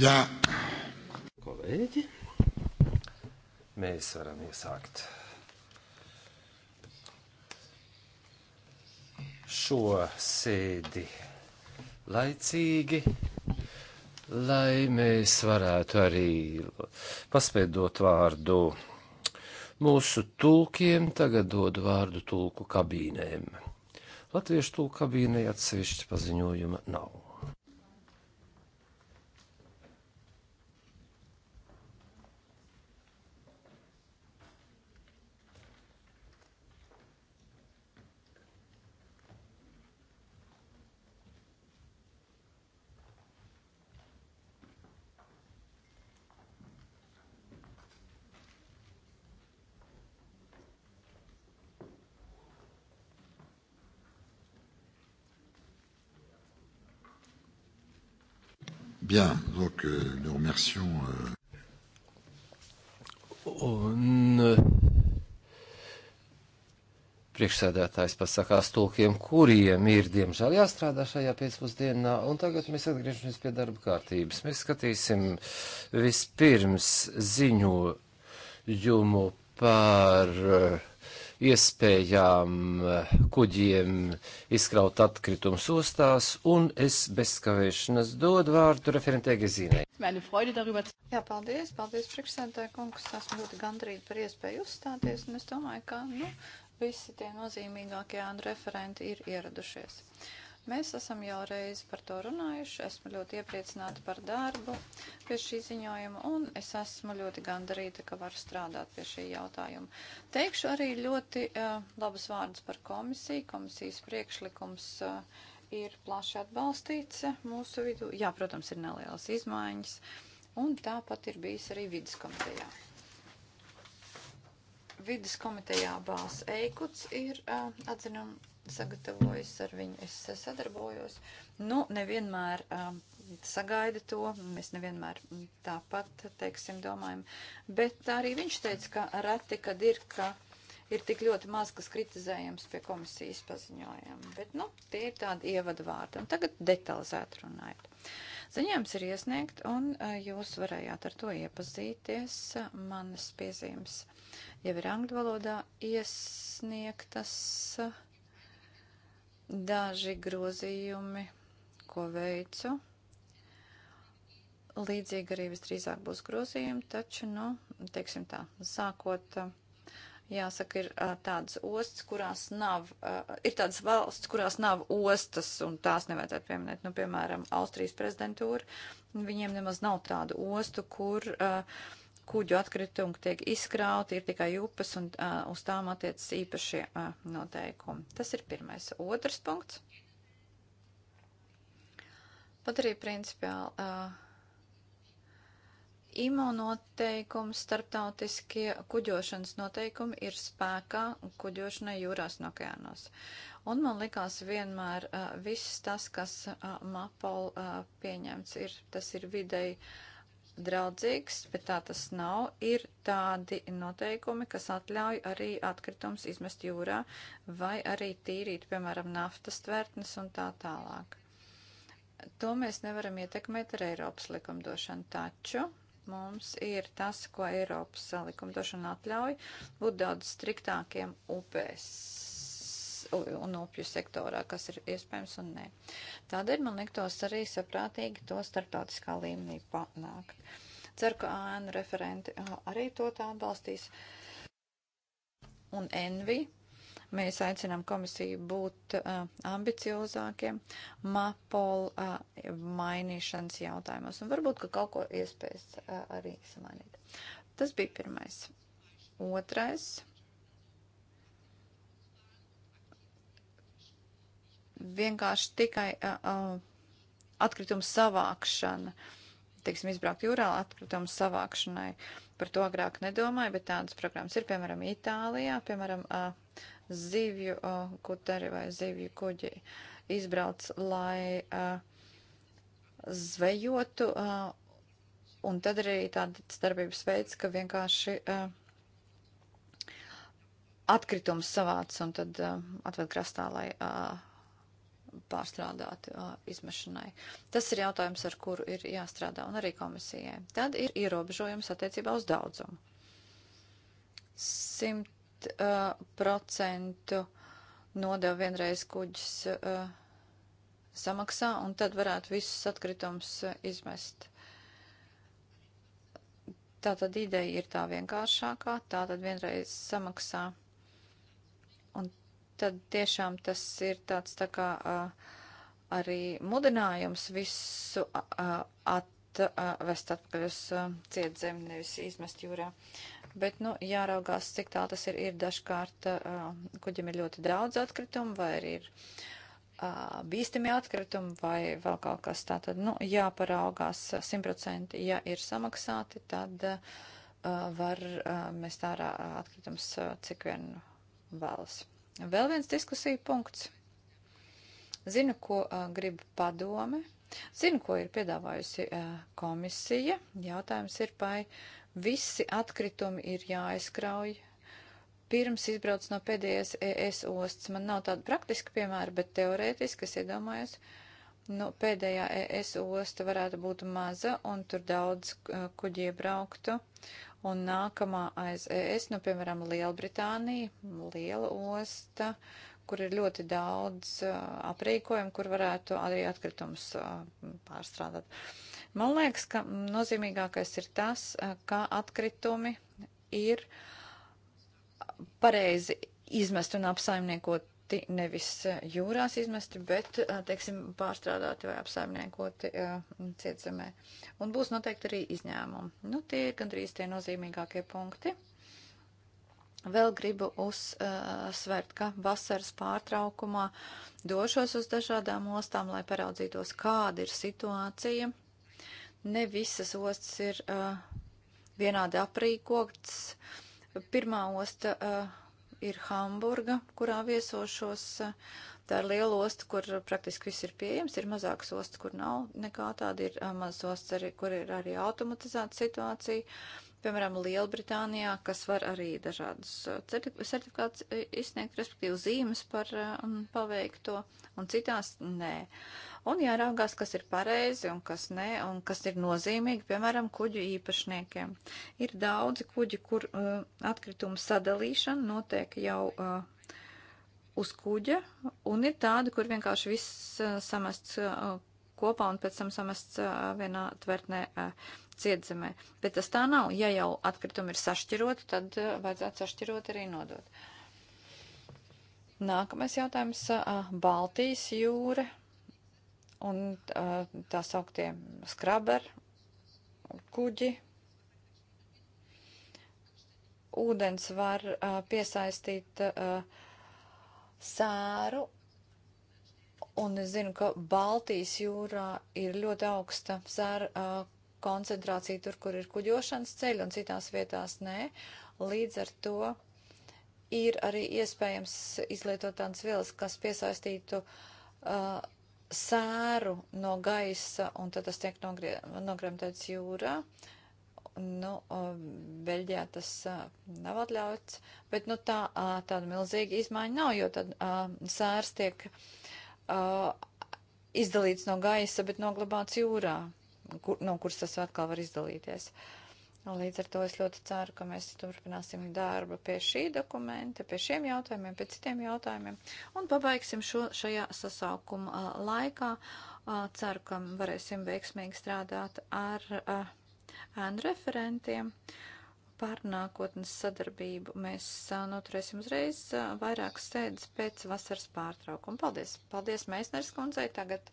Bien. Kolēģi, mēs varam iesākt šo sēdi laicīgi, lai mēs varētu arī paspēdot vārdu mūsu tulkiem, tagad dodu vārdu tulku kabīnēm. Latviešu tulku kabīnei atsevišķa paziņojuma nav. Bien, donc euh, nous remercions. Euh... Un uh, priekšsēdētājs pasakās tulkiem, kuriem ir diemžēl jāstrādā šajā pēcpusdienā, un tagad mēs atgriežamies pie darba kārtības. Mēs skatīsim vispirms ziņojumu par uh, iespējām eh, kuģiem izkraut atkritumus ostās, un es bez kavēšanas dodu vārdu referentē Gezīnai. Jā, paldies, paldies priekšsēdētāj kungs, esmu ļoti gandrīz par iespēju uzstāties, un es domāju, ka, nu, visi tie nozīmīgākie un referenti ir ieradušies. Uh, Mēs esam jau reizi par to runājuši. Esmu ļoti iepriecināta par darbu pie šī ziņojuma, un es esmu ļoti gandarīta, ka varu strādāt pie šī jautājuma. Teikšu arī ļoti uh, labus vārdus par komisiju. Komisijas priekšlikums uh, ir plaši atbalstīts eh, mūsu vidū. Jā, protams, ir nelielas izmaiņas, un tāpat ir bijis arī vidas komitejā vidas komitejā Bāls Eikuts ir uh, atzinuma sagatavojas, ar viņu es sadarbojos. Nu, nevienmēr um, sagaida to, mēs nevienmēr mm, tāpat, teiksim, domājam, bet arī viņš teica, ka reti, kad ir, ka ir tik ļoti maz, kas kritizējams pie komisijas paziņojuma. Bet, nu, tie ir tādi ievadvārdi. Un tagad detalizēt runājot. Ziņojums ir iesniegt, un uh, jūs varējāt ar to iepazīties. Manas piezīmes jau ir angļu valodā iesniegtas. Uh, Daži grozījumi, ko veicu, līdzīgi arī visdrīzāk būs grozījumi, taču, nu, teiksim tā, sākot, jāsaka, ir tādas ostas, kurās nav, ir tādas valsts, kurās nav ostas, un tās nevajadzētu pieminēt, nu, piemēram, Austrijas prezidentūra, viņiem nemaz nav tādu ostu, kur uh, kuģu atkritumi tiek izkrauti, ir tikai upes un uh, uz tām attiecas īpašie uh, noteikumi. Tas ir pirmais. Otrs punkts. Pat arī principiāli. Uh, IMO noteikumi, starptautiskie kuģošanas noteikumi ir spēkā kuģošanai jūrās un okeānos. Un man likās vienmēr uh, viss tas, kas uh, MAPOL uh, pieņemts, ir, tas ir videi uh, draudzīgs, bet tā tas nav. Ir tādi noteikumi, kas atļauj arī atkritums izmest jūrā vai arī tīrīt, piemēram, naftas tvertnes un tā tālāk. To mēs nevaram ietekmēt ar Eiropas likumdošanu, taču mums ir tas, ko Eiropas likumdošana atļauj, būt daudz striktākiem upēs un upju sektorā, kas ir iespējams un nē. Tādēļ man liktos arī saprātīgi to starptautiskā līmenī panākt. Ceru, ka ANU referenti arī to tā atbalstīs. Un Envi, mēs aicinām komisiju būt uh, ambiciozākiem MAPOL uh, mainīšanas jautājumos. Un varbūt, ka kaut ko iespējas uh, arī samainīt. Tas bija pirmais. Otrais vienkārši tikai uh, atkritumu savākšana. Teiksim, izbraukt jūrā atkritumu savākšanai. Par to agrāk nedomāju, bet tādas programmas ir, piemēram, Itālijā, piemēram, uh, zivju uh, kutari vai zivju kuģi izbrauc, lai uh, zvejotu, uh, un tad arī tāds darbības veids, ka vienkārši uh, atkritumus savāc un tad uh, atved krastā, lai uh, pārstrādāti uh, izmešanai. Tas ir jautājums, ar kuru ir jāstrādā un arī komisijai. Tad ir ierobežojums attiecībā uz daudzumu. 100% uh, nodeva vienreiz kuģis uh, samaksā un tad varētu visus atkritumus uh, izmest. Tā tad ideja ir tā vienkāršākā, tā tad vienreiz samaksā tad tiešām tas ir tāds tā kā arī mudinājums visu atvest atpakaļ uz cietzemi, nevis izmest jūrā. Bet, nu, jāraugās, cik tā tas ir. Ir dažkārt kuģim ir ļoti daudz atkritumu vai arī ir bīstami atkritumi vai vēl kaut kas tā, tad, nu, jāparaugās 100%, ja ir samaksāti, tad uh, var uh, mest ārā atkritumus, uh, cik vien vēlas. Vēl viens diskusija punkts. Zinu, ko uh, grib padome. Zinu, ko ir piedāvājusi uh, komisija. Jautājums ir, vai visi atkritumi ir jāizkrauj pirms izbrauc no pēdējās ES ostas. Man nav tāda praktiska piemēra, bet teorētiski es iedomājos, nu, pēdējā ES osta varētu būt maza un tur daudz uh, kuģi iebrauktu. Un nākamā aiz ES, nu, piemēram, Lielbritānija, liela osta, kur ir ļoti daudz uh, aprīkojumu, kur varētu arī atkritumus uh, pārstrādāt. Man liekas, ka nozīmīgākais ir tas, uh, kā atkritumi ir pareizi izmest un apsaimniekot izmesti, nevis eh, jūrās izmesti, bet, eh, teiksim, pārstrādāti vai apsaimniekoti eh, cietzemē. Un būs noteikti arī izņēmumi. Nu, tie ir gandrīz tie nozīmīgākie punkti. Vēl gribu uzsvērt, ka vasaras pārtraukumā došos uz dažādām ostām, lai paraudzītos, kāda ir situācija. Ne visas ostas ir uh, vienādi aprīkotas. Pirmā osta uh, ir Hamburga, kurā viesošos. Tā ir liela osta, kur praktiski viss ir pieejams. Ir mazāks osta, kur nav nekā tāda. Ir eh, mazs osts, arī, kur ir arī automatizēta situācija piemēram, Lielbritānijā, kas var arī dažādus uh, certifikātus uh, izsniegt, respektīvi zīmes par um, paveikto, un citās nē. Un jāraugās, kas ir pareizi un kas nē, un kas ir nozīmīgi, piemēram, kuģu īpašniekiem. Ir daudzi kuģi, kur uh, atkritumu sadalīšana notiek jau. Uh, Uz kuģa, un ir tādi, kur vienkārši viss uh, samests uh, kopā un pēc tam samests uh, vienā tvertnē uh, cietzemē. Bet tas tā nav. Ja jau atkritumi ir sašķiroti, tad eh, vajadzētu sašķirot arī nodot. Nākamais jautājums eh, - Baltijas jūra un eh, tā sauktie skraber kuģi. Ūdens var piesaistīt sēru un es zinu, ka Baltijas jūrā ir ļoti augsta sēra uh, koncentrācija tur, kur ir kuģošanas ceļi un citās vietās nē. Līdz ar to ir arī iespējams izlietot tādas vielas, kas piesaistītu uh, sēru no gaisa, un tad tas tiek nogrie, nogremdēts jūrā. Nu, uh, Beļģijā tas uh, nav atļauts, bet nu, tā, uh, tāda milzīga izmaiņa nav, jo tad uh, sērs tiek uh, izdalīts no gaisa, bet noglabāts jūrā kur, no kuras tas atkal var izdalīties. Līdz ar to es ļoti ceru, ka mēs turpināsim darbu pie šī dokumenta, pie šiem jautājumiem, pie citiem jautājumiem un pabeigsim šo, šajā sasaukuma a, laikā. A, ceru, ka varēsim veiksmīgi strādāt ar ēnu referentiem par nākotnes sadarbību. Mēs a, noturēsim uzreiz vairākas sēdes pēc vasaras pārtraukuma. Paldies! Paldies, Meisners kundzei! Tagad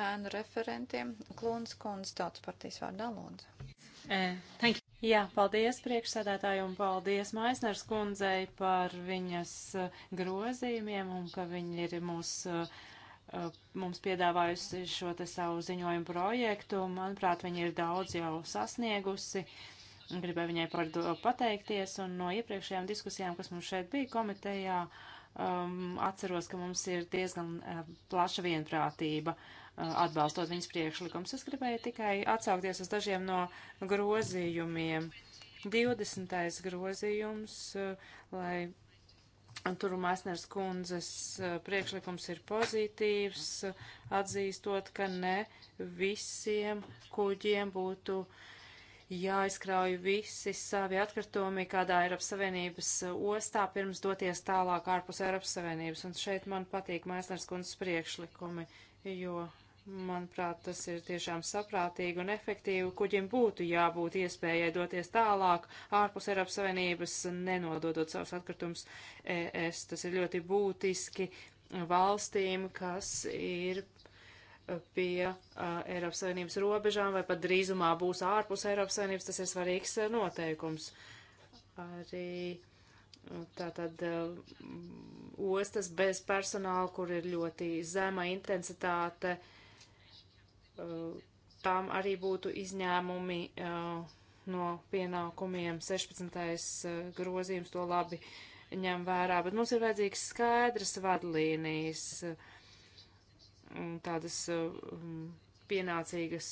ēnu referentiem. Klūns kundze, tautas partijas vārdā, lūdzu. E, Jā, paldies priekšsēdētāju un paldies Maisners kundzei par viņas eh, grozījumiem un ka viņi ir mūs, eh, mums piedāvājusi šo te savu ziņojumu projektu. Manuprāt, viņi ir daudz jau sasniegusi. Gribēju viņai par to pateikties un no iepriekšējām diskusijām, kas mums šeit bija komitejā, um, atceros, ka mums ir diezgan uh, plaša vienprātība. Uh, atbalstot viņas priekšlikums. Es gribēju tikai atsaukties uz dažiem no grozījumiem. 20. grozījums, eh, lai tur Masners kundzes eh, priekšlikums ir pozitīvs, atzīstot, ka ne visiem kuģiem būtu jāizkrauj visi savi atkritumi kādā Eiropas Savienības eh, ostā pirms doties tālāk ārpus Eiropas Savienības. Un šeit man patīk Masners kundzes priekšlikumi, jo Manuprāt, tas ir tiešām saprātīgi un efektīvi. Kuģim būtu jābūt iespējai doties tālāk ārpus Eiropas Savienības, nenododot savus atkritumus ES. Tas ir ļoti būtiski valstīm, kas ir pie uh, Eiropas Savienības robežām vai pat drīzumā būs ārpus Eiropas Savienības. Tas ir svarīgs uh, noteikums. Arī tātad uh, ostas bez personāla, kur ir ļoti zema intensitāte. Uh, Eh, tām arī būtu izņēmumi eh, no pienākumiem. 16. Eh, grozījums to labi ņem vērā, bet mums ir vajadzīgs skaidrs vadlīnijas, tādas mm, pienācīgas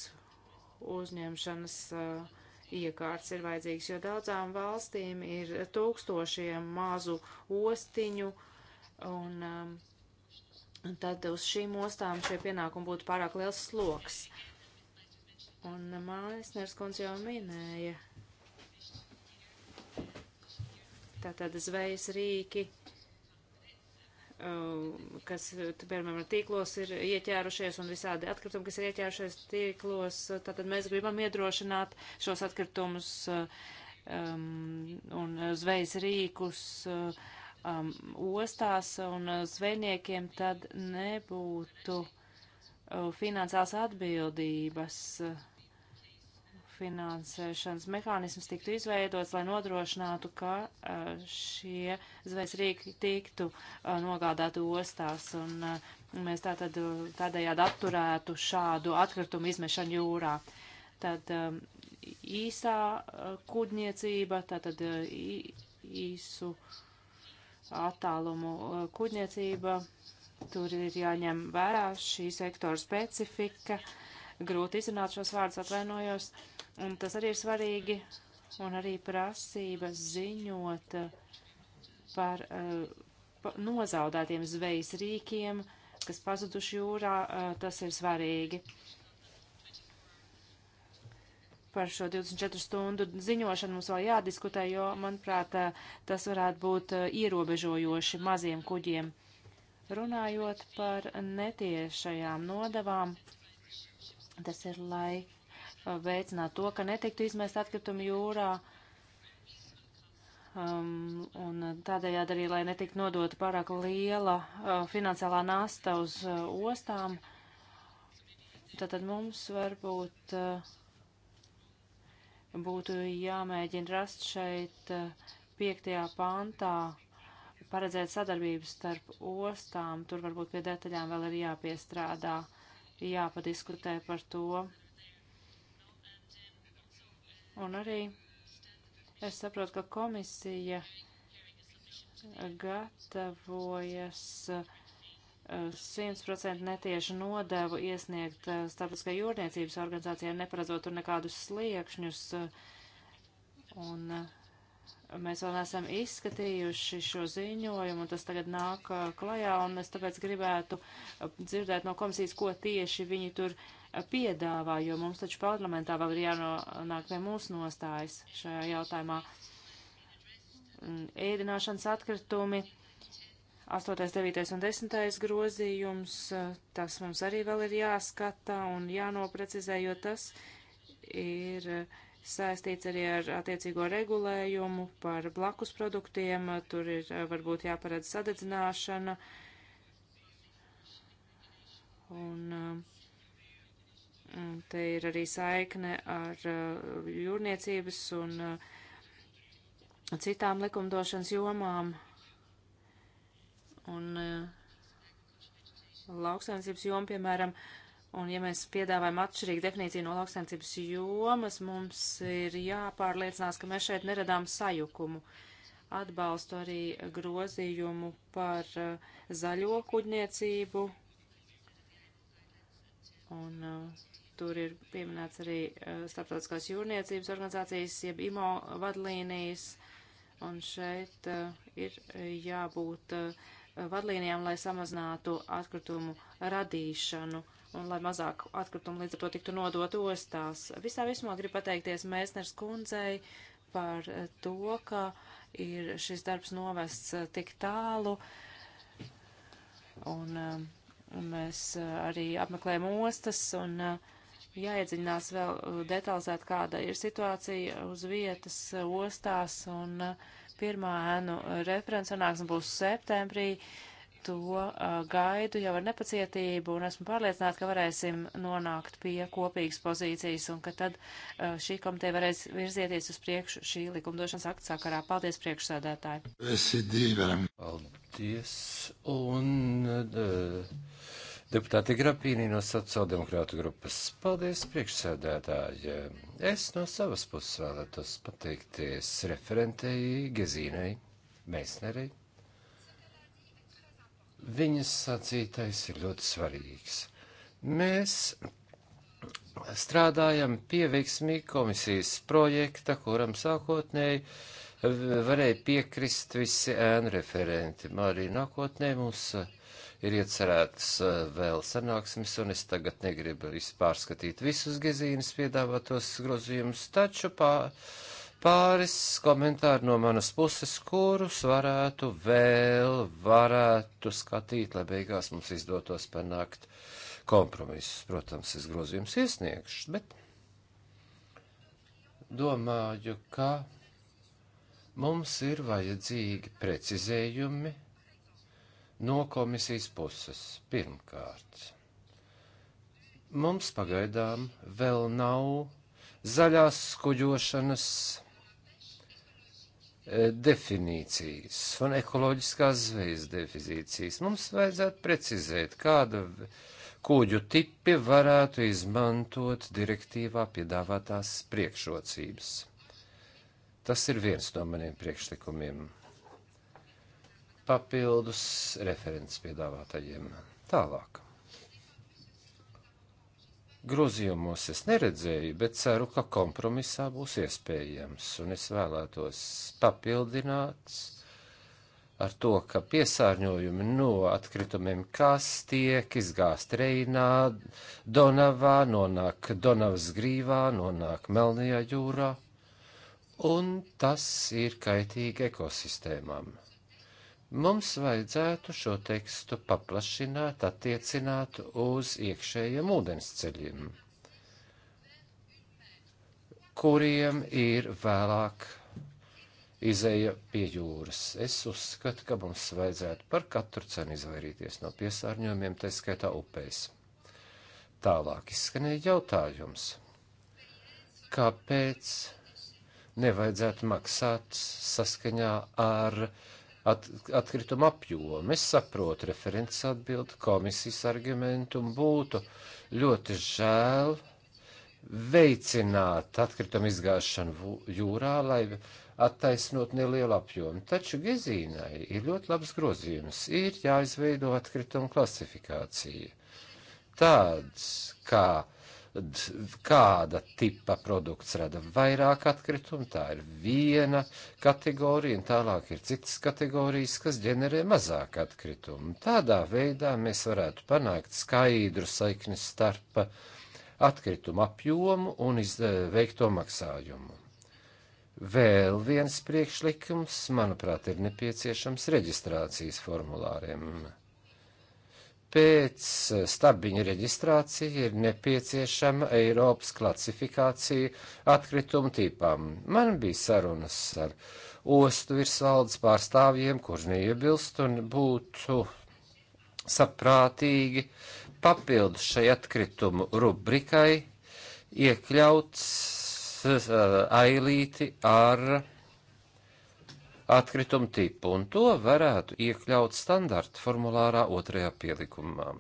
uzņemšanas iekārts ir vajadzīgs, jo daudzām valstīm ir tūkstošiem mazu ostiņu un um, tad uz šīm ostām šie pienākumi būtu pārāk liels sloks. Un Maisners kundze jau minēja. Tātad zvejas rīki, uh, kas, piemēram, tīklos ir ieķērušies un visādi atkritumi, kas ir ieķērušies tīklos, tātad mēs gribam iedrošināt šos atkritumus uh, um, un zvejas rīkus. Uh, um, ostās un uh, zvejniekiem tad nebūtu uh, finansiāls atbildības. Uh, finansēšanas mehānisms tiktu izveidots, lai nodrošinātu, ka uh, šie zvejas rīki tiktu uh, nogādāti ostās. Un uh, mēs tātad uh, tādējādi atturētu šādu atkritumu izmešanu jūrā. Tad um, īsā uh, kuģniecība, tātad īsu attālumu uh, kuģniecība. Tur ir jāņem vērā šī sektora specifika. Grūti izrunāt šos vārdus, atvainojos. Un tas arī ir svarīgi. Un arī prasība ziņot uh, par uh, nozaudētiem zvejas rīkiem, kas pazuduši jūrā, uh, tas ir svarīgi. Uh, par šo 24 stundu ziņošanu mums vēl jādiskutē, jo, manuprāt, tas varētu būt eh, ierobežojoši maziem kuģiem. Runājot par netiešajām nodavām, tas ir, lai eh, veicinātu to, ka netiktu izmest atkritumi jūrā, um, un tādējādi arī, lai netiktu nodota pārāk liela uh, finansiālā nasta uz uh, ostām, tad, tad mums varbūt uh, būtu jāmēģina rast šeit eh, piektajā pantā paredzēt sadarbību starp ostām. Tur varbūt pie detaļām vēl ir jāpiestrādā, jāpadiskutē par to. Un arī es saprotu, ka komisija gatavojas uh, 100% netiešu nodevu iesniegt eh, starptautiskai jūrniecības organizācijai, neparedzot tur nekādus sliekšņus. Un eh, mēs vēl neesam izskatījuši šo ziņojumu, un tas tagad nāk eh, klajā, un es tāpēc gribētu dzirdēt no komisijas, ko tieši viņi tur piedāvā, jo mums taču parlamentā vēl ir jānonāk pie mūsu nostājas šajā jautājumā. Mm, ēdināšanas atkritumi 8., 9. un 10. grozījums, tas mums arī vēl ir jāskata un jānoprecizē, jo tas ir saistīts arī ar attiecīgo regulējumu par blakus produktiem, tur ir varbūt jāparedz sadedzināšana. Un, un te ir arī saikne ar uh, jūrniecības un uh, citām likumdošanas jomām un eh, lauksainicības joma, piemēram, un ja mēs piedāvājam atšķirīgu definīciju no lauksainicības jomas, mums ir jāpārliecinās, ka mēs šeit neredām sajukumu. Atbalstu arī grozījumu par eh, zaļo kuģniecību, un eh, tur ir pieminēts arī starptautiskās jūrniecības organizācijas, jeb IMO vadlīnijas, un šeit ir jābūt uh, vadlīnijām, lai samazinātu atkritumu radīšanu un lai mazāk atkritumu līdz ar to tiktu nodot ostās. Visā vismā gribu pateikties Mēsners kundzei par eh, to, ka ir šis darbs novests eh, tik tālu. Un, eh, un mēs arī apmeklējam ostas un jāiedziļinās vēl detalizēt, kāda ir situācija uz vietas ostās. Un, uh, Pirmā ēnu referents sanāksme būs septembrī. To uh, gaidu jau ar nepacietību un esmu pārliecināta, ka varēsim nonākt pie kopīgas pozīcijas un ka tad uh, šī komiteja varēs virzieties uz priekšu šī likumdošanas akta sakarā. Paldies, priekšsēdētāji! Paldies! Un, uh, deputāte Grapīnī no sociāldemokrātu grupas. Paldies, priekšsēdētāji! Es no savas puses vēlētos pateikties referentei Gezīnei Meisnerei. Viņas sacītais ir ļoti svarīgs. Mēs strādājam pie veiksmīga komisijas projekta, kuram sākotnēji varēja piekrist visi ēnu referenti. Arī nākotnē mums uh, ir iecerētas eh, vēl sanāksmes, un es tagad negribu pārskatīt visus Gezīnas piedāvātos grozījumus, taču pā, pāris komentāri no manas puses, kurus varētu vēl varētu skatīt, lai beigās mums izdotos panākt kompromisus. Protams, es grozījums iesniegšu, bet domāju, ka mums ir vajadzīgi precizējumi no komisijas puses. Pirmkārt, mums pagaidām vēl nav zaļās skuģošanas e, definīcijas un ekoloģiskās zvejas definīcijas. Mums vajadzētu precizēt, kāda kuģu tipi varētu izmantot direktīvā piedāvātās priekšrocības. Tas ir viens no maniem priekšlikumiem papildus referents piedāvātajiem. Tālāk. Grozījumos es neredzēju, bet ceru, ka kompromisā būs iespējams, un es vēlētos papildināt ar to, ka piesārņojumi no atkritumiem, kas tiek izgāsti Reinā, Donavā, nonāk Donavas grīvā, nonāk Melnajā jūrā, un tas ir kaitīgi ekosistēmām. Mums vajadzētu šo tekstu paplašināt, attiecināt uz iekšējiem ūdensceļiem, kuriem ir vēlāk izēja pie jūras. Es uzskatu, ka mums vajadzētu par katru cenu izvairīties no piesārņojumiem, tā skaitā upēs. Tālāk izskanēja jautājums, kāpēc nevajadzētu maksāt saskaņā ar uh, at, atkrituma apjomu. Es saprotu referents atbildi komisijas argumentu un būtu ļoti žēl veicināt atkritumu izgāšanu jūrā, lai attaisnot nelielu apjomu. Taču gezīnai ir ļoti labs grozījums. Ir jāizveido atkritumu klasifikācija. Tāds, kā kāda tipa produkts rada vairāk atkritumu, tā ir viena kategorija, un tālāk ir citas kategorijas, kas ģenerē mazāk atkritumu. Tādā veidā mēs varētu panākt skaidru saikni starp atkritumu apjomu un eh, veikto maksājumu. Vēl viens priekšlikums, manuprāt, ir nepieciešams reģistrācijas formulāriem pēc stabiņa reģistrācija ir nepieciešama Eiropas klasifikācija atkritumu tipām. Man bija sarunas ar ostu virsvaldes pārstāvjiem, kurš neiebilst un būtu saprātīgi papildus šai atkritumu rubrikai iekļauts uh, ailīti ar atkritumu tipu, un to varētu iekļaut standarta formulārā otrajā pielikumā.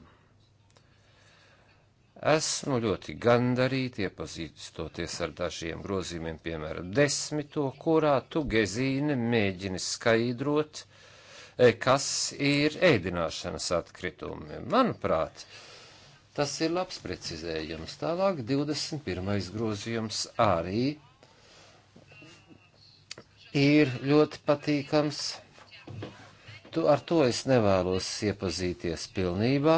Esmu ļoti gandarīti iepazīstoties ar dažiem grozījumiem, piemēram, desmito, kurā tu, Gezīne, mēģini skaidrot, e, kas ir ēdināšanas atkritumi. Manuprāt, tas ir labs precizējums. Tālāk 21. grozījums arī ir ļoti patīkams. Tu, ar to es nevēlos iepazīties pilnībā.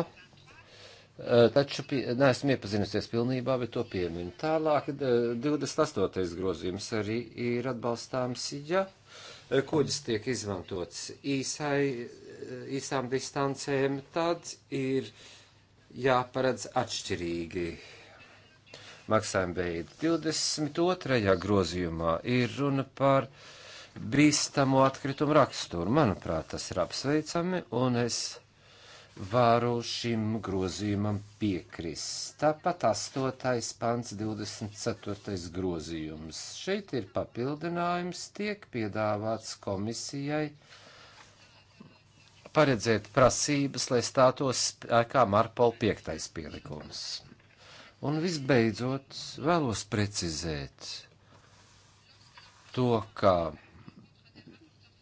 Eh, taču neesmu iepazinusies pilnībā, bet to pieminu. Tālāk 28. grozījums arī ir atbalstāms, ja eh, kuģis tiek izmantots īsai, eh, īsām distancēm, tad ir jāparedz atšķirīgi maksājuma veidi. 22. grozījumā ir runa par uh, bīstamo atkritumu raksturu. Manuprāt, tas ir apsveicami, un es varu šim grozījumam piekrist. Tāpat 8. pants, 24. grozījums. Šeit ir papildinājums, tiek piedāvāts komisijai paredzēt prasības, lai stātos spēkā Marpola 5. pielikums. Un visbeidzot, vēlos precizēt to, ka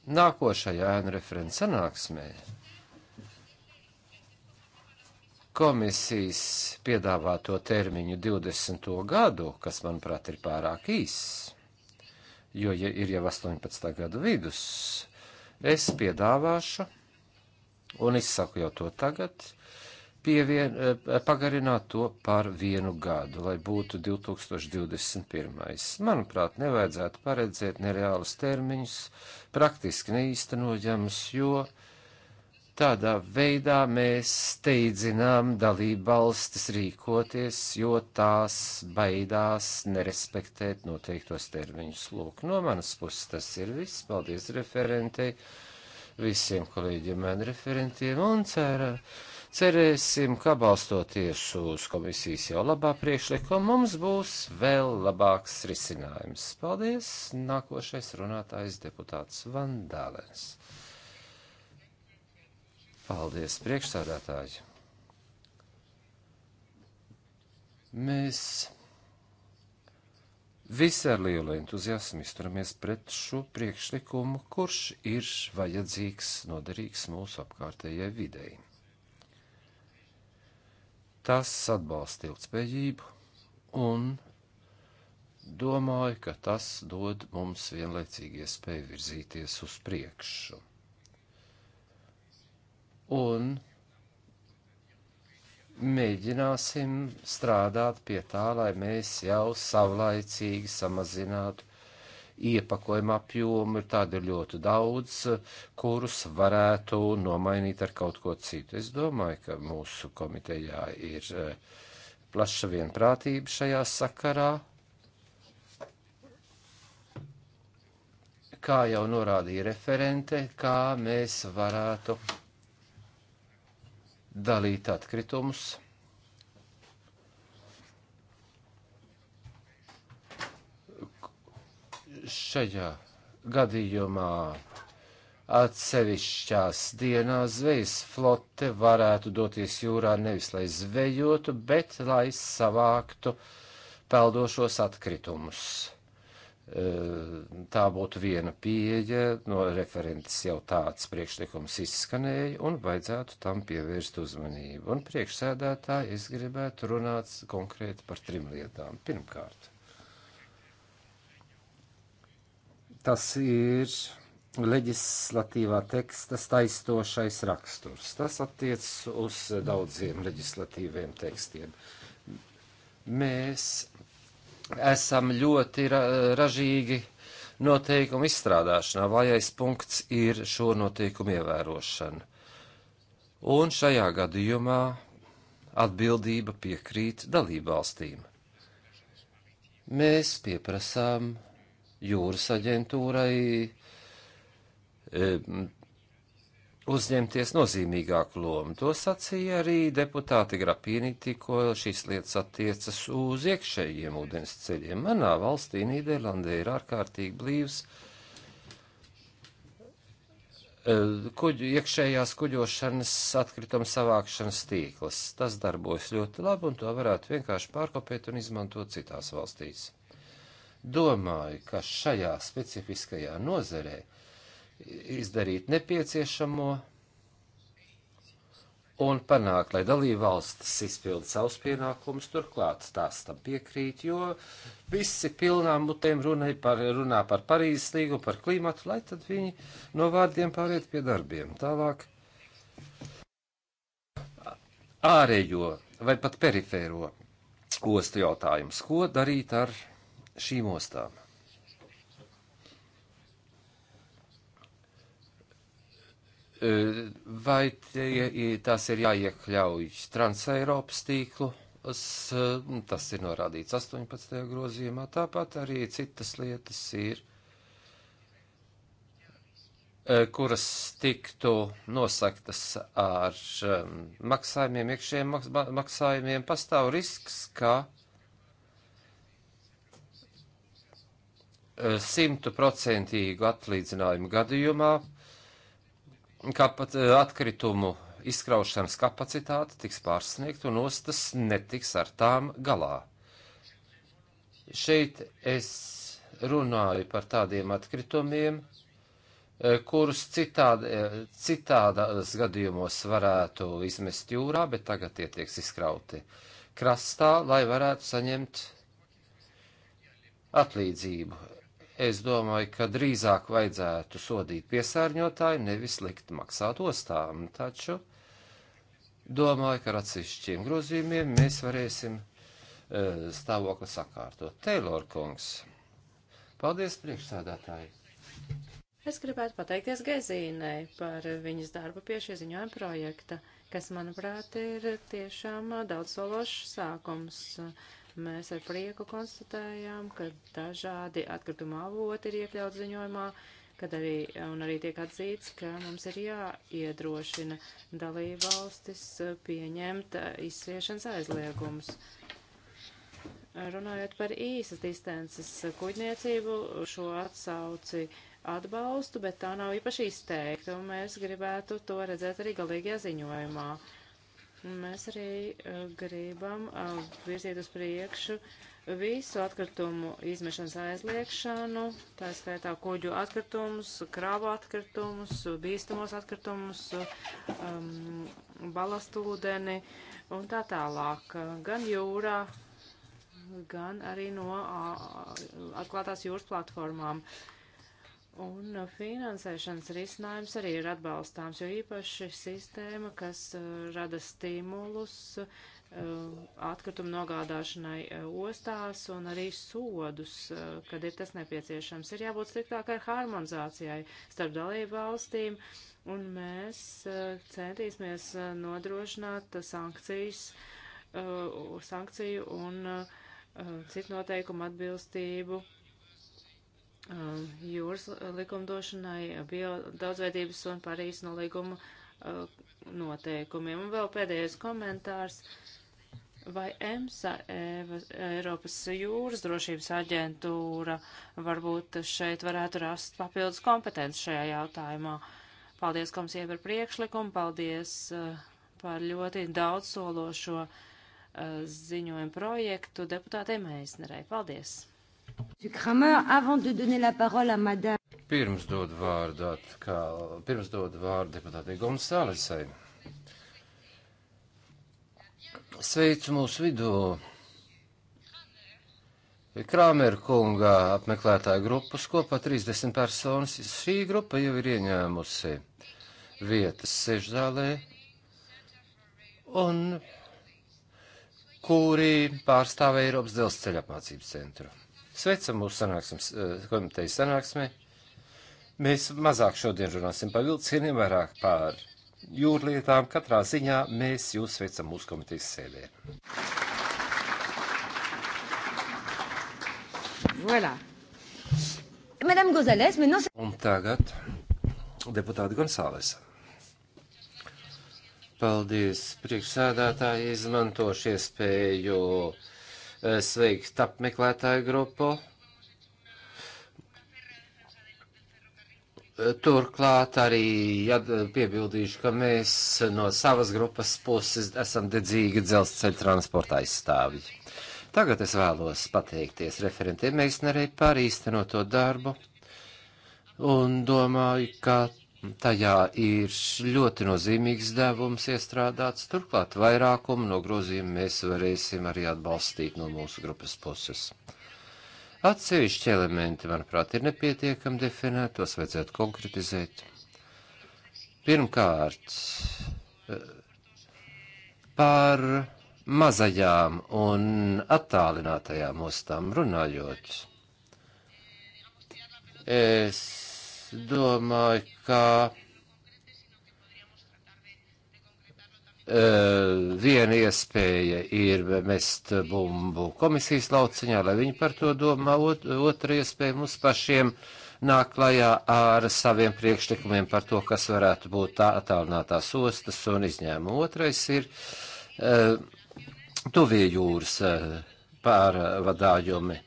nākošajā ēnu referents sanāksmē komisijas piedāvāto termiņu 20. gadu, kas, manuprāt, ir pārāk īss, jo ja ir jau 18. gadu vidus, es piedāvāšu un izsaku jau to tagad pievien, eh, pagarināt to par vienu gadu, lai būtu 2021. Manuprāt, nevajadzētu paredzēt nereālus termiņus, praktiski neīstenojamus, jo tādā veidā mēs steidzinām dalību valstis rīkoties, jo tās baidās nerespektēt noteiktos termiņus. Lūk, no manas puses tas ir viss. Paldies referentei, visiem kolēģiem un referentiem un ceru Cerēsim, ka balstoties uz komisijas jau labā priekšlikumu, mums būs vēl labāks risinājums. Paldies! Nākošais runātājs deputāts Vandālens. Paldies, priekšsādātāji! Mēs visi ar lielu entuziasmu izturamies pret šo priekšlikumu, kurš ir vajadzīgs, noderīgs mūsu apkārtējai videi. Tas atbalsta ilgspējību un domāju, ka tas dod mums vienlaicīgi iespēju virzīties uz priekšu. Un mēģināsim strādāt pie tā, lai mēs jau savlaicīgi samazinātu iepakojuma apjomu ir tāda ļoti daudz, kurus varētu nomainīt ar kaut ko citu. Es domāju, ka mūsu komitejā ir eh, plaša vienprātība šajā sakarā. Kā jau norādīja referente, kā mēs varētu dalīt atkritumus šajā gadījumā atsevišķās dienās zvejas flote varētu doties jūrā nevis lai zvejotu, bet lai savāktu peldošos atkritumus. E, tā būtu viena pieeja, no referentes jau tāds priekšlikums izskanēja, un vajadzētu tam pievērst uzmanību. Un priekšsēdētāji es gribētu runāt konkrēti par trim lietām. Pirmkārt, Tas ir leģislatīvā teksta taistošais raksturs. Tas attiecas uz daudziem leģislatīviem tekstiem. Mēs esam ļoti ra ražīgi noteikumu izstrādāšanā. Vājais punkts ir šo noteikumu ievērošana. Un šajā gadījumā atbildība piekrīt dalībvalstīm. Mēs pieprasām jūras aģentūrai e, uzņemties nozīmīgāku lomu. To sacīja arī deputāti Grapīnī, tikko šīs lietas attiecas uz iekšējiem ūdens ceļiem. Manā valstī Nīderlandē ir ārkārtīgi blīvs e, kuģu, iekšējās kuģošanas atkrituma savākšanas tīkls. Tas darbojas ļoti labi, un to varētu vienkārši pārkopēt un izmantot citās valstīs. Domāju, ka šajā specifiskajā nozerē izdarīt nepieciešamo un panākt, lai dalībvalstis izpilda savus pienākumus, turklāt tās tam piekrīt, jo visi pilnām mutēm runai par, runā par Parīzes līgu, par klimatu, lai tad viņi no vārdiem pāriet pie darbiem. Tālāk ārējo vai pat perifēro ostu jautājums, ko darīt ar šīm ostām. E, vai tie, tās ir jāiekļauj Transeiropas tīklu? E, tas ir norādīts 18. grozījumā. Tāpat arī citas lietas ir, e, kuras tiktu nosaktas ar maksājumiem, iekšējiem maksājumiem. Pastāv risks, ka simtprocentīgu atlīdzinājumu gadījumā kapat, eh, atkritumu izkraušanas kapacitāte tiks pārsniegta un ostas netiks ar tām galā. Šeit es runāju par tādiem atkritumiem, eh, kurus citādi, eh, citādas gadījumos varētu izmest jūrā, bet tagad tie tiek izkrauti krastā, lai varētu saņemt atlīdzību es domāju, ka drīzāk vajadzētu sodīt piesārņotāju, nevis likt maksāt ostām. Taču domāju, ka ar atsevišķiem grozījumiem mēs varēsim uh, stāvokli sakārtot. Teilor kungs, paldies priekšsādātāji! Es gribētu pateikties Gezīnai par viņas darbu pie šī ziņojuma projekta, kas, manuprāt, ir tiešām daudz sološs sākums. Uh, Mēs ar prieku konstatējām, ka dažādi atkrituma avoti ir iekļauts ziņojumā, kad arī, un arī tiek atzīts, ka mums ir jāiedrošina dalībvalstis pieņemt izsviešanas aizliegumus. Runājot par īsas distances kuģniecību, šo atsauci atbalstu, bet tā nav īpaši izteikta, un mēs gribētu to redzēt arī galīgajā ziņojumā. Uh, Mēs arī uh, gribam uh, virzīt uz priekšu visu atkritumu izmešanas aizliekšanu, tā skaitā kuģu atkritumus, krāvu atkritumus, bīstamos atkritumus, um, e, balastūdeni un tā tālāk. Gan jūrā, gan arī no atklātās jūras platformām. Uh, Un finansēšanas risinājums arī ir atbalstāms, jo īpaši sistēma, kas uh, rada stimulus uh, atkritumu nogādāšanai uh, ostās un arī sodus, kad ir tas nepieciešams. Ir jābūt striktākai harmonizācijai starp dalību valstīm, un mēs centīsimies nodrošināt sankcijas, sankciju un citu noteikumu atbilstību Um, jūras likumdošanai, bio daudzveidības un Parīs nolīguma uh, noteikumiem. Un vēl pēdējais komentārs. Vai EMSA, Eiropas jūras drošības aģentūra, varbūt šeit varētu rast papildus kompetenci šajā jautājumā? Paldies komisijai par priekšlikumu, paldies uh, par ļoti daudzsološo uh, ziņojumu projektu deputātei Meisnerei. Paldies! Pirms dod vārdu atkal, pirms dod vārdu deputātei Gomsālisai. Sveicu mūsu vidū Krāmeru kunga apmeklētāju grupas kopā 30 personas. Šī grupa jau ir ieņēmusi vietas sežzālē un kuri pārstāv Eiropas dzelzceļa apmācības centru. Sveicam mūsu sanāksmes, eh, komitejas sanāksmē. Mēs mazāk šodien runāsim par vilcieniem, vairāk par jūrlietām. Katrā ziņā mēs jūs sveicam mūsu komitejas sēdē. Voilà. Madame Gonzalez, maintenant c'est... Un tagad deputāti Gonzāles. Paldies, priekšsēdētāji, izmantošu iespēju. Jo Eh, sveikt apmeklētāju grupu. Eh, turklāt arī ja, piebildīšu, ka mēs no savas grupas puses esam dedzīgi dzelzceļa transporta aizstāvji. Tagad es vēlos pateikties referentiem Meisnerei par īstenoto darbu un domāju, ka Tajā ir ļoti nozīmīgs devums iestrādāts, turklāt vairākumu no grozījumu mēs varēsim arī atbalstīt no mūsu grupas puses. Atsevišķi elementi, manuprāt, ir nepietiekami definēti, tos vajadzētu konkretizēt. Pirmkārt, par mazajām un attālinātajām ostām runājot. Es domāju, ka eh, viena iespēja ir mest bumbu komisijas lauciņā, lai viņi par to domā. Ot, otra iespēja mums pašiem nāk klajā ar saviem priekšlikumiem par to, kas varētu būt tā attālinātās ostas un izņēmuma. Otrais ir uh, eh, tuvie jūras uh, eh, pārvadājumi.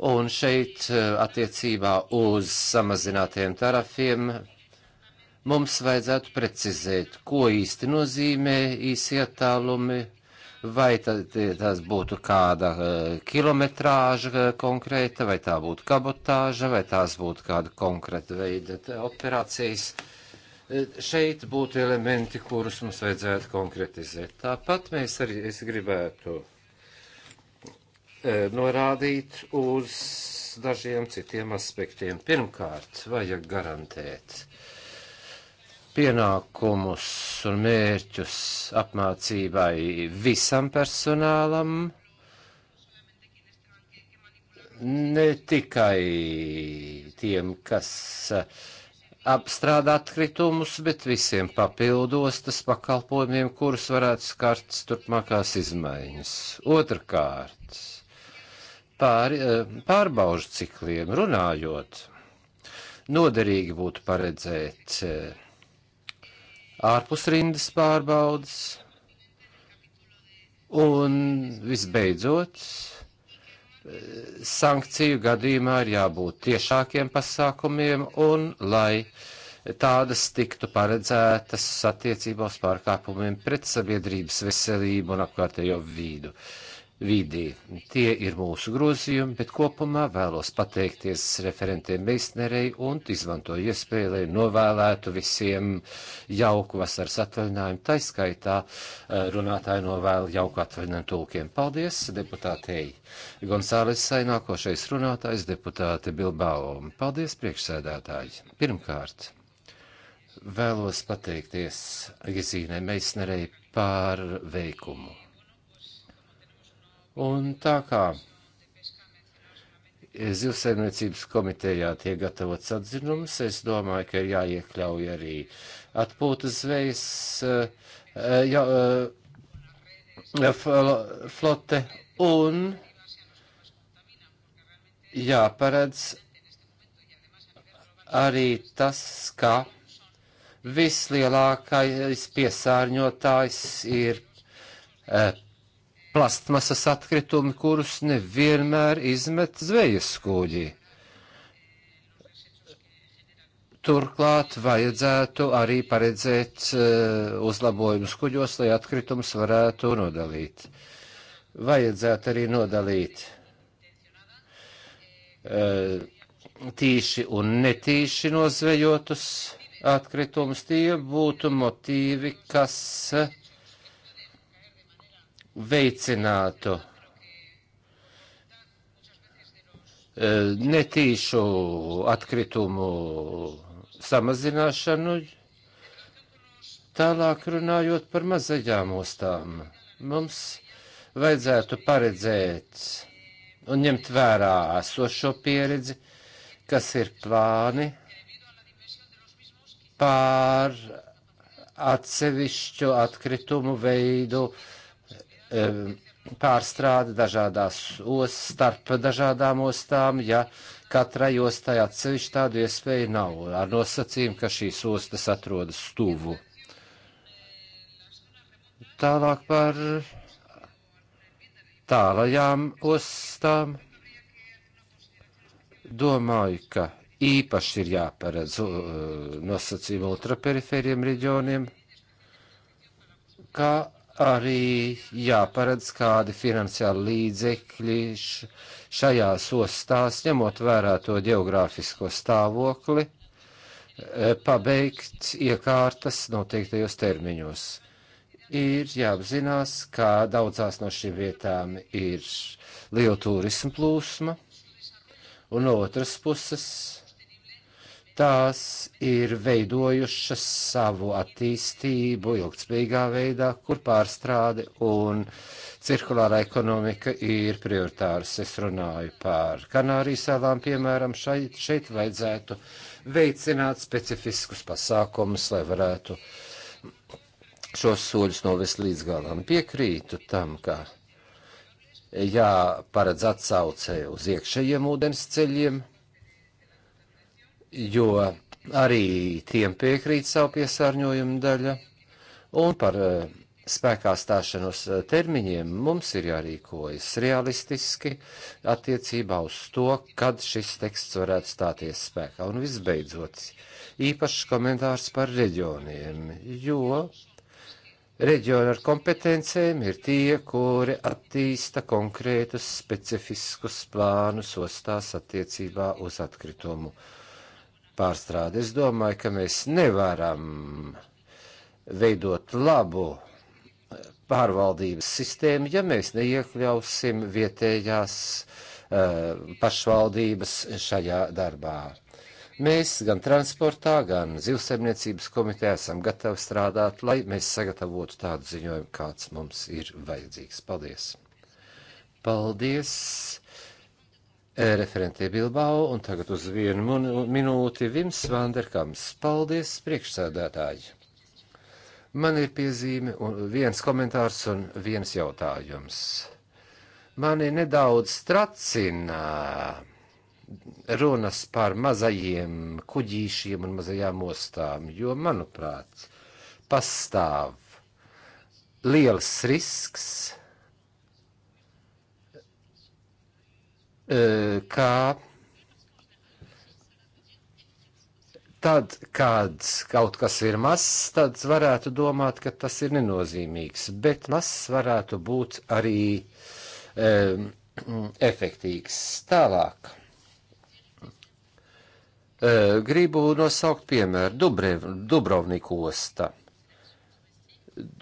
Un šeit eh, attiecībā uz samazinātiem tarafiem mums vajadzētu precizēt, ko īsti nozīmē īsi attālumi, vai tas būtu kāda eh, kilometrāža eh, konkrēta, vai tā būtu kabotāža, vai tās būtu kāda konkrēta veida operācijas. Šeit būtu elementi, kurus mums vajadzētu konkretizēt. Tāpat mēs arī, es gribētu Eh, norādīt uz dažiem citiem aspektiem. Pirmkārt, vajag garantēt pienākumus un mērķus apmācībai visam personālam, ne tikai tiem, kas eh, apstrādā atkritumus, bet visiem papildostas pakalpojumiem, kurus varētu skart turpmākās izmaiņas. Otrkārt, par e, pārbaužu cikliem runājot, noderīgi būtu paredzēt e, ārpusrindas pārbaudas un visbeidzot e, sankciju gadījumā ir jābūt tiešākiem pasākumiem un lai tādas tiktu paredzētas attiecībā uz pārkāpumiem pret sabiedrības veselību un apkārtējo vīdu. Uh, vidī. Tie ir mūsu grozījumi, bet kopumā vēlos pateikties referentiem Meisnerei un izmantoju iespēju, lai novēlētu visiem jauku vasaras atvaļinājumu. Taiskaitā eh, runātāji novēlu jauku atvaļinājumu tulkiem. Paldies deputātei Gonzālesai, nākošais runātājs deputāte Bilbao. Paldies priekšsēdētāji. Pirmkārt vēlos pateikties Gizīnai Meisnerei par veikumu. Un tā kā zivsaimniecības komitejā tiek gatavots atzinums, es domāju, ka ir jāiekļauj arī atpūtas zvejas eh, eh, ja, eh, flote un jāparedz arī tas, ka vislielākais piesārņotājs ir plastmasas atkritumi, kurus nevienmēr izmet zvejas kuģi. Turklāt vajadzētu arī paredzēt uh, uzlabojumus kuģos, lai atkritumus varētu nodalīt. Vajadzētu arī nodalīt uh, tīši un netīši nozvejotus atkritumus. Tie būtu motīvi, kas uh, veicinātu e, netīšu atkritumu samazināšanu, tālāk runājot par mazajām ostām. Mums vajadzētu paredzēt un ņemt vērā esošo pieredzi, kas ir plāni pār atsevišķu atkritumu veidu uh, Eh, pārstrāde dažādās ostas, starp dažādām ostām, ja katrai ostai atsevišķi tādu iespēju nav, ar nosacījumu, ka šīs ostas atrodas tuvu. Tālāk par tālajām ostām domāju, ka īpaši ir jāparedz eh, nosacījumi ultraperifēriem reģioniem, kā arī jāparedz kādi finansiāli līdzekļi šajās ostās, ņemot vērā to geogrāfisko stāvokli, e, pabeigt iekārtas noteiktajos termiņos. Ir jāapzinās, ka daudzās no šīm vietām ir liela turisma plūsma, un no otras puses tās ir veidojušas savu attīstību ilgspējīgā veidā, kur pārstrāde un cirkulārā ekonomika ir prioritāras. Es runāju par Kanārijas salām, piemēram, šeit, šeit vajadzētu veicināt specifiskus pasākumus, lai varētu šos soļus novest līdz galam. Piekrītu tam, ka jāparedz atsaucē uz iekšējiem ūdens ceļiem jo arī tiem piekrīt savu piesārņojumu daļa, un par eh, spēkā stāšanos eh, termiņiem mums ir jārīkojas realistiski attiecībā uz to, kad šis teksts varētu stāties spēkā. Un visbeidzot, īpašs komentārs par reģioniem, jo Reģioni ar kompetencēm ir tie, kuri attīsta konkrētus specifiskus plānus ostās attiecībā uz atkritumu pārstrādi. Es domāju, ka mēs nevaram veidot labu pārvaldības sistēmu, ja mēs neiekļausim vietējās uh, pašvaldības šajā darbā. Mēs gan transportā, gan zivsaimniecības komitē esam gatavi strādāt, lai mēs sagatavotu tādu ziņojumu, kāds mums ir vajadzīgs. Paldies! Paldies! E, referentē Bilbao, un tagad uz vienu minūti Vims Vanderkams. Paldies, priekšsēdētāji! Man ir piezīme, viens komentārs un viens jautājums. Mani nedaudz tracina runas par mazajiem kuģīšiem un mazajām ostām, jo, manuprāt, pastāv liels risks E, kā tad, kad kaut kas ir mazs, tad varētu domāt, ka tas ir nenozīmīgs, bet mazs varētu būt arī um, efektīgs. Tālāk. Uh, gribu nosaukt piemēru Dubrev, Dubrovniku osta.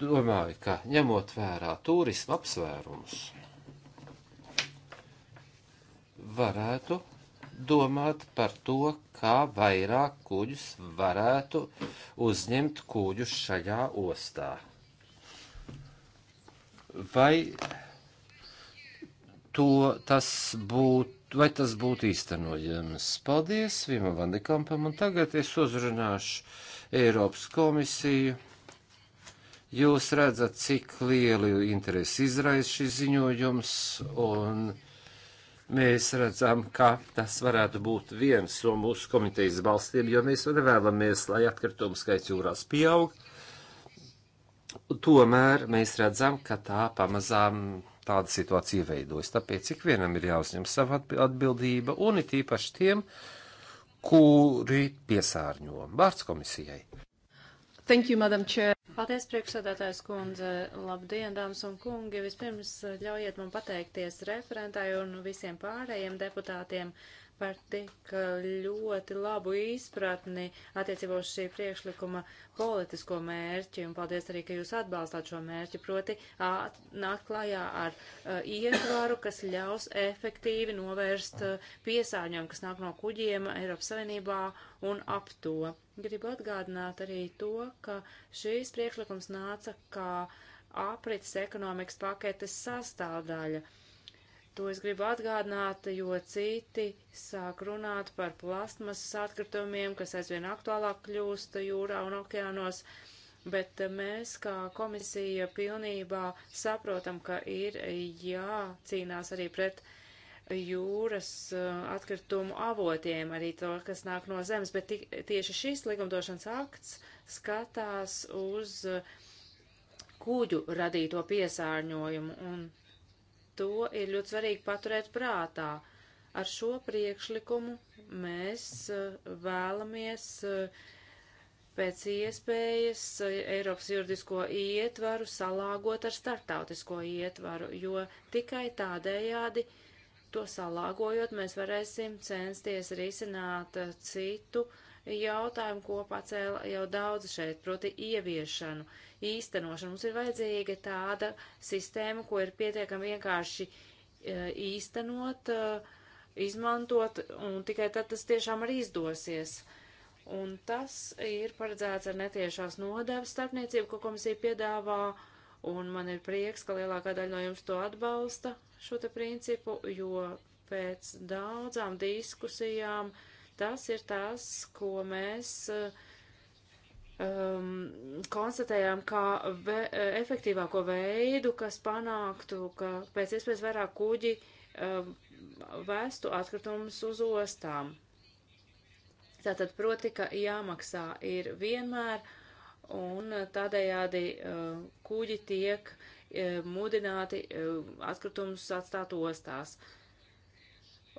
Domāju, ka ņemot vērā turismu apsvērumus varētu domāt par to, kā vairāk kuģus varētu uzņemt kuģus šajā ostā. Vai to tas būtu, vai tas būtu īstenojams? Paldies Vima Vandekampam, un tagad es uzrunāšu Eiropas komisiju. Jūs redzat, cik lielu interesi izraisa šis ziņojums, un mēs redzam, ka tas varētu būt viens no mūsu komitejas balstiem, jo mēs nevēlamies, lai atkritumu skaits jūrās pieaug. Tomēr mēs redzam, ka tā pamazām tāda situācija veidojas. Tāpēc ikvienam ir jāuzņem sava atbildība, un it īpaši tiem, kuri piesārņo vārds komisijai. Thank you, Madam Chair. Paldies, priekšsādātājs kundze. Labdien, dāmas un kungi. Vispirms ļaujiet man pateikties referentai un visiem pārējiem deputātiem par tik uh, ļoti labu izpratni attiecībā uz šī priekšlikuma politisko mērķi, un paldies arī, ka jūs atbalstāt šo mērķi, proti nāk klajā ar uh, ietvaru, kas ļaus efektīvi novērst uh, piesārņojumu, kas nāk no kuģiem Eiropas Savienībā un ap to. Gribu atgādināt arī to, ka šīs priekšlikums nāca kā aprits ekonomikas paketes sastāvdaļa. Uh, To es gribu atgādināt, jo citi sāk runāt par plastmasas atkritumiem, kas aizvien aktuālāk kļūst jūrā un okeānos, bet mēs kā komisija pilnībā saprotam, ka ir jācīnās arī pret jūras uh, atkritumu avotiem, arī to, kas nāk no zemes, bet tieši šis likumdošanas akts skatās uz uh, kuģu radīto piesārņojumu un to ir ļoti svarīgi paturēt prātā. Ar šo priekšlikumu mēs eh, vēlamies eh, pēc iespējas eh, Eiropas juridisko ietvaru salāgot ar startautisko ietvaru, jo tikai tādējādi to salāgojot mēs varēsim censties risināt citu jautājumu, ko pacēla jau daudz šeit, proti ieviešanu. Uh, īstenošanu. Mums ir vajadzīga tāda sistēma, ko ir pietiekami vienkārši e, īstenot, e, izmantot, un tikai tad tas tiešām arī izdosies. Un tas ir paredzēts ar netiešās nodevas starpniecību, ko komisija piedāvā, un man ir prieks, ka lielākā daļa no jums to atbalsta, šo te principu, jo pēc daudzām diskusijām tas ir tas, ko mēs uh, um, konstatējām kā ve efektīvāko veidu, kas panāktu, ka pēc iespējas vairāk kuģi um, vēstu atkritumus uz ostām. Tātad proti, ka jāmaksā ir vienmēr, un tādējādi uh, kuģi tiek uh, mudināti uh, atkritumus atstāt ostās. Uh,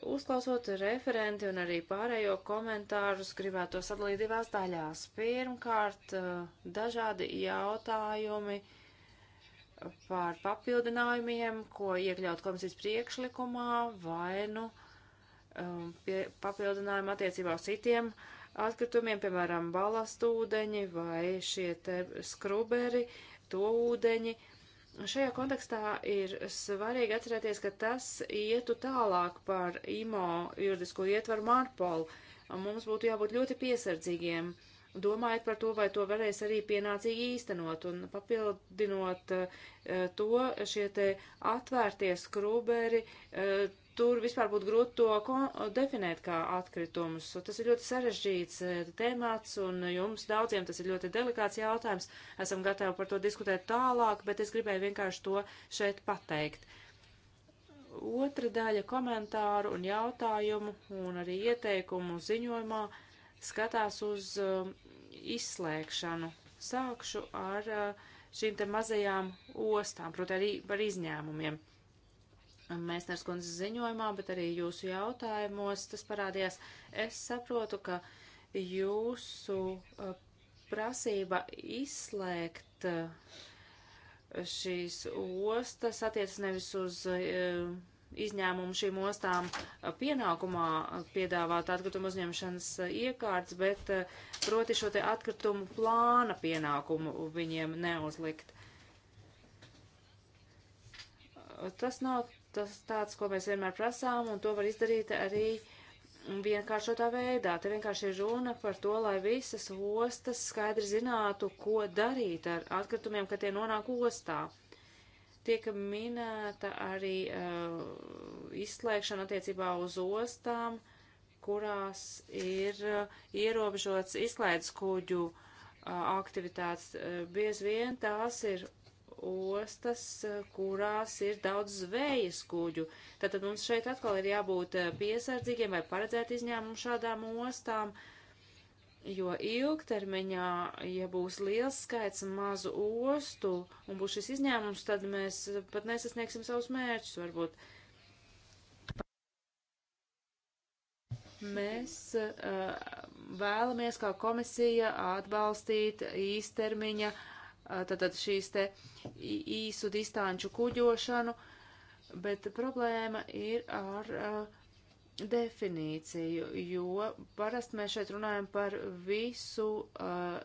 Uzklausot referenti un arī pārējo komentārus, gribētu to sadalīt divās daļās. Pirmkārt, eh, dažādi jautājumi par papildinājumiem, ko iekļaut komisijas priekšlikumā, vai nu eh, pie, papildinājumu attiecībā uz citiem atkritumiem, piemēram, balastūdeņi vai šie te skruberi, to ūdeņi, Šajā kontekstā ir svarīgi atcerēties, ka tas ietu tālāk par IMO juridisko ietvaru Marpolu. Mums būtu jābūt ļoti piesardzīgiem, domājot par to, vai to varēs arī pienācīgi īstenot un papildinot eh, to, šie te atvērtie skrūberi eh, tur vispār būtu grūti to definēt kā atkritumus. Tas ir ļoti sarežģīts e, temats, un jums daudziem tas ir ļoti delikāts jautājums. Esam gatavi par to diskutēt tālāk, bet es gribēju vienkārši to šeit pateikt. Otra daļa komentāru un jautājumu un arī ieteikumu ziņojumā skatās uz uh, izslēgšanu. Sākšu ar uh, šīm te mazajām ostām, proti arī par izņēmumiem. Uh, Mēsners kundzes ziņojumā, bet arī jūsu jautājumos tas parādījās. Es saprotu, ka jūsu uh, prasība izslēgt uh, šīs ostas attiecas nevis uz uh, izņēmumu šīm ostām pienākumā piedāvāt atkritumu uzņemšanas iekārtas, bet proti šo te atkritumu plāna pienākumu viņiem neuzlikt. Tas nav tas tāds, ko mēs vienmēr prasām, un to var izdarīt arī vienkāršotā veidā. Te vienkārši ir runa par to, lai visas ostas skaidri zinātu, ko darīt ar atkritumiem, kad tie nonāk ostā. Tiek minēta arī uh, izslēgšana attiecībā uz ostām, kurās ir uh, ierobežots izklaides kuģu uh, aktivitātes. Uh, bieži vien tās ir ostas, kurās ir daudz zvejas kuģu. Tātad mums šeit atkal ir jābūt eh, piesardzīgiem vai paredzēt izņēmumu šādām ostām, jo ilgtermiņā, ja būs liels skaits mazu ostu un būs šis izņēmums, tad mēs pat nesasniegsim savus mērķus varbūt. Mēs uh, vēlamies kā komisija atbalstīt īstermiņa uh, tātad šīs te īsu distanču kuģošanu, bet problēma ir ar uh, definīciju, jo parasti mēs šeit runājam par visu uh,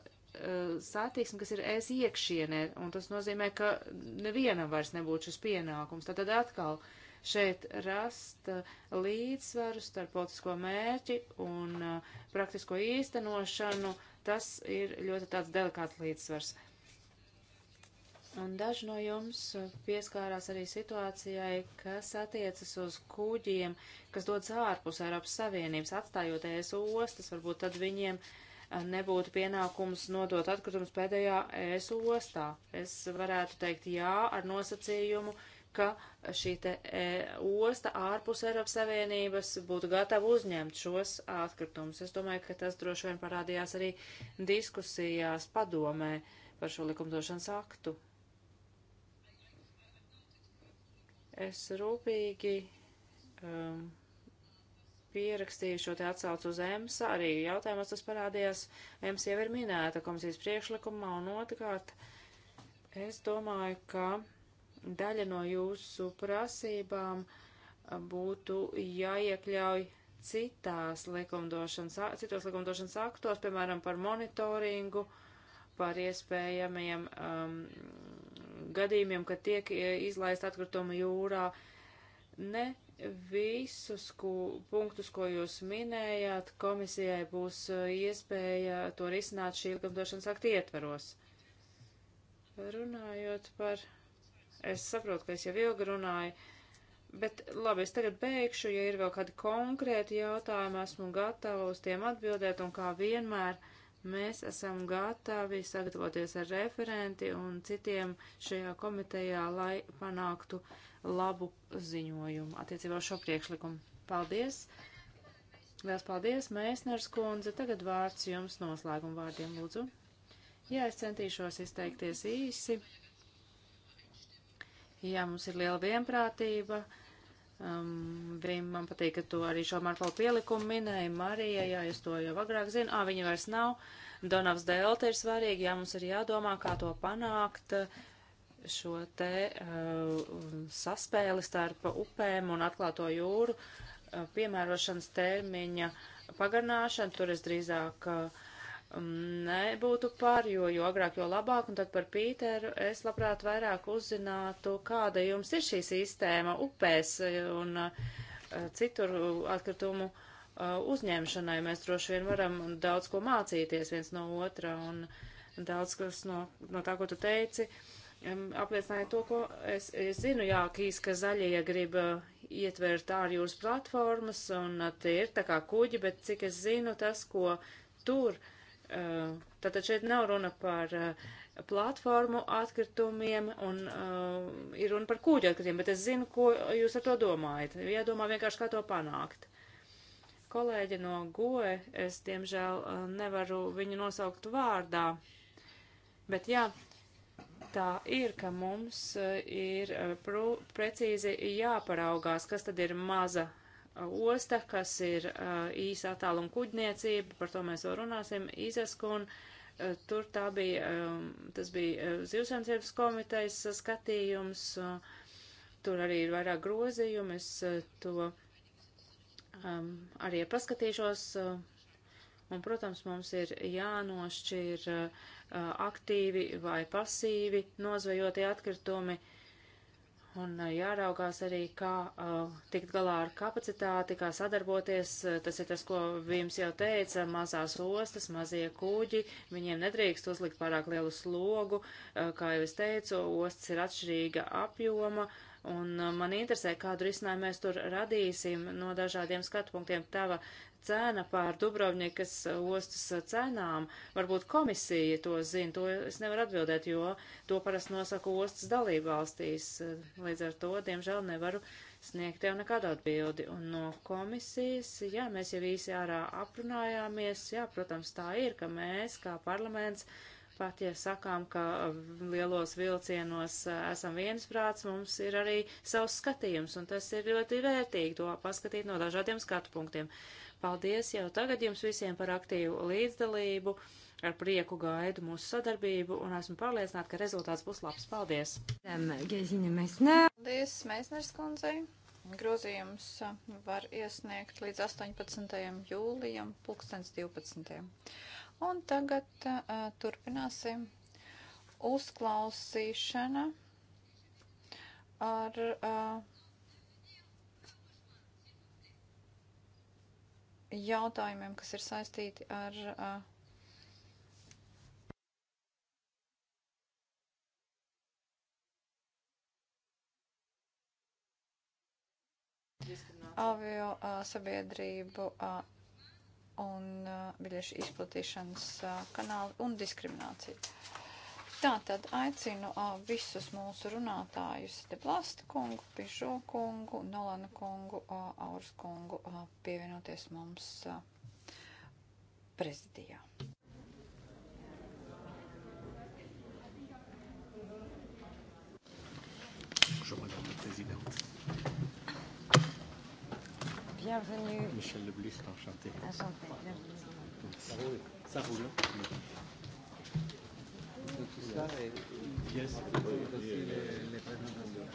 satiksmi, kas ir es iekšienē, un tas nozīmē, ka nevienam vairs nebūtu šis pienākums. Tātad atkal šeit rast uh, līdzsvaru starp politisko mērķi un uh, praktisko īstenošanu, tas ir ļoti tāds delikāts līdzsvars. Uh, Un daži no jums uh, pieskārās arī situācijai, kas attiecas uz kuģiem, kas dodas ārpus Eiropas Savienības, atstājot ES ostas, varbūt tad viņiem uh, nebūtu pienākums nodot atkritumus pēdējā ES ostā. Es varētu teikt jā ar nosacījumu, ka šī te e, osta ārpus Eiropas Savienības būtu gatava uzņemt šos atkritumus. Es domāju, ka tas droši vien parādījās arī diskusijās padomē par šo likumdošanas aktu. Es rūpīgi um, pierakstīju šo te atsaucu uz EMSA, arī jautājumos tas parādījās, EMSA jau ir minēta komisijas priekšlikumā, un otrkārt, es domāju, ka daļa no jūsu prasībām būtu jāiekļauj citās likumdošanas, citos likumdošanas aktos, piemēram, par monitoringu, par iespējamiem um, gadījumiem, kad tiek e, izlaist atkritumi jūrā. Ne visus ku, punktus, ko jūs minējāt, komisijai būs e, iespēja to risināt šī likumdošanas akta ietveros. Runājot par. Es saprotu, ka es jau ilgi runāju. Bet labi, es tagad beigšu, ja ir vēl kādi konkrēti jautājumi, esmu gatava uz tiem atbildēt, un kā vienmēr uh, Mēs esam gatavi sagatavoties ar referenti un citiem šajā komitejā, lai panāktu labu ziņojumu attiecībā uz šo priekšlikumu. Paldies! Liels paldies, Mēsners kundze! Tagad vārds jums noslēguma vārdiem, lūdzu. Jā, es centīšos izteikties īsi. Jā, mums ir liela vienprātība. Uh, Um, Vim, man patīk, ka tu arī šo Marpalu pielikumu minēji. Marija, jā, es to jau agrāk zinu. Ā, viņa vairs nav. Donavs Delta ir svarīgi. Jā, mums ir jādomā, kā to panākt šo te uh, saspēli starp upēm un atklāto jūru uh, piemērošanas termiņa pagarnāšana. Tur es drīzāk uh, Um, nebūtu par, jo, jo agrāk, jo labāk, un tad par Pīteru es labprāt vairāk uzzinātu, kāda jums ir šī sistēma upēs un uh, citur atkritumu uh, uzņemšanai. Mēs droši vien varam daudz ko mācīties viens no otra, un daudz kas no, no tā, ko tu teici, um, apliecināja to, ko es, es zinu, jā, kīs, ka zaļie grib uh, ietvert ārjūras platformas, un tie ir tā kā kuģi, bet cik es zinu, tas, ko tur uh, Eh, tātad šeit nav runa par eh, platformu atkritumiem un uh, ir runa par kūģu atkritumiem, bet es zinu, ko jūs ar to domājat. Jādomā vienkārši, kā to panākt. Kolēģi no GOE, es diemžēl nevaru viņu nosaukt vārdā, bet jā, tā ir, ka mums ir precīzi jāparaugās, kas tad ir maza osta, kas ir īsa attāluma kuģniecība, par to mēs vēl runāsim, Izaskun. Tur tā bija, tas bija zivsaimniecības komitejas skatījums, tur arī ir vairāk grozījumi, es to arī paskatīšos. Un, protams, mums ir jānošķir aktīvi vai pasīvi nozvejotie atkritumi. Uh, un jāraugās arī, kā uh, tikt galā ar kapacitāti, kā sadarboties. Tas ir tas, ko Vims jau teica - mazās ostas, mazie kuģi, viņiem nedrīkst uzlikt pārāk lielu slogu. Uh, kā jau es teicu, ostas ir atšķirīga apjoma, un uh, man interesē, kādu risinājumu mēs tur radīsim no dažādiem skatu punktiem. Tava cena pār Dubrovnikas uh, ostas uh, cenām. Varbūt komisija to zina, to es nevaru atbildēt, jo to parasti nosaka ostas dalībvalstīs. Uh, līdz ar to, diemžēl, nevaru sniegt tev nekādu atbildi. Un no komisijas, jā, mēs jau īsi ārā aprunājāmies, jā, protams, tā ir, ka mēs, kā parlaments, pat ja sakām, ka lielos vilcienos esam viensprāts, mums ir arī savs skatījums, un tas ir ļoti vērtīgi to paskatīt no dažādiem skatu punktiem. Uh, Paldies jau tagad jums visiem par aktīvu līdzdalību. Ar prieku gaidu mūsu sadarbību un esmu pārliecināta, ka rezultāts būs labs. Paldies! Paldies, Meisners kundzei! Grozījums var iesniegt līdz 18. jūlijam, 2012. Un tagad uh, turpināsim uzklausīšana ar. Uh, jautājumiem, kas ir saistīti ar uh, avio uh, sabiedrību uh, un uh, biļešu izplatīšanas uh, kanāli un diskrimināciju. Tātad aicinu uh, visus mūsu runātājus, Deblasta kungu, Pišo kungu, Nolana kungu, uh, Aurs kungu, uh, pievienoties mums uh, prezidijā. Bienvenue. Michel Leblis, enchanté. Enchanté. Bienvenue. Ça roule. Ça roule de tout ça et yes. inclure aussi les, les présentations.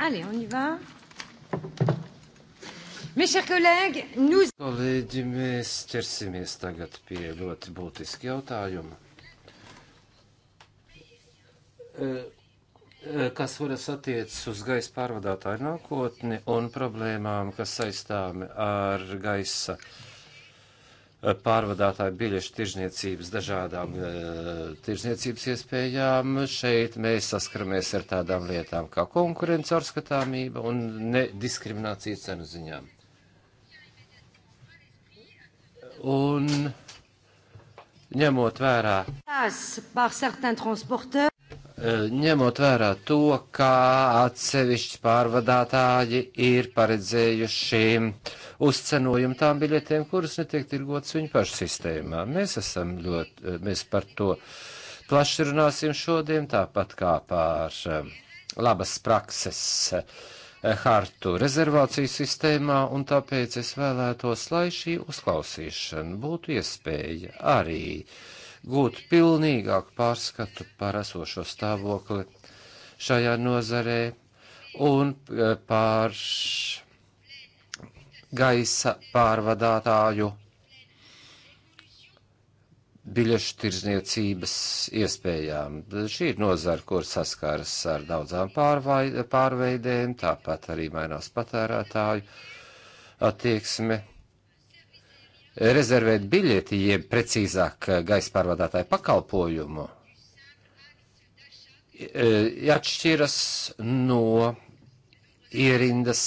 Allez, on y va. Mes chers collègues, nous... Kolēģi, mēs ķersimies tagad pie ļoti būtiska jautājuma. Eh, kas varas attiecas uz gaisa pārvadātāju nākotni un problēmām, kas saistāmi ar gaisa eh, pārvadātāju biļešu tirzniecības dažādām eh, tirzniecības iespējām. Šeit mēs saskaramies ar tādām lietām kā konkurence, orskatāmība un nediskriminācija cenu ziņām. Un ņemot vērā. E, ņemot vērā to, kā atsevišķi pārvadātāji ir paredzējuši uzcenojumu tām biļetēm, kuras netiek tirgotas viņu pašu sistēmā. Mēs esam ļoti, e, mēs par to plaši runāsim šodien, tāpat kā par e, labas prakses hartu rezervāciju sistēmā, un tāpēc es vēlētos, lai šī uzklausīšana būtu iespēja arī uh, gūt pilnīgāku pārskatu par esošo stāvokli šajā nozarē un e, pār gaisa pārvadātāju biļešu tirzniecības iespējām. Šī ir nozara, kur saskaras ar daudzām pārveidēm, tāpat arī mainās patērētāju attieksme rezervēt biļeti, jeb precīzāk eh, gaisa pārvadātāju pakalpojumu, e, atšķiras no ierindas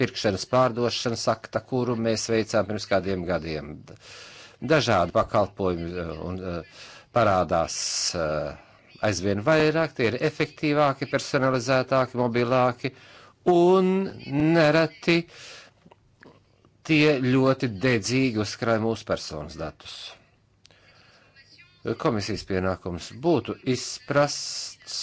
pirkšanas pārdošanas akta, kuru mēs veicām pirms kādiem gadiem. Dažādi pakalpojumi e, un, e, parādās aizvien vairāk, tie ir efektīvāki, personalizētāki, mobilāki un nereti uh, tie ļoti dedzīgi uzkrāja mūsu personas datus. Komisijas pienākums būtu izprasts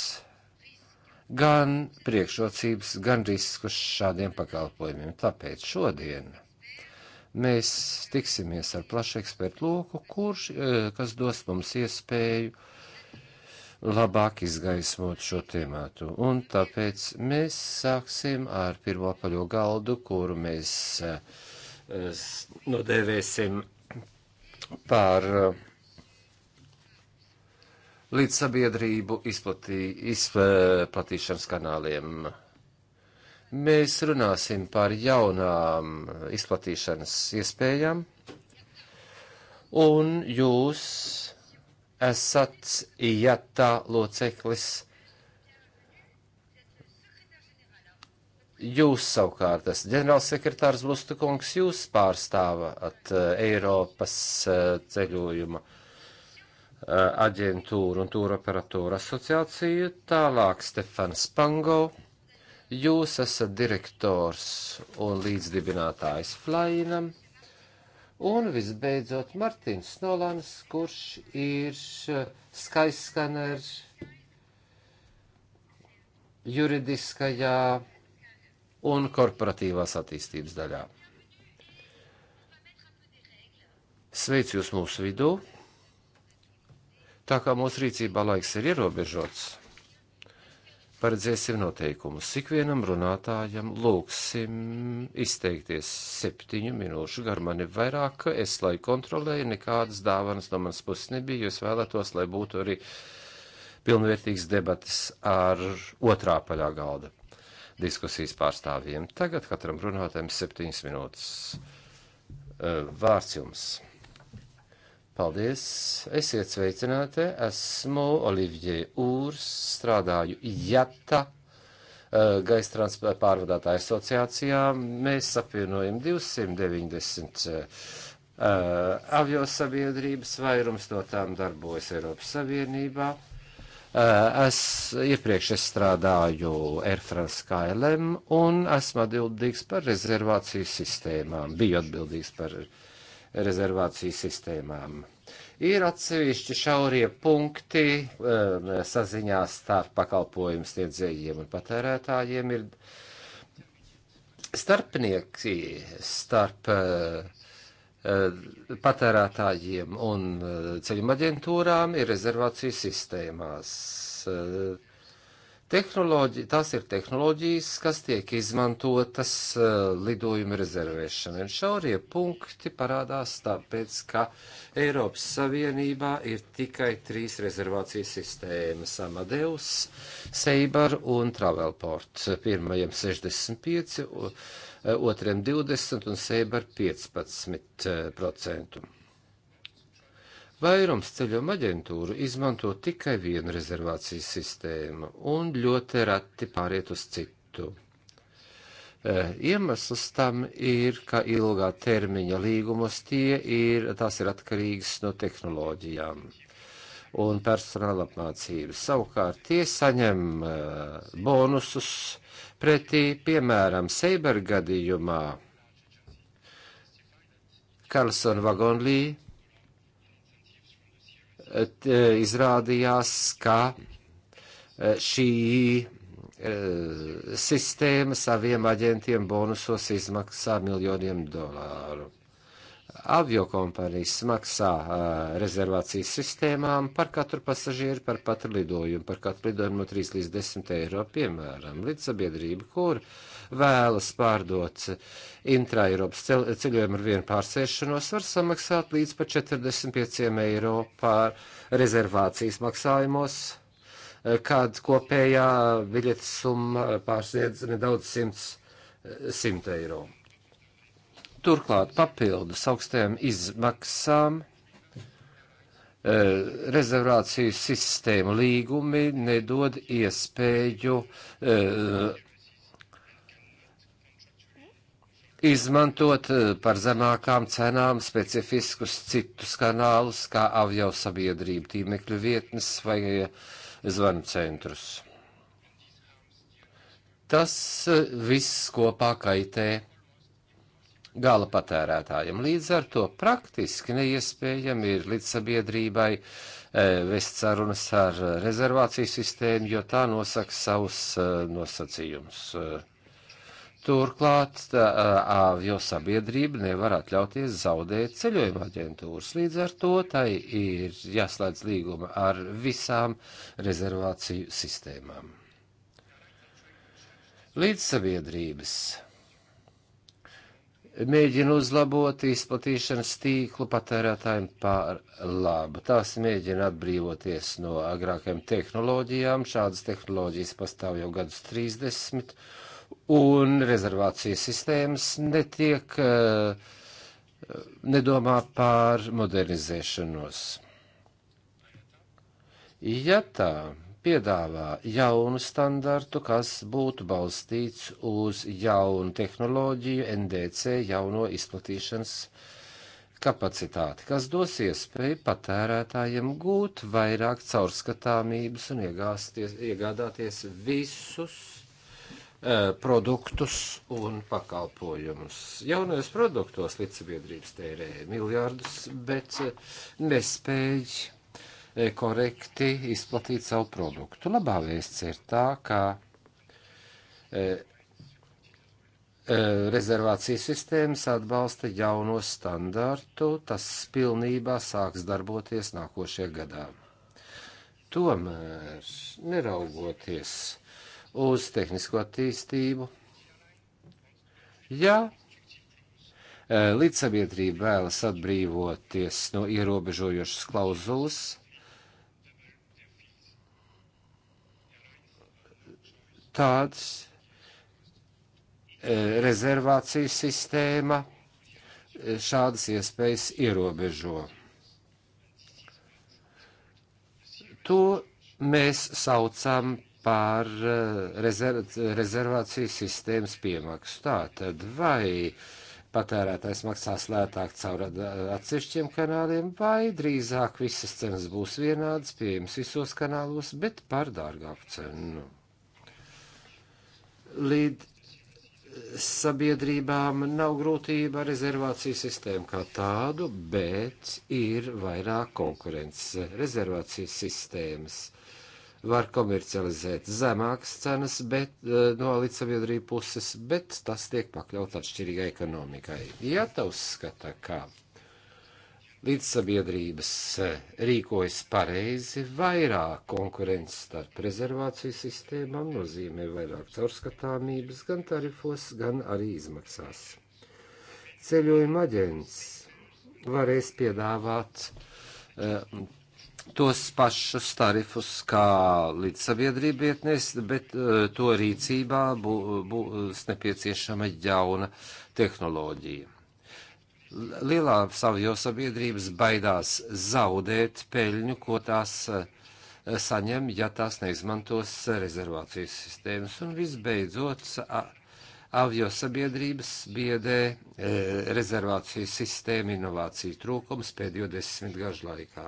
gan priekšrocības, gan riskus šādiem pakalpojumiem. Tāpēc šodien mēs tiksimies ar plašu ekspertu loku, kurš, eh, kas dos mums iespēju labāk izgaismot šo tēmātu. Un tāpēc mēs sāksim ar pirmo paļo galdu, kuru mēs uh, nodēvēsim par eh, līdz sabiedrību izplatī, izplatīšanas kanāliem. Mēs runāsim par jaunām izplatīšanas iespējām, un jūs esat ietā loceklis Jūs savukārt esat ģenerālsekretārs Lustukungs, jūs pārstāvat eh, Eiropas eh, ceļojuma eh, aģentūru un tūra operatoru asociāciju. Tālāk Stefans Pango, jūs esat direktors un līdzdibinātājs Flainam. Un visbeidzot Martins Nolans, kurš ir skaistskaners juridiskajā un korporatīvās attīstības daļā. Sveicu jūs mūsu vidū. Tā kā mūsu rīcībā laiks ir ierobežots, paredzēsim noteikumus. Ikvienam runātājam lūgsim izteikties septiņu minūšu garumā, ne vairāk. Es lai kontrolēju, nekādas dāvanas no manas puses nebija, jo es vēlētos, lai būtu arī pilnvērtīgs debatas ar otrā paļā galda diskusijas pārstāvjiem. Tagad katram runātājam septiņas minūtes. Vārds jums! Paldies! Esiet sveicināti! Esmu Olivier Ūrs, strādāju JATA gaisa transporta pārvadātāja asociācijā. Mēs apvienojam 290 uh, aviosabiedrības, vairums no tām darbojas Eiropas Savienībā. Eh, es iepriekš es strādāju Air France KLM un esmu atbildīgs par rezervāciju sistēmām. Biju atbildīgs par rezervāciju sistēmām. Ir atsevišķi šaurie punkti um, saziņā starp pakalpojumu sniedzējiem un patērētājiem. Ir starpnieki starp uh, Eh, patērētājiem un eh, ceļuma aģentūrām ir rezervāciju sistēmās. Eh, tehnoloģi, tās ir tehnoloģijas, kas tiek izmantotas lidojuma rezervēšanai. Šaurie punkti parādās tāpēc, ka Eiropas Savienībā ir tikai trīs rezervācijas sistēmas - Amadeus, Seibar un Travelport. Pirmajam 65 otriem 20 un sēba ar 15%. Eh, Vairums ceļojuma aģentūru izmanto tikai vienu rezervācijas sistēmu un ļoti reti pāriet uz citu. Eh, iemesls tam ir, ka ilgā termiņa līgumos tie ir, tās ir atkarīgas no tehnoloģijām un personāla apmācības. Savukārt tie saņem eh, bonusus Pretī, piemēram, Seiber gadījumā Karlsona Vagonlī e, e, izrādījās, ka e, šī sistēma saviem aģentiem bonusos izmaksā miljoniem dolāru. Aviokompānijas maksā uh, rezervācijas sistēmām par katru pasažieru, par katru lidojumu, par katru lidojumu no 3 līdz 10 eiro, piemēram, līdz sabiedrība, kur vēlas pārdot intra-Eiropas ceļojumu ar vienu pārsēšanos, var samaksāt līdz pat 45 eiro par rezervācijas maksājumos kad kopējā biļetes summa pārsniedz nedaudz 100, 100 eiro. Turklāt papildus augstajām izmaksām e, rezervāciju sistēmu līgumi nedod iespēju e, izmantot e, par zemākām cenām specifiskus citus kanālus, kā avio sabiedrību tīmekļu vietnes vai zvanu centrus. Tas viss kopā kaitē gala patērētājiem. Līdz ar to praktiski neiespējami ir līdz sabiedrībai e, vest sarunas ar rezervāciju sistēmu, jo tā nosaka savus e, nosacījumus. E, turklāt tā, e, avio sabiedrība nevar atļauties zaudēt ceļojuma aģentūras. Līdz ar to tai ir jāslēdz līguma ar visām rezervāciju sistēmām. Līdz sabiedrības mēģina uzlabot izplatīšanas tīklu patērētājiem par labu. Tās mēģina atbrīvoties no agrākajām tehnoloģijām. Šādas tehnoloģijas pastāv jau gadus 30, un rezervācijas sistēmas netiek, eh, nedomā par modernizēšanos. Ja tā piedāvā jaunu standartu, kas būtu balstīts uz jaunu tehnoloģiju, NDC jauno izplatīšanas kapacitāti, kas dos iespēju patērētājiem gūt vairāk caurskatāmības un iegādāties visus uh, produktus un pakalpojumus. Jaunajos produktos līdzsabiedrības tērē miljārdus, bet eh, nespēj E, korekti izplatīt savu produktu. Labā vēsts ir tā, ka e, e, rezervācijas sistēmas atbalsta jauno standartu, tas pilnībā sāks darboties nākošajā gadā. Tomēr, neraugoties uz tehnisko attīstību, ja e, līdzsabiedrība vēlas atbrīvoties no ierobežojošas klauzulas, tādas e, rezervācijas sistēma e, šādas iespējas ierobežo. To mēs saucam par e, rezerv rezervācijas sistēmas piemaksu. Tātad vai patērētājs maksās lētāk caur atsevišķiem kanāliem, vai drīzāk visas cenas būs vienādas, pieejamas visos kanālos, bet par dārgāku cenu līdz sabiedrībām nav grūtība ar rezervāciju sistēmu kā tādu, bet ir vairāk konkurences. Rezervācijas sistēmas var komercializēt zemākas cenas, bet eh, no līdzsabiedrību puses, bet tas tiek pakļaut atšķirīgai ekonomikai. Ja tā uzskata, ka līdzsabiedrības eh, rīkojas pareizi, vairāk konkurences starp rezervāciju sistēmām nozīmē vairāk caurskatāmības gan tarifos, gan arī izmaksās. Ceļojuma aģents varēs piedāvāt uh, tos pašus tarifus kā līdzsabiedrība vietnēs, bet uh, to rīcībā būs nepieciešama jauna tehnoloģija lielā savjo sabiedrības baidās zaudēt peļņu, ko tās eh, saņem, ja tās neizmantos eh, rezervācijas sistēmas. Un visbeidzot, avio sabiedrības biedē e, rezervācijas sistēma inovāciju trūkums pēdējo desmitgažu laikā.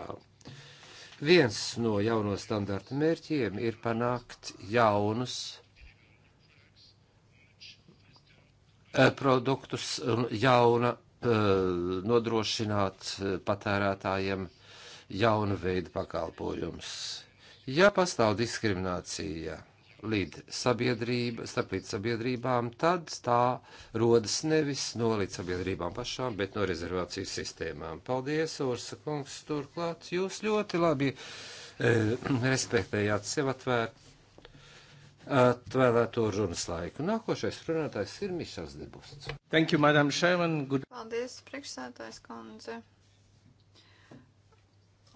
Viens no jauno standartu mērķiem ir panākt jaunus produktus un jauna Eh, nodrošināt eh, patērētājiem jaunu veidu pakalpojumus. Ja pastāv diskriminācija līdz sabiedrība, starp līdz sabiedrībām, tad tā rodas nevis no līdz sabiedrībām pašām, bet no rezervācijas sistēmām. Paldies, Ursa kungs, turklāt jūs ļoti labi e, respektējāt sev atvērt atvēlēto runas laiku. Nākošais runātājs ir Mišels Debusts. Thank you, Madam Chairman. Good... Paldies, priekšsētājs kundze.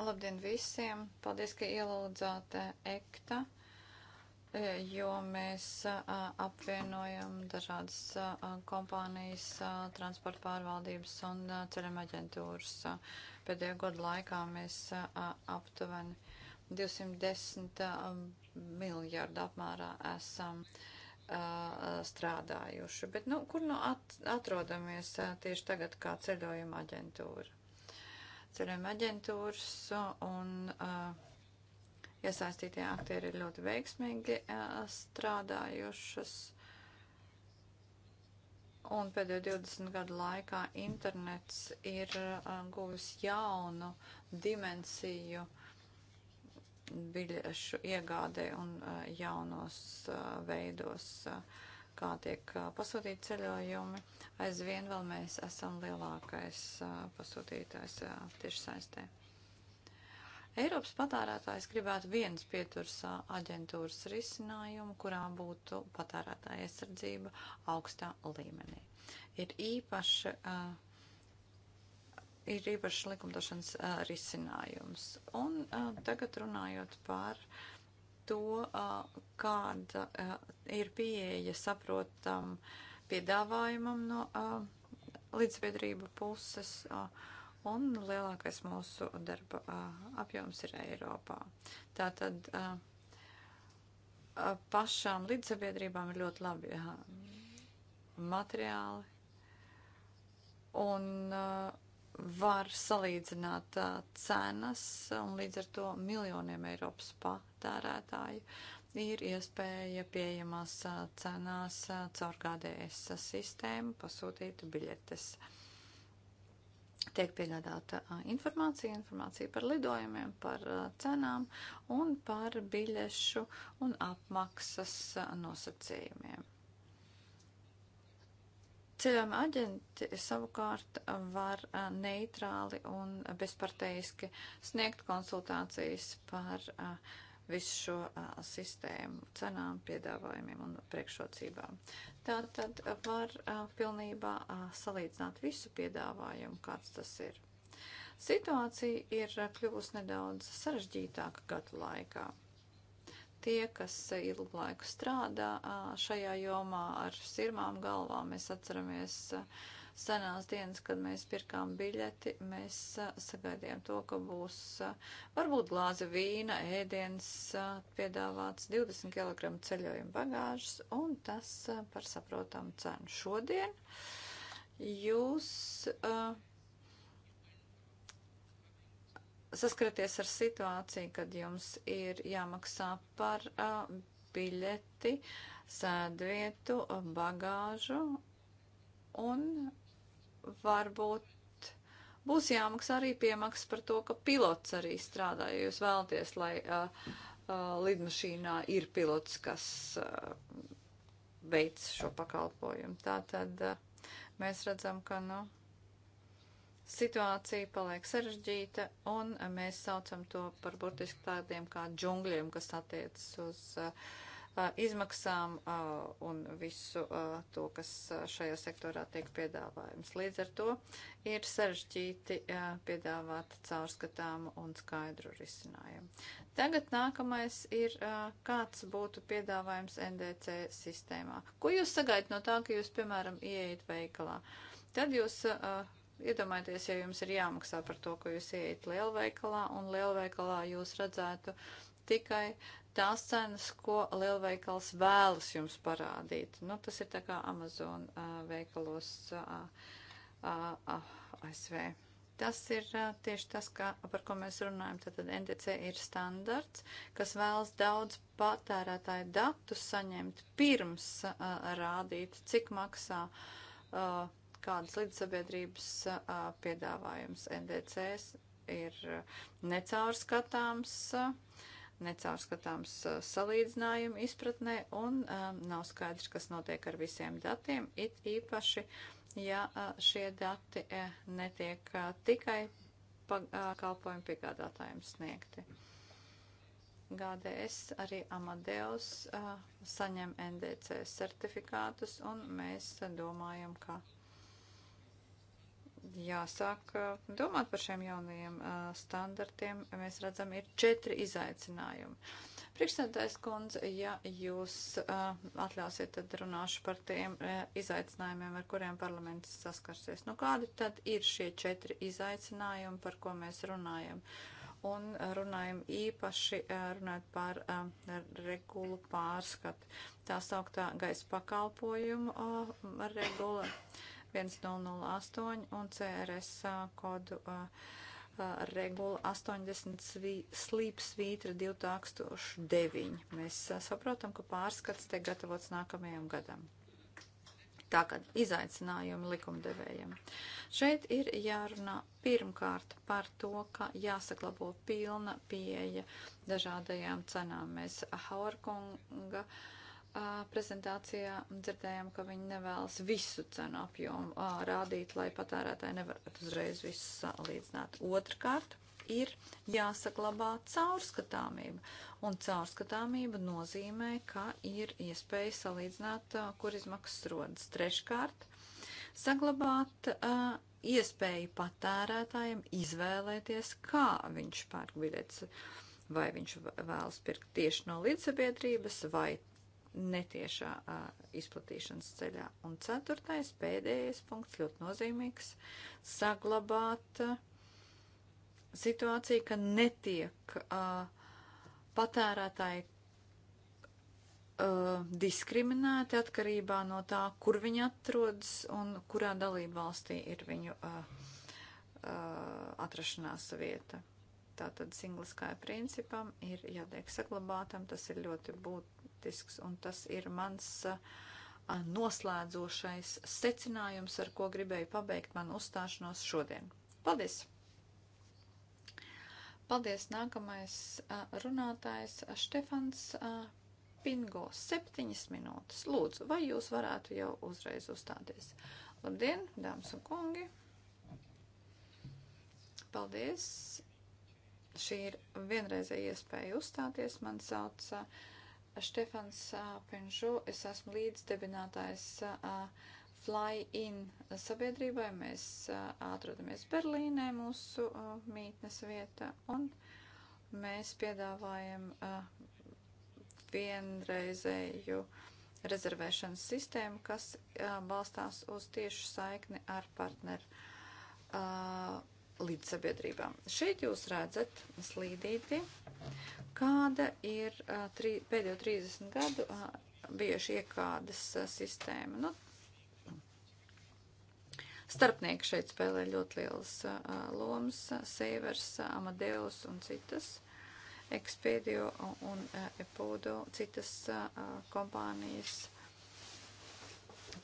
Labdien visiem. Paldies, ka ielūdzāt eh, ekta, eh, jo mēs eh, apvienojam dažādas kompānijas, transporta pārvaldības un ceļam aģentūras. Pēdējo gadu laikā mēs aptuveni 210 miljārdu apmērā esam strādājuši. Bet, nu, kur nu at, atrodamies tieši tagad kā ceļojuma aģentūra? Ceļojuma aģentūras un uh, iesaistītie aktieri ir ļoti veiksmīgi uh, strādājušas. Un pēdējo 20 gadu laikā internets ir uh, guvis jaunu dimensiju uh, biļešu iegādē un jaunos veidos, kā tiek pasūtīti ceļojumi. Aizvien vēl mēs esam lielākais pasūtītājs tieši saistē. Eiropas patērētājs gribētu vienas pieturas aģentūras risinājumu, kurā būtu patērētāja aizsardzība augstā līmenī. Ir īpaši uh, ir īpašs likumdošanas uh, risinājums. Un uh, tagad runājot par to, uh, kāda uh, ir pieeja saprotam piedāvājumam no uh, līdzbiedrību puses. Uh, un lielākais mūsu darba uh, apjoms ir Eiropā. Tātad uh, pašām līdzsabiedrībām ir ļoti labi uh, materiāli, un uh, var salīdzināt uh, cenas, un līdz ar to miljoniem Eiropas patērētāju ir iespēja pieejamās uh, cenās uh, caur GDS sistēmu pasūtīt biļetes. Tiek piegādāta informācija, informācija par lidojumiem, par cenām un par biļešu un apmaksas nosacījumiem. Ceļojuma aģenti savukārt var neitrāli un bezparteiski sniegt konsultācijas par visu šo sistēmu, cenām, piedāvājumiem un priekšrocībām. Tā tad var pilnībā salīdzināt visu piedāvājumu, kāds tas ir. Situācija ir kļuvusi nedaudz sarežģītāka gadu laikā. Tie, kas ilgu laiku strādā šajā jomā ar sirmām galvām, mēs atceramies senās dienas, kad mēs pirkām biļeti, mēs sagaidījām to, ka būs varbūt glāze vīna, ēdiens piedāvāts 20 kg ceļojuma bagāžas un tas par saprotamu cenu. Šodien jūs uh, saskaraties ar situāciju, kad jums ir jāmaksā par uh, biļeti, sēdvietu, bagāžu un varbūt būs jāmaksā arī piemaksas par to, ka pilots arī strādā, jo jūs vēlaties, lai uh, uh, lidmašīnā ir pilots, kas uh, veic šo pakalpojumu. Tātad uh, mēs redzam, ka, nu. No, situācija paliek sarežģīta, un mēs saucam to par burtiski tādiem kā džungļiem, kas attiecas uz uh, uh izmaksām uh, un visu uh, to, kas uh, šajā sektorā tiek piedāvājums. Līdz ar to ir sarežģīti uh, piedāvāt caurskatāmu un skaidru risinājumu. Tagad nākamais ir, uh, kāds būtu piedāvājums NDC sistēmā. Ko jūs sagaidat no tā, ka jūs, piemēram, ieiet veikalā? Tad jūs uh, Iedomājieties, ja jums ir jāmaksā par to, ko jūs ieiet lielveikalā, un lielveikalā jūs redzētu tikai tās cenas, ko lielveikals vēlas jums parādīt. Nu, tas ir tā kā Amazon uh, veikalos uh, uh, ASV. Tas ir uh, tieši tas, kā, par ko mēs runājam. Tātad NDC ir standarts, kas vēlas daudz patērētāju datu saņemt pirms uh, rādīt, cik maksā. Uh, kādas līdzsabiedrības piedāvājums NDCs ir necaurskatāms, necaurskatāms salīdzinājumu izpratnē un nav skaidrs, kas notiek ar visiem datiem, it īpaši, ja šie dati netiek tikai pakalpojumu piegādātājiem sniegti. GDS arī Amadeus saņem NDC certifikātus, un mēs domājam, ka jāsāk domāt par šiem jaunajiem standartiem. Mēs redzam, ir četri izaicinājumi. Priekšsēdētājs kundze, ja jūs atļausiet, tad runāšu par tiem izaicinājumiem, ar kuriem parlaments saskarsies. Nu, kādi tad ir šie četri izaicinājumi, par ko mēs runājam? un runājam īpaši runājot par regulu pārskatu. Tā sauktā gaisa pakalpojumu regula. A, 1008 un CRS kodu regula 80 slīpsvītra 2009. Mēs saprotam, ka pārskats tiek gatavots nākamajam gadam. Tagad izaicinājumi likumdevējiem. Šeit ir jārunā pirmkārt par to, ka jāsaklabo pilna pieeja dažādajām cenām. Mēs Haurkunga uh, prezentācijā dzirdējām, ka viņi nevēlas visu cenu apjomu a, rādīt, lai patērētāji nevarētu uzreiz visu salīdzināt. Otrkārt, ir jāsaglabā caurskatāmība. Un caurskatāmība nozīmē, ka ir iespēja salīdzināt, a, kur izmaksas rodas. Treškārt, saglabāt a, iespēju patērētājiem izvēlēties, kā viņš pērk biļetes vai viņš vēlas pirkt tieši no līdzsabiedrības vai netiešā a, izplatīšanas ceļā. Un ceturtais, pēdējais punkts, ļoti nozīmīgs - saglabāt a, situāciju, ka netiek a, patērētāji diskriminēti atkarībā no tā, kur viņi atrodas un kurā dalība valstī ir viņu atrašanās vieta. Tātad singliskajam principam ir jātiek saglabātam, tas ir ļoti būt, būtisks, un tas ir mans noslēdzošais secinājums, ar ko gribēju pabeigt manu uzstāšanos šodien. Paldies! Paldies! Nākamais runātājs Štefans Pingo. Septiņas minūtes. Lūdzu, vai jūs varētu jau uzreiz uzstāties? Labdien, dāmas un kungi! Paldies! Šī ir vienreizēja iespēja uzstāties. Man sauc uh, Štefans Penžo, es esmu līdzdebinātājs Fly In sabiedrībai. Mēs atrodamies Berlīnē, mūsu mītnes vieta, un mēs piedāvājam vienreizēju rezervēšanas sistēmu, kas balstās uz tiešu saikni ar partneru līdz sabiedrībām. Šeit jūs redzat slīdīti, Kāda ir uh, trī, pēdējo 30 gadu uh, bijuši iekādas uh, sistēma? Nu, starpnieki šeit spēlē ļoti lielas uh, lomas - Seivers, uh, Amadeus un citas, Expedio un uh, Epudo, citas uh, kompānijas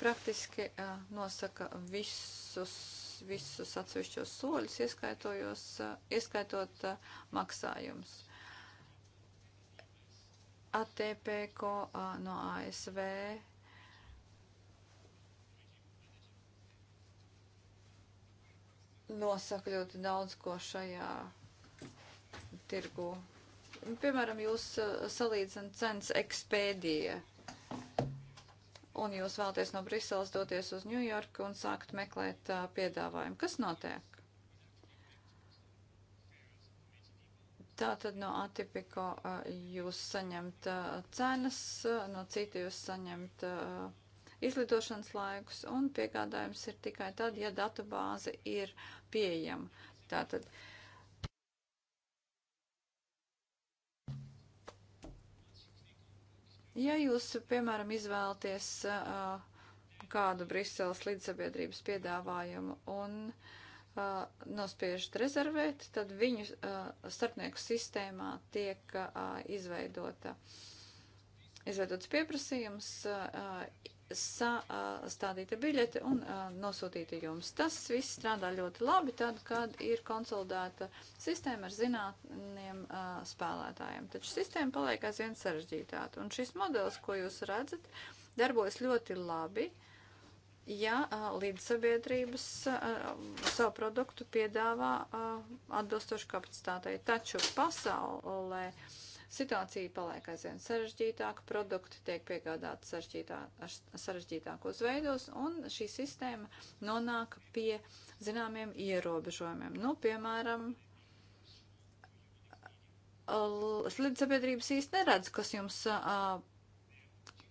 praktiski uh, nosaka visus, visus atsevišķos soļus, ieskaitot uh, maksājumus. ATPko no ASV. Nosaka ļoti daudz ko šajā tirgu. Piemēram, jūs salīdzināt cenas ekspēdija, un jūs vēlaties no Briseles doties uz Ņujorku un sākt meklēt piedāvājumu. Kas notiek? Tātad no Atipiko jūs saņemt cenas, no citu jūs saņemt izlidošanas laikus, un piegādājums ir tikai tad, ja datu bāze ir pieejama. Tātad. Ja jūs, piemēram, izvēlaties uh, kādu Briseles līdzsabiedrības piedāvājumu un uh, uh, nospiežat rezervēt, tad viņu uh, starpnieku sistēmā tiek uh, izveidota, izveidots pieprasījums, uh, sastādīta biļete un uh, nosūtīta jums. Tas viss strādā ļoti labi tad, kad ir konsolidēta sistēma ar zinātniem uh, spēlētājiem. Taču sistēma paliek aizvien sarežģītāka. Un šis modelis, ko jūs redzat, darbojas ļoti labi. Uh, ja līdzsabiedrības savu produktu piedāvā atbilstoši kapacitātei. Taču pasaulē situācija paliek aizvien sarežģītāka, produkti tiek piegādāti sarežģītā, sarežģītākos veidos, un šī sistēma nonāk pie zināmiem ierobežojumiem. Nu, piemēram, līdzsabiedrības īsti neredz, kas jums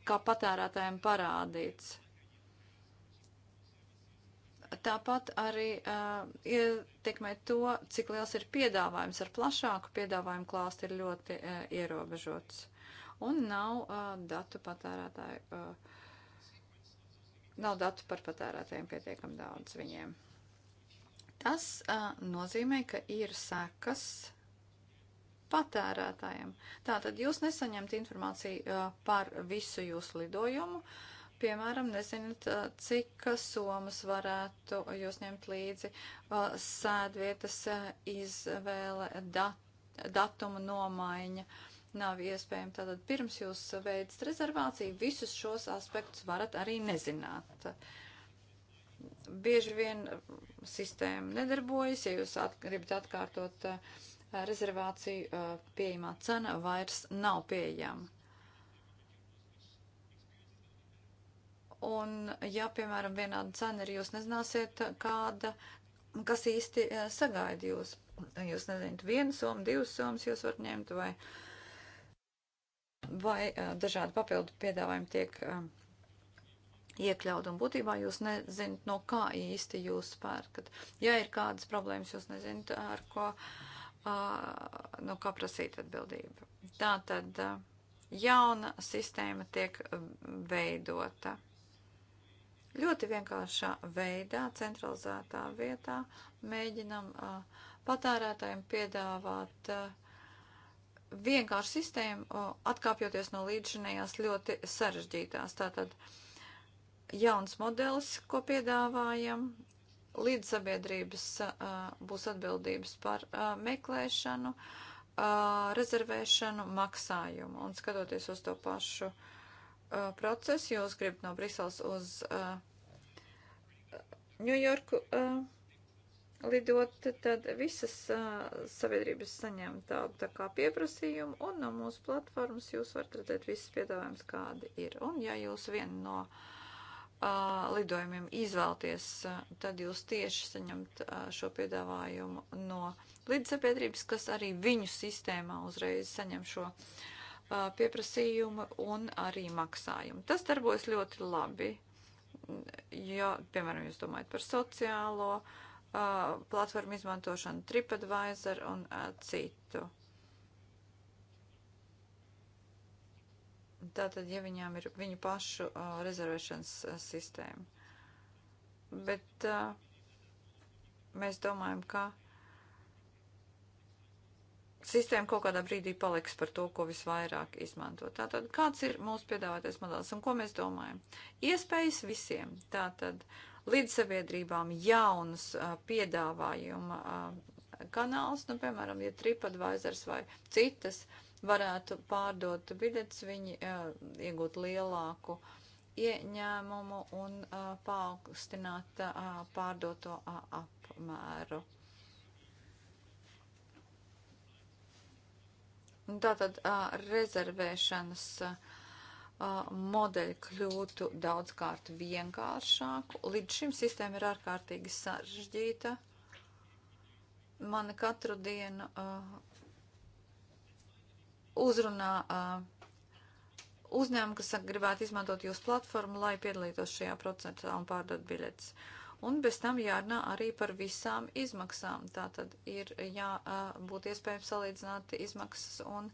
kā patērētājiem parādīts Tāpat arī uh, ietekmē to, cik liels ir piedāvājums. Ar plašāku piedāvājumu klāstu ir ļoti uh, ierobežots. Un nav uh, datu patērētāju. Uh, Nav datu par patērētājiem pietiekami daudz viņiem. Tas uh, nozīmē, ka ir sekas patērētājiem. Tātad jūs nesaņemat informāciju uh, par visu jūsu lidojumu, uh, Piemēram, nezināt, cik somas varētu jūs ņemt līdzi sēdvietas izvēle, dat, datuma nomaiņa. Nav iespējams tātad pirms jūs veicat rezervāciju, visus šos aspektus varat arī nezināt. Bieži vien sistēma nedarbojas, ja jūs at, gribat atkārtot rezervāciju, pieejamā cena vairs nav pieejama Un, ja, piemēram, vienāda cena ir, jūs nezināsiet, kāda, kas īsti eh, sagaida jūs. Jūs nezināt, viena soma, divas somas jūs varat ņemt vai, vai eh, dažādi papildu piedāvājumi tiek eh, iekļaut. Un būtībā jūs nezināt, no kā īsti jūs pērkat. Ja ir kādas problēmas, jūs nezināt, ar ko, no kā prasīt atbildību. Tā tad jauna sistēma tiek veidota. Ļoti vienkāršā veidā, centralizētā vietā mēģinam uh, patērētājiem piedāvāt uh, vienkāršu sistēmu, uh, atkāpjoties no līdzinējās ļoti sarežģītās. Tātad jauns modelis, ko piedāvājam, līdz sabiedrības būs atbildības par meklēšanu, rezervēšanu, maksājumu. Un skatoties uz to pašu procesu, jūs gribat no Briseles uz uh, Ņujorku uh, eh, lidot, tad visas uh, sabiedrības saņem tādu tā kā pieprasījumu, un no mūsu platformas jūs varat redzēt visas piedāvājums, kādi ir. Un ja jūs vienu no uh, lidojumiem izvēlties, uh, tad jūs tieši saņemt uh, šo piedāvājumu no lidsabiedrības, kas arī viņu sistēmā uzreiz saņem šo uh, pieprasījumu un arī maksājumu. Tas darbojas ļoti labi ja, piemēram, jūs domājat par sociālo uh, platformu izmantošanu, TripAdvisor un uh, citu. Tātad, ja viņām ir viņu pašu uh, rezervēšanas uh, sistēma. Bet uh, mēs domājam, ka. Uh, sistēma kaut kādā brīdī paliks par to, ko visvairāk izmanto. Tātad, kāds ir mūsu piedāvātais modelis un ko mēs domājam? Iespējas visiem. Tātad, līdzsaviedrībām jaunas piedāvājuma a, kanāls, nu, piemēram, ja TripAdvisors vai citas varētu pārdot biļetes, viņi uh, iegūt lielāku ieņēmumu un uh, paaugstināt uh, pārdoto apmēru. Tātad uh, rezervēšanas uh, modeļi kļūtu daudzkārt vienkāršāku. Līdz šim sistēma ir ārkārtīgi sarežģīta. Mani katru dienu uh, uzrunā uzņēmumi, kas gribētu izmantot jūsu platformu, lai piedalītos šajā procesā un pārdot biļetes. Uh, Un bez tam jārunā arī par visām izmaksām. Tā tad ir jābūt iespējams salīdzināt izmaksas un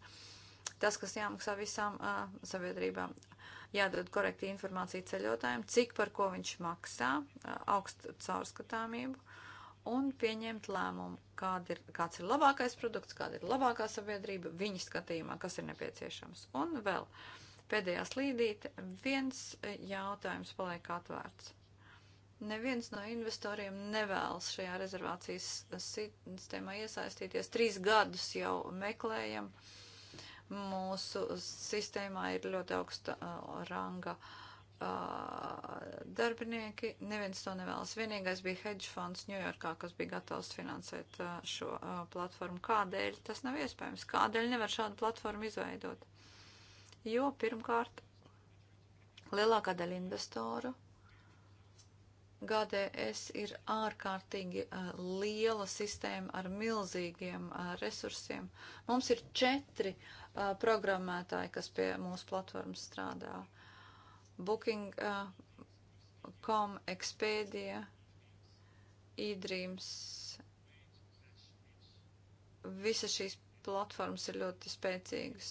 tas, kas jāmaksā visām uh, sabiedrībām. Jādod korekti informācija ceļotājiem, cik par ko viņš maksā, uh, augstu caurskatāmību un pieņemt lēmumu, kāda ir, kāds ir labākais produkts, kāda ir labākā sabiedrība viņa skatījumā, kas ir nepieciešams. Un vēl pēdējā slīdīte, viens jautājums paliek atvērts Neviens no investoriem nevēlas šajā rezervācijas sistēmā iesaistīties. Trīs gadus jau meklējam. Mūsu sistēmā ir ļoti augsta uh, ranga uh, darbinieki. Neviens to nevēlas. Vienīgais bija hedge fonds Ņujorkā, kas bija gatavs finansēt uh, šo uh, platformu. Kādēļ tas nav iespējams? Kādēļ nevar šādu platformu izveidot? Jo pirmkārt, lielākā daļa investoru GDS ir ārkārtīgi uh, liela sistēma ar milzīgiem uh, resursiem. Mums ir četri uh, programmētāji, kas pie mūsu platformas strādā. Booking.com, Expedia, eDreams. Visas šīs platformas ir ļoti spēcīgas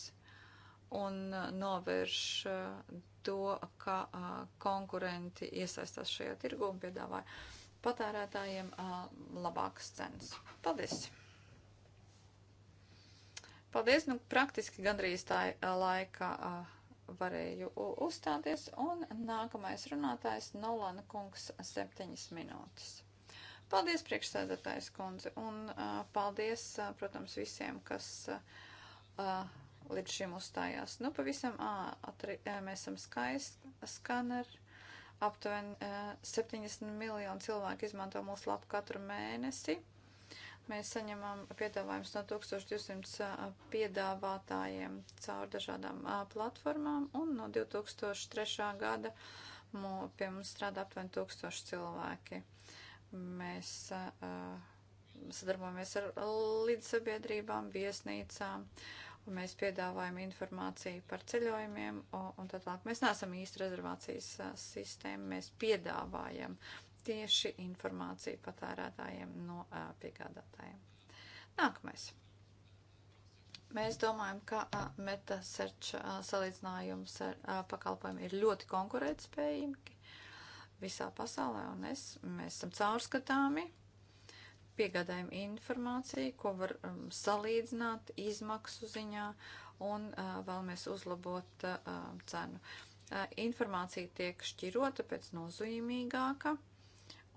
un novērš to, ka a, konkurenti iesaistās šajā tirgu un piedāvāja patērētājiem a, labākas cenas. Paldies! Paldies! Nu, praktiski gandrīz tā laika a, varēju uzstāties, un nākamais runātājs Nolana kungs septiņas minūtes. Paldies, priekšsēdētājs kundze, un uh, paldies, uh, protams, visiem, kas uh, līdz šim uzstājās. Nu, pavisam ātri mēs esam skaisti skaneri. Aptuveni 70 miljonu cilvēku izmanto mūsu lapu katru mēnesi. Mēs saņemam piedāvājumus no 1200 piedāvātājiem caur dažādām platformām, un no 2003. gada pie mums strādā aptuveni 1000 cilvēki. Mēs sadarbojamies ar līdzsabiedrībām, viesnīcām Mēs piedāvājam informāciju par ceļojumiem un tā tālāk. Mēs neesam īsti rezervācijas sistēma, mēs piedāvājam tieši informāciju patērētājiem no piegādātājiem. Nākamais. Mēs domājam, ka metasearch salīdzinājums ar pakalpojumu ir ļoti konkurētspējīgi visā pasaulē, un es, mēs esam caurskatāmi, piegādājam informāciju, ko var um, salīdzināt izmaksu ziņā un uh, vēlamies uzlabot uh, um, cenu. Uh, informācija tiek šķirota pēc nozīmīgāka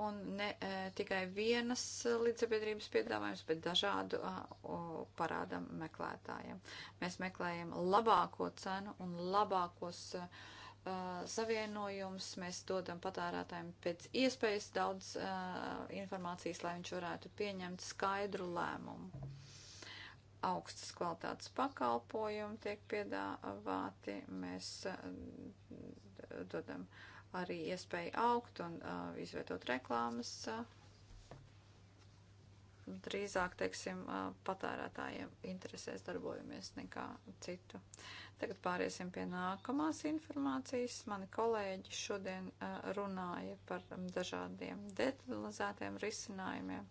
un ne uh, tikai vienas līdzsabiedrības piedāvājums, bet dažādu uh, parādam meklētājiem. Mēs meklējam labāko cenu un labākos. Uh, Uh, savienojums, mēs dodam patērētājiem pēc iespējas daudz uh, informācijas, lai viņš varētu pieņemt skaidru lēmumu. Augstas kvalitātes pakalpojumi tiek piedāvāti, mēs uh, dodam arī iespēju augt un uh, izvietot reklāmas. Uh, drīzāk, teiksim, patērētājiem interesēs darbojamies nekā citu. Tagad pāriesim pie nākamās informācijas. Mani kolēģi šodien runāja par dažādiem detalizētiem risinājumiem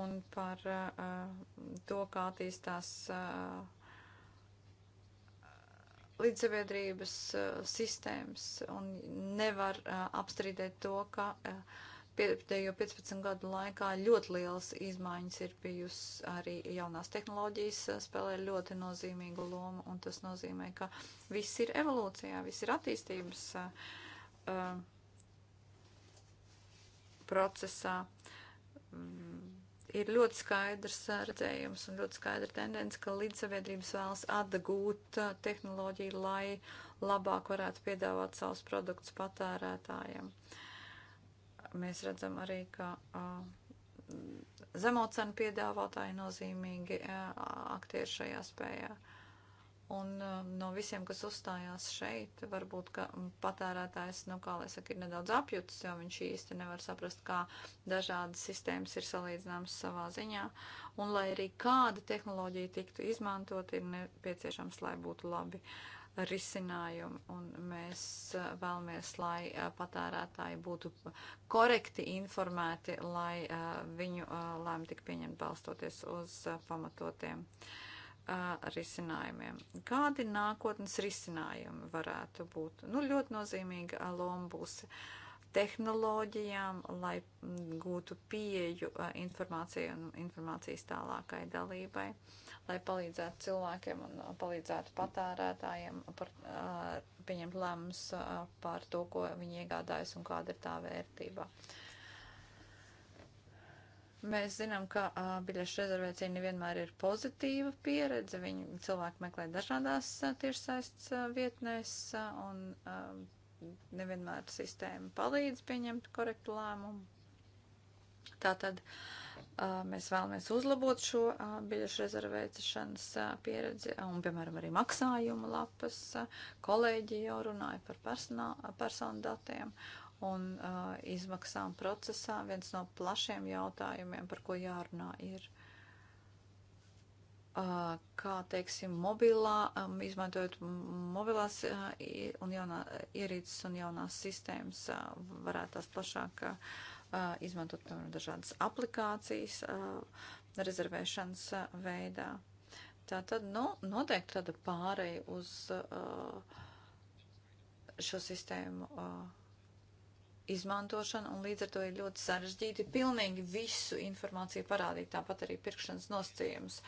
un par to, kā attīstās līdzsaviedrības sistēmas, un nevar apstrīdēt to, ka uh, pēdējo 15 gadu laikā ļoti liels izmaiņas ir bijusi arī jaunās tehnoloģijas uh, spēlē ļoti nozīmīgu lomu, un tas nozīmē, ka viss ir evolūcijā, viss ir attīstības uh, uh procesā. Mm ir ļoti skaidrs uh, redzējums un ļoti skaidra tendence, ka līdzsaviedrības vēlas atgūt tehnoloģiju, lai labāk varētu piedāvāt savus produktus patērētājiem. Uh, mēs redzam arī, ka zemo cenu piedāvātāji nozīmīgi aktieri šajā spējā. Un no visiem, kas uzstājās šeit, varbūt, ka patērētājs, nu, kā lai saka, ir nedaudz apjuts, jo viņš īsti nevar saprast, kā dažādas sistēmas ir salīdzināmas savā ziņā. Un, lai arī kāda tehnoloģija tiktu izmantot, ir nepieciešams, lai būtu labi uh, risinājumu, un mēs eh, vēlamies, lai eh, patērētāji būtu korekti informēti, lai eh, viņu lēma tik pieņemt balstoties uz pamatotiem risinājumiem. Kādi nākotnes risinājumi varētu būt? Nu, ļoti nozīmīga loma būs. Uh, tehnoloģijām, lai mm, gūtu pieju informācijai un informācijas tālākai dalībai, lai palīdzētu cilvēkiem un palīdzētu patērētājiem par, pieņemt lēmumus par to, ko viņi iegādājas un kāda ir tā vērtība. Mēs zinām, ka uh, biļešu rezervēcija nevienmēr ir pozitīva pieredze. Viņu cilvēki meklē dažādās uh, tiešsaistes uh, vietnēs, uh, un uh, nevienmēr sistēma palīdz pieņemt korektu lēmumu. Tātad mēs vēlamies uzlabot šo biļešu rezervēšanas pieredzi un, piemēram, arī maksājumu lapas. Kolēģi jau runāja par personu datiem un izmaksām procesā. Viens no plašiem jautājumiem, par ko jārunā, ir kā, teiksim, mobilā, izmantojot mobilās un jaunā, ierīces un jaunās sistēmas, varētu tās plašāk izmantot, piemēram, dažādas aplikācijas rezervēšanas veidā. Tā tad, nu, noteikti tāda pāreja uz šo sistēmu izmantošana, un līdz ar to ir ļoti sarežģīti pilnīgi visu informāciju parādīt, tāpat arī pirkšanas nosacījumus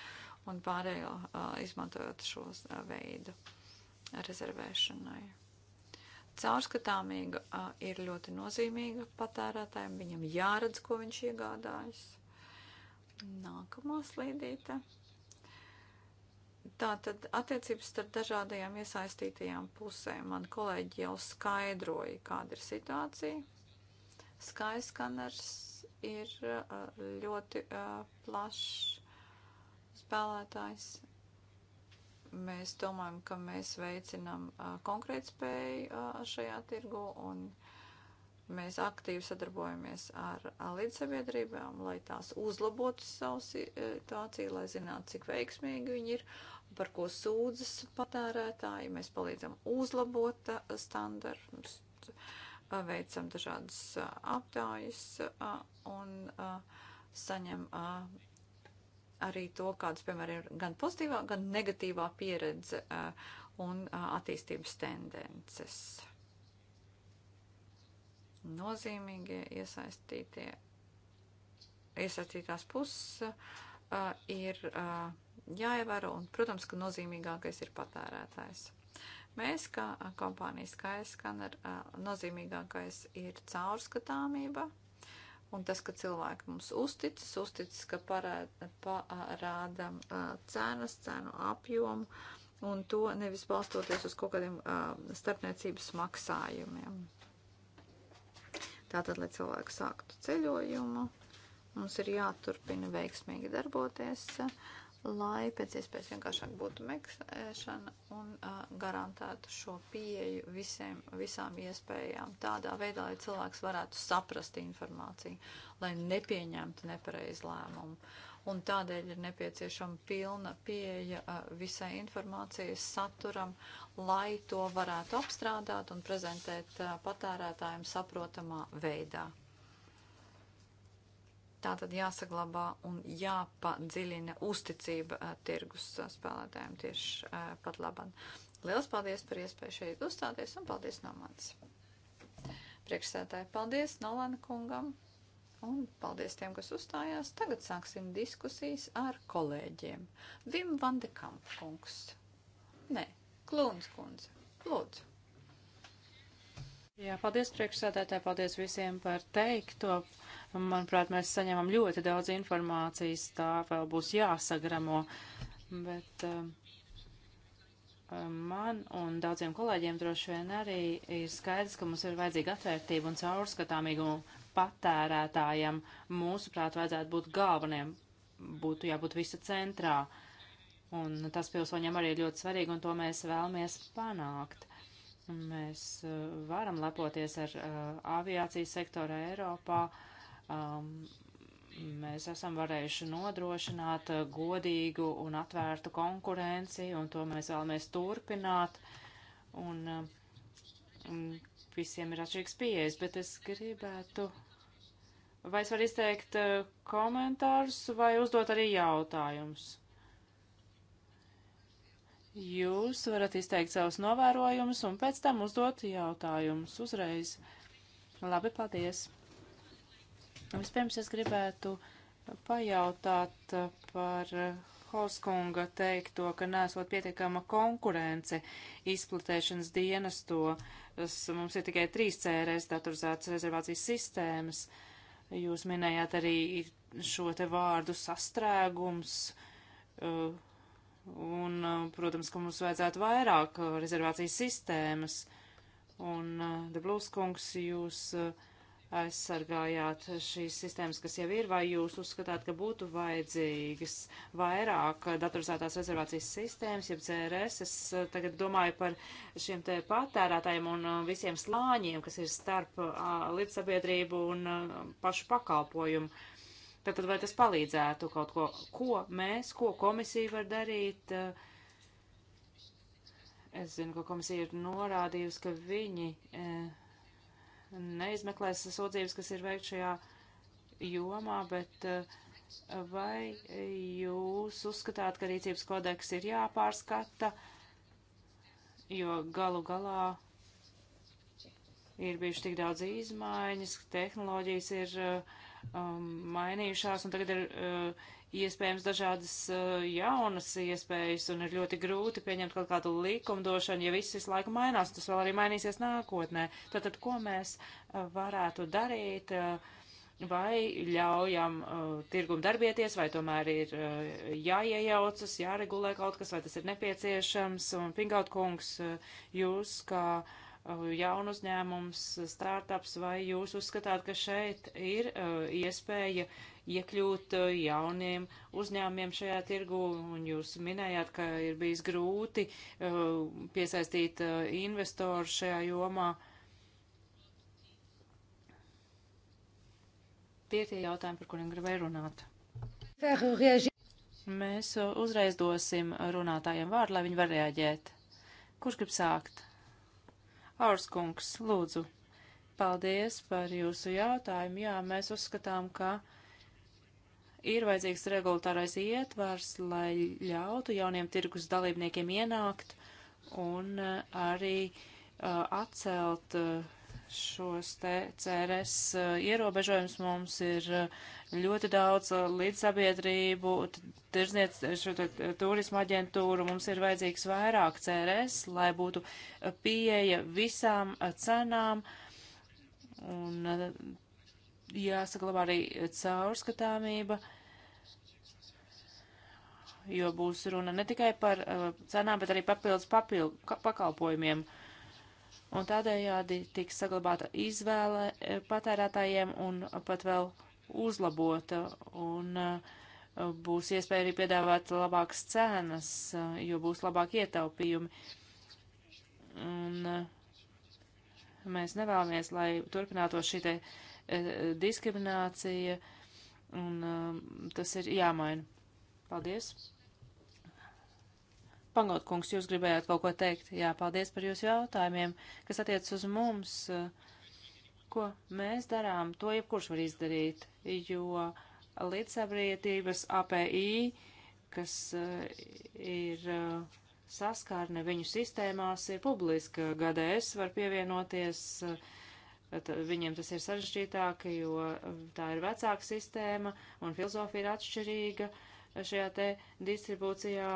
un pārējo uh, izmantojot šo uh, veidu rezervēšanai. Caurskatāmīga uh, ir ļoti nozīmīga patērētājiem, viņam jāredz, ko viņš iegādājas. Nākamā slīdīte. Tā tad attiecības starp dažādajām iesaistītajām pusēm. Man kolēģi jau skaidroja, kāda ir situācija. Skaiskaners ir ļoti plašs spēlētājs. Mēs domājam, ka mēs veicinām konkrētspēju šajā tirgu un mēs aktīvi sadarbojamies ar līdzsabiedrībām, lai tās uzlabotu savu situāciju, lai zinātu, cik veiksmīgi viņi ir, par ko sūdzas patērētāji. Mēs palīdzam uzlabot standartus, veicam dažādas aptājas un saņem arī to, kādas, piemēram, ir gan pozitīvā, gan negatīvā pieredze uh, un uh, attīstības tendences. Nozīmīgie iesaistītie, iesaistītās puses uh, ir uh, jāievēro, un, protams, ka nozīmīgākais ir patērētājs. Mēs, kā kompānijas skaiskan, nozīmīgākais ir caurskatāmība Un tas, ka cilvēki mums uzticas, uzticas, ka parāda, parāda cenas, cenu apjomu, un to nevis balstoties uz kaut kādiem starpniecības maksājumiem. Tātad, lai cilvēki sāktu ceļojumu, mums ir jāturpina veiksmīgi darboties. Uh, lai pēc iespējas vienkāršāk būtu meklēšana un uh, garantētu šo pieeju visiem, visām iespējām tādā veidā, lai cilvēks varētu saprast informāciju, lai nepieņemtu nepareiz lēmumu. Un tādēļ ir nepieciešama pilna pieeja uh, visai informācijas saturam, lai to varētu apstrādāt un prezentēt uh, patērētājiem saprotamā veidā. Tā tad jāsaglabā un jāpadziļina uzticība uh, tirgus uh, spēlētājiem tieši uh, pat labam. Lielas paldies par iespēju šeit uzstāties un paldies no manis. Priekšsētāji, paldies Nolana kungam un paldies tiem, kas uzstājās. Tagad sāksim diskusijas ar kolēģiem. Vim Vandekamp kungs. Nē, Klūns kundze. Lūdzu. Jā, paldies priekšsēdētāji, paldies visiem par teikto. Uh, Manuprāt, mēs saņemam ļoti daudz informācijas, tā vēl būs jāsagramo, bet um, um, man un daudziem kolēģiem droši vien arī ir skaidrs, ka mums ir vajadzīga atvērtība un caurskatāmīguma patērētājiem. Mūsuprāt, vajadzētu būt galveniem, būtu jābūt visa centrā. Un tas pilsoņiem arī ir ļoti svarīgi, un to mēs vēlamies panākt. Mēs uh, varam lepoties ar uh, aviācijas sektoru Eiropā. Uh, um, mēs esam varējuši nodrošināt uh, godīgu un atvērtu konkurenci, un to mēs vēlamies turpināt. Un, uh, un visiem ir atšķirīgs pieejas, bet es gribētu. Vai es varu izteikt uh, komentārus vai uzdot arī jautājumus? Jūs varat izteikt savus novērojumus un pēc tam uzdot jautājumus uzreiz. Labi, paldies! Nu, vispirms es gribētu pajautāt eh, par eh, Holskunga teikto, ka nesot pietiekama konkurence izplatēšanas dienesto. Mums ir tikai trīs CRS datorizētas rezervācijas sistēmas. Jūs minējāt arī šo te vārdu sastrēgums. Eh, un, protams, ka mums vajadzētu vairāk rezervācijas sistēmas. Un, Deblūskungs, jūs uh, aizsargājāt šīs sistēmas, kas jau ir, vai jūs uzskatāt, ka būtu vajadzīgas vairāk datorizētās rezervācijas sistēmas, jeb CRS? Es eh, tagad domāju par šiem te patērētājiem un eh, visiem slāņiem, kas ir starp līdzsabiedrību un pašu pakalpojumu. Tātad vai tas palīdzētu kaut ko, ko mēs, ko komisija var darīt? Es zinu, ka komisija ir norādījusi, ka viņi. Eh, neizmeklēs sūdzības, kas ir veikt šajā jomā, bet eh, vai jūs uzskatāt, ka rīcības kodeks ir jāpārskata, jo galu galā ir bijuši tik daudz izmaiņas, tehnoloģijas ir eh, um, mainījušās, un tagad ir uh, iespējams dažādas uh, jaunas iespējas un ir ļoti grūti pieņemt kaut kādu likumdošanu, ja viss visu laiku mainās, tas vēl arī mainīsies nākotnē. Tātad, ko mēs uh, varētu darīt? Uh, vai ļaujam uh, tirgum darbieties, vai tomēr ir uh, jāiejaucas, jāregulē kaut kas, vai tas ir nepieciešams. Un, Pingaut kungs, uh, jūs kā uh, jaunu uzņēmums, startups, vai jūs uzskatāt, ka šeit ir uh, iespēja iekļūt eh, jauniem uzņēmumiem šajā tirgu, un jūs minējāt, ka ir bijis grūti eh, piesaistīt eh, investoru šajā jomā. Tie ir tie jautājumi, par kuriem gribēju runāt. Mēs uzreiz dosim runātājiem vārdu, lai viņi var reaģēt. Kurš grib sākt? Aurskungs, lūdzu. Paldies par jūsu jautājumu. Jā, mēs uzskatām, ka ir vajadzīgs regulatārais ietvars, lai ļautu jauniem tirgus dalībniekiem ienākt un eh, arī uh, atcelt uh, šos te CRS uh, ierobežojumus. Mums ir ļoti daudz līdzsabiedrību, tirzniec, šo te turismu aģentūru, mums ir vajadzīgs vairāk CRS, lai būtu pieeja visām cenām. Un jāsaglabā arī caurskatāmība. Uh, jo būs runa ne tikai par uh, cenām, bet arī papildus papildu, pakalpojumiem. Un tādējādi tiks saglabāta izvēle uh, patērētājiem un uh, pat vēl uzlabota. Un, uh, būs iespēja arī piedāvāt labākas cenas, uh, jo būs labāk ietaupījumi. Un uh, mēs nevēlamies, lai turpinātos šī te uh, diskriminācija, un tas ir jāmaina. Paldies. Pangot kungs, jūs gribējāt kaut ko teikt? Jā, paldies par jūsu jautājumiem, kas attiec uz mums. Ko mēs darām, to jebkurš var izdarīt, jo līdzsabrietības API, kas eh, ir eh, saskārne viņu sistēmās, ir publiska. GDS var pievienoties, eh, viņiem tas ir sarežģītāk, jo tā ir vecāka sistēma un filozofija ir atšķirīga. Uh, šajā te distribūcijā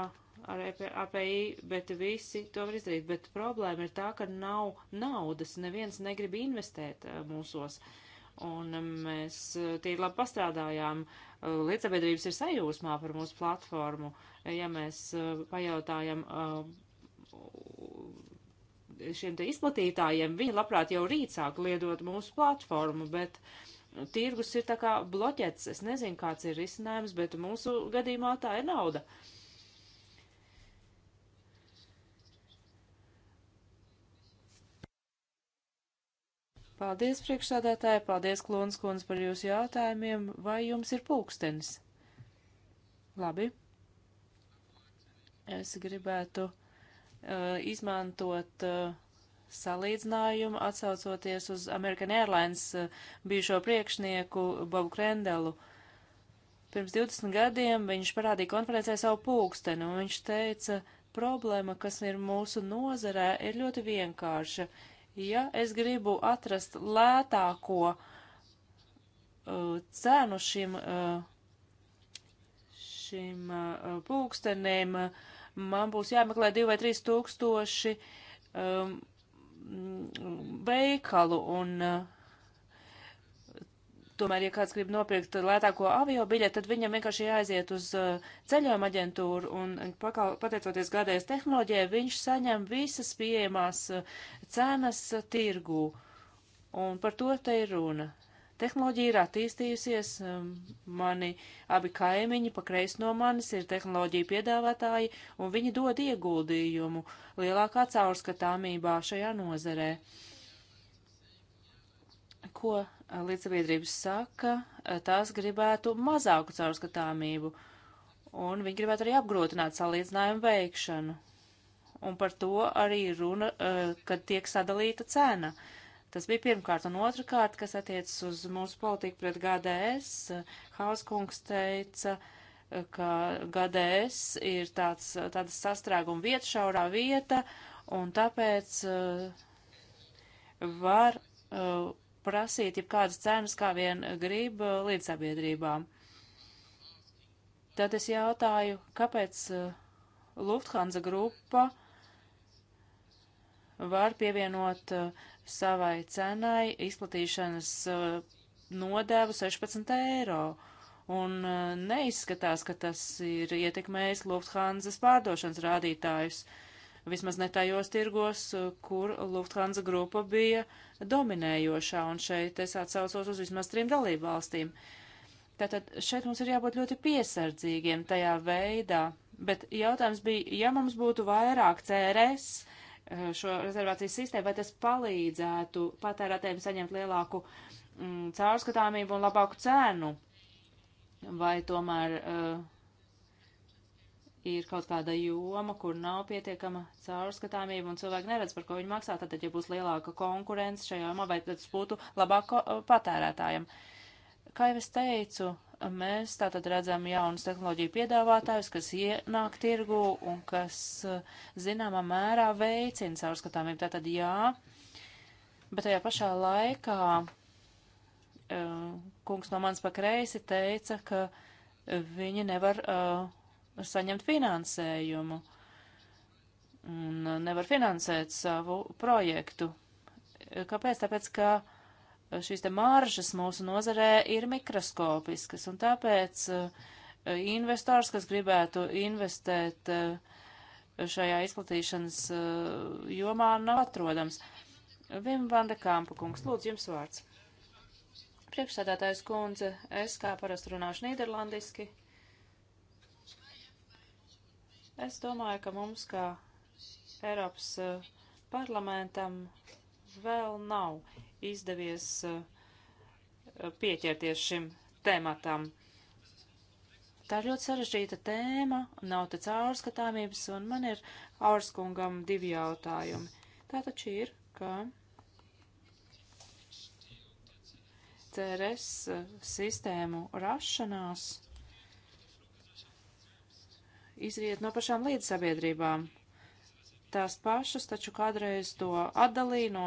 ar e API, bet visi to var izdarīt. Bet problēma ir tā, ka nav naudas, neviens negrib investēt eh, mūsos. Un eh, mēs eh, tīri labi pastrādājām, lietsabiedrības ir sajūsmā par mūsu platformu. Ja mēs pajautājam šiem te izplatītājiem, viņi labprāt jau rīt sāk liedot mūsu platformu, bet uh, tirgus ir tā kā bloķēts. Es nezinu, kāds ir risinājums, bet mūsu gadījumā tā ir nauda. Paldies, priekšsādātāji, paldies, Klons kundz, par jūsu jautājumiem. Vai jums ir pulkstenis? Labi. Es gribētu uh, izmantot uh, salīdzinājumu, atsaucoties uz American Airlines eh, bijušo priekšnieku Bobu Krendelu. Pirms 20 gadiem viņš parādīja konferencē savu pulksteni, un viņš teica, problēma, kas ir mūsu nozarē, ir ļoti vienkārša. Ja es gribu atrast lētāko uh, cenu šim, uh, šim uh, pulkstenim, man būs jāmeklē 2 vai 3 tūkstoši um, veikalu un eh, Tomēr, ja kāds grib nopirkt lētāko avio biļeti, tad viņam vienkārši jāaiziet uz eh, ceļojuma aģentūru un pakal, pateicoties gādējas tehnoloģijai, viņš saņem visas pieejamās eh, cenas tirgū. Un par to te ir runa. Tehnoloģija ir attīstījusies, um, mani abi kaimiņi pa kreis no manis ir tehnoloģija piedāvātāji, un viņi dod ieguldījumu lielākā caurskatāmībā šajā nozerē. Ko uh, līdzsabiedrības saka, uh, tās gribētu mazāku caurskatāmību, un viņi gribētu arī apgrotināt salīdzinājumu veikšanu. Un par to arī runa, uh, kad tiek sadalīta cena. Uh, Tas bija pirmkārt, un otrkārt, kas attiecas uz mūsu politiku pret GDS, Hauskungs teica, ka GDS ir tāds, tāds sastrēguma vieta, šaurā vieta, un tāpēc eh, var eh, prasīt jau kādas cenas, kā vien grib, eh, līdz sabiedrībām. Tad es jautāju, kāpēc Lufthansa grupa uh, var pievienot eh, savai cenai izplatīšanas eh, nodevu 16 eiro. Un eh, neizskatās, ka tas ir ietekmējis Lufthansa pārdošanas rādītājus vismaz ne tajos tirgos, kur Lufthansa grupa bija dominējošā, un šeit es atsaucos uz vismaz trim dalību valstīm. Tātad šeit mums ir jābūt ļoti piesardzīgiem tajā veidā, bet jautājums bija, ja mums būtu vairāk CRS Eh, šo rezervācijas sistēmu, vai tas palīdzētu patērētājiem saņemt lielāku mm, caurskatāmību un labāku cēnu, vai tomēr uh, ir kaut kāda joma, kur nav pietiekama caurskatāmība un cilvēki neredz, par ko viņi maksā, tad, ja būs lielāka konkurence šajā jomā, vai tas būtu labāk eh, patērētājiem. Kā jau es teicu, Mēs tātad redzam jaunus tehnoloģiju piedāvātājus, kas ienāk tirgu un kas eh, zināmā mērā veicina caurskatāmību. Tātad jā, bet tajā pašā laikā eh, kungs no manis pa kreisi teica, ka viņi nevar uh, saņemt finansējumu un nevar finansēt savu projektu. Kāpēc? Tāpēc, ka šīs te maržas mūsu nozarē ir mikroskopiskas, un tāpēc e, investors, kas gribētu investēt e, šajā izplatīšanas e, jomā, nav atrodams. Vim Vanda Kampa kungs, lūdzu, jums vārds. Priekšsēdētājs kundze, es kā parasti runāšu nīderlandiski. Es domāju, ka mums kā Eiropas parlamentam vēl nav izdevies eh, pieķerties šim tematam. Tā ir ļoti sarežģīta tēma, nav te caurskatāmības, un man ir ārskungam divi jautājumi. Tā taču ir, ka CRS eh, sistēmu rašanās izriet no pašām līdzsabiedrībām. sabiedrībām tās pašas, taču kādreiz to atdalīja no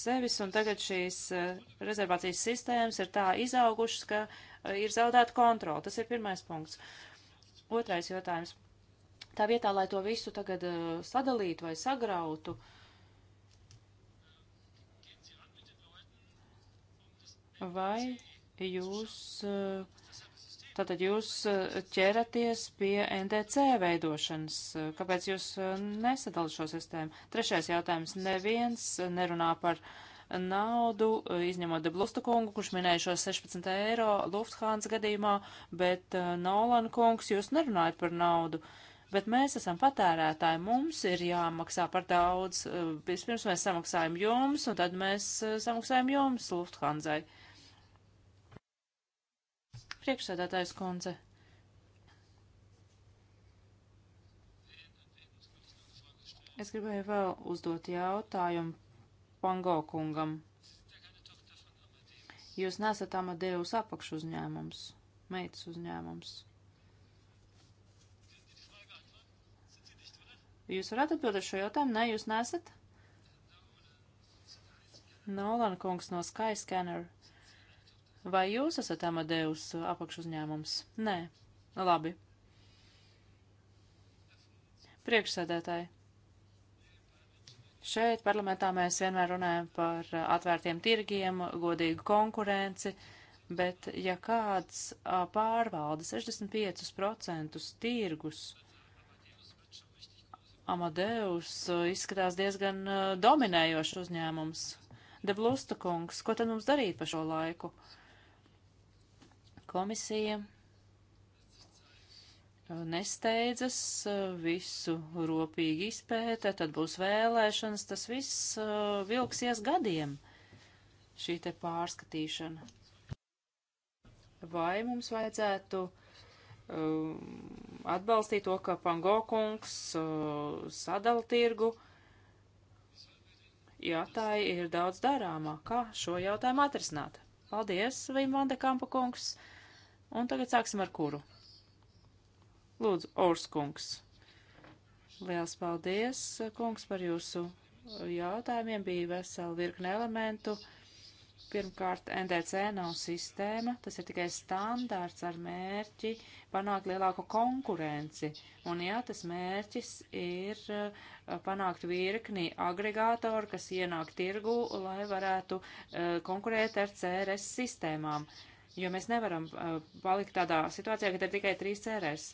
sevis, un tagad šīs eh, rezervācijas sistēmas ir tā izaugušas, ka eh, ir zaudēta kontrola. Tas ir pirmais punkts. Otrais jautājums. Tā vietā, lai to visu tagad eh, sadalītu vai sagrautu, vai jūs uh, Tātad jūs eh, ķeraties pie NDC veidošanas. Eh, kāpēc jūs eh, nesadalat šo sistēmu? Trešais jautājums. Neviens nerunā par naudu, izņemot Deblusta kungu, kurš minēja šo 16 eiro Lufthansa gadījumā, bet Nolan kungs, jūs nerunājat par naudu. Bet mēs esam patērētāji, mums ir jāmaksā par daudz. Vispirms mēs samaksājam jums, un tad mēs samaksājam jums Lufthansai. Uh, Priekšsēdētājs kundze. Es gribēju vēl uzdot jautājumu Pango kungam. Jūs nesat Amadeus apakšu uzņēmums, meitas uzņēmums. Jūs varat atbildēt šo jautājumu? Nē, jūs nesat? Nolan kungs no Skyscanner. Vai jūs esat Amadeus apakšuzņēmums? Nē. Labi. Priekšsēdētāji. Šeit parlamentā mēs vienmēr runājam par atvērtiem tirgiem, godīgu konkurenci, bet ja kāds pārvalda 65% tirgus, Amadeus izskatās diezgan dominējošs uzņēmums. Deblusta kungs, ko tad mums darīt pa šo laiku? Uh, Komisija uh, nesteidzas, uh, visu rūpīgi izpēta, tad būs vēlēšanas, tas viss uh, vilksies gadiem, šī te pārskatīšana. Vai mums vajadzētu atbalstīt to, ka Pangokungs sadala tirgu? Jā, tā ir daudz darāmā. Kā šo jautājumu atrisināt? Paldies, Vimvanda Kampa kungs! Un tagad sāksim ar kuru. Lūdzu, Orskungs. Liels paldies, kungs, par jūsu jautājumiem. Bija vesela virkne elementu. Pirmkārt, NDC nav sistēma, tas ir tikai standārts ar mērķi panākt lielāku konkurenci. Un jā, tas mērķis ir uh, panākt virkni agregātoru, kas ienāk tirgu, lai varētu uh, konkurēt ar CRS sistēmām. Uh, jo mēs nevaram uh, palikt tādā situācijā, ka ir tikai trīs cērēs.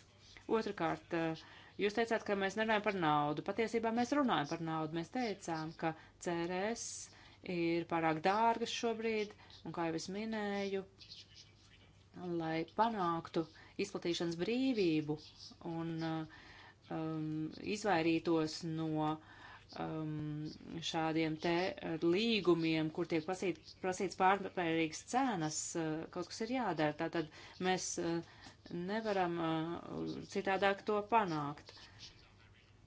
Otrakārt, uh, jūs teicāt, ka mēs nerunājam par naudu. Patiesībā mēs runājam par naudu. Mēs teicām, ka CRS ir pārāk dārgas šobrīd, un kā jau es minēju, lai panāktu izplatīšanas brīvību un uh, um, izvairītos no uh, um, šādiem te līgumiem, kur tiek prasīt, prasīts pārpērīgas cenas, uh, kaut kas ir jādara. Tātad mēs uh, nevaram uh, citādāk to panākt.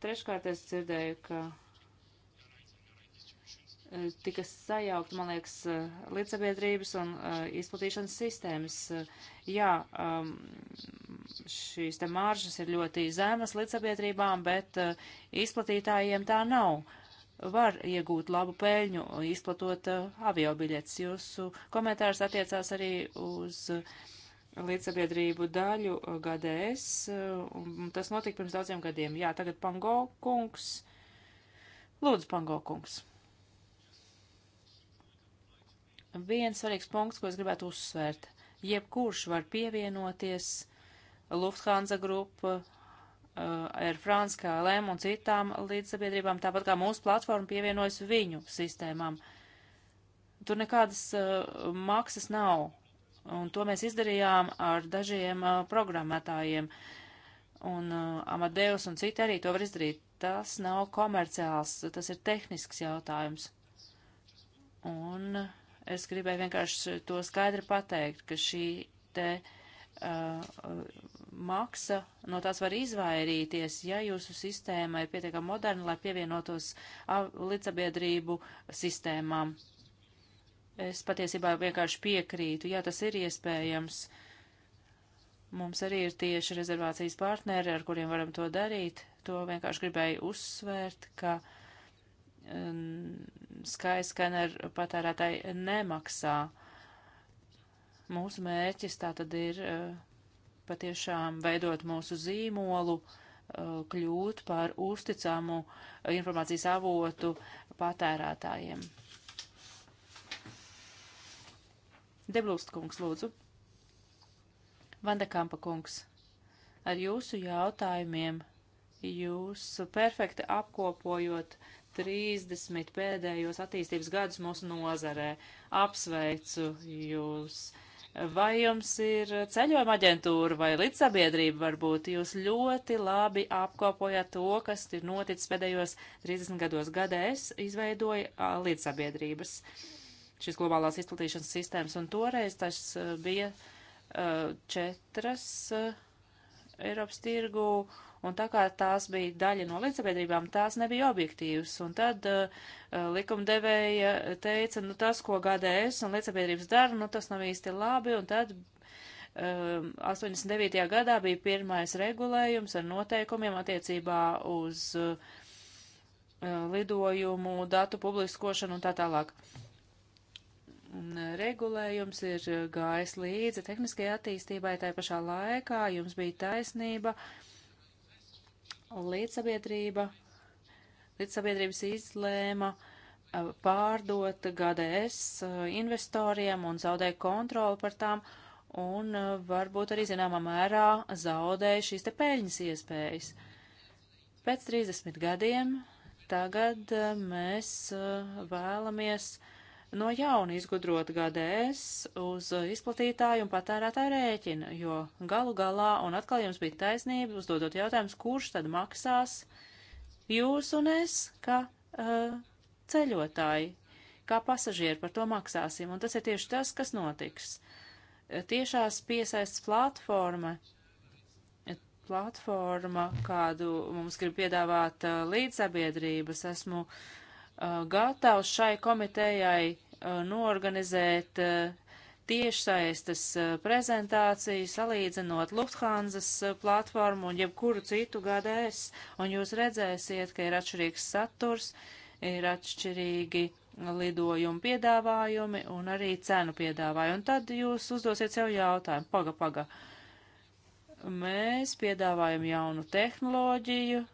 Treškārt es dzirdēju, ka tika sajaukt, man liekas, līdzsabiedrības un uh, izplatīšanas sistēmas. Jā, um, šīs te māržas ir ļoti zemas līdzsabiedrībām, bet uh, izplatītājiem tā nav. Var iegūt labu peļņu, izplatot uh, avio biļetes. Jūsu komentārs attiecās arī uz līdzsabiedrību daļu GDS. Tas notika pirms daudziem gadiem. Jā, tagad Pango kungs. Lūdzu, Pango kungs viens svarīgs punkts, ko es gribētu uzsvērt. Jebkurš var pievienoties Lufthansa grupa, uh, Air France, KLM un citām līdzsabiedrībām, tāpat kā mūsu platforma pievienojas viņu sistēmām. Tur nekādas uh, maksas nav, un to mēs izdarījām ar dažiem uh, programmētājiem, un uh, Amadeus un citi arī to var izdarīt. Tas nav komerciāls, tas ir tehnisks jautājums. Un uh, Es gribēju vienkārši to skaidri pateikt, ka šī te uh, maksa, no tās var izvairīties, ja jūsu sistēma ir pietiekami moderna, lai pievienotos līdzsabiedrību sistēmām. Es patiesībā vienkārši piekrītu, ja tas ir iespējams. Mums arī ir tieši rezervācijas partneri, ar kuriem varam to darīt. To vienkārši gribēju uzsvērt, ka uh, Um, skaiskaner patērētāji nemaksā. Mūsu mērķis tā tad ir uh, patiešām veidot mūsu zīmolu, uh, kļūt par uzticamu informācijas avotu patērētājiem. Deblūst kungs, lūdzu. Vandekampa kungs, ar jūsu jautājumiem jūs perfekti apkopojot uh, 30 pēdējos attīstības gadus mūsu nozarē. Apsveicu jūs! Vai jums ir ceļojuma aģentūra vai līdzsabiedrība varbūt? Jūs ļoti labi apkopojat to, kas ir noticis pēdējos 30 gados gadēs, izveidoja līdzsabiedrības šīs globālās izplatīšanas sistēmas, un toreiz tas bija uh, četras uh, Eiropas tirgu un tā kā tās bija daļa no līdzsabiedrībām, tās nebija objektīvas. Un tad uh, likumdevēja teica, nu tas, ko GDS un līdzsabiedrības dara, nu tas nav īsti labi, un tad uh, eh, 89. gadā bija pirmais regulējums ar noteikumiem attiecībā uz uh, lidojumu, datu publiskošanu un tā tālāk. Un regulējums ir gājis līdzi tehniskajai attīstībai, tai pašā laikā jums bija taisnība. Uh, līdzsabiedrība, līdzsabiedrības izlēma pārdot GDS investoriem un zaudēja kontroli par tām un varbūt arī zināmā mērā zaudēja šīs te peļņas iespējas. Pēc 30 gadiem tagad mēs vēlamies uh, no jauna izgudrot GDS uz izplatītāju un patērētāju rēķina, jo galu galā, un atkal jums bija taisnība, uzdodot jautājums, kurš tad maksās jūs un es, kā uh, ceļotāji, kā pasažieri par to maksāsim, un tas ir tieši tas, kas notiks. Tiešās piesaists platforma, platforma, kādu mums grib piedāvāt uh, līdzsabiedrības, esmu uh, Uh, gatavs šai komitejai uh, norganizēt uh, tiešsaistes prezentāciju, salīdzinot Lufthanzas platformu un jebkuru citu GDS, un jūs redzēsiet, ka ir atšķirīgs saturs, ir atšķirīgi lidojumu piedāvājumi un arī cenu piedāvājumi. Un tad jūs uzdosiet sev jautājumu, paga, paga. Mēs piedāvājam jaunu tehnoloģiju,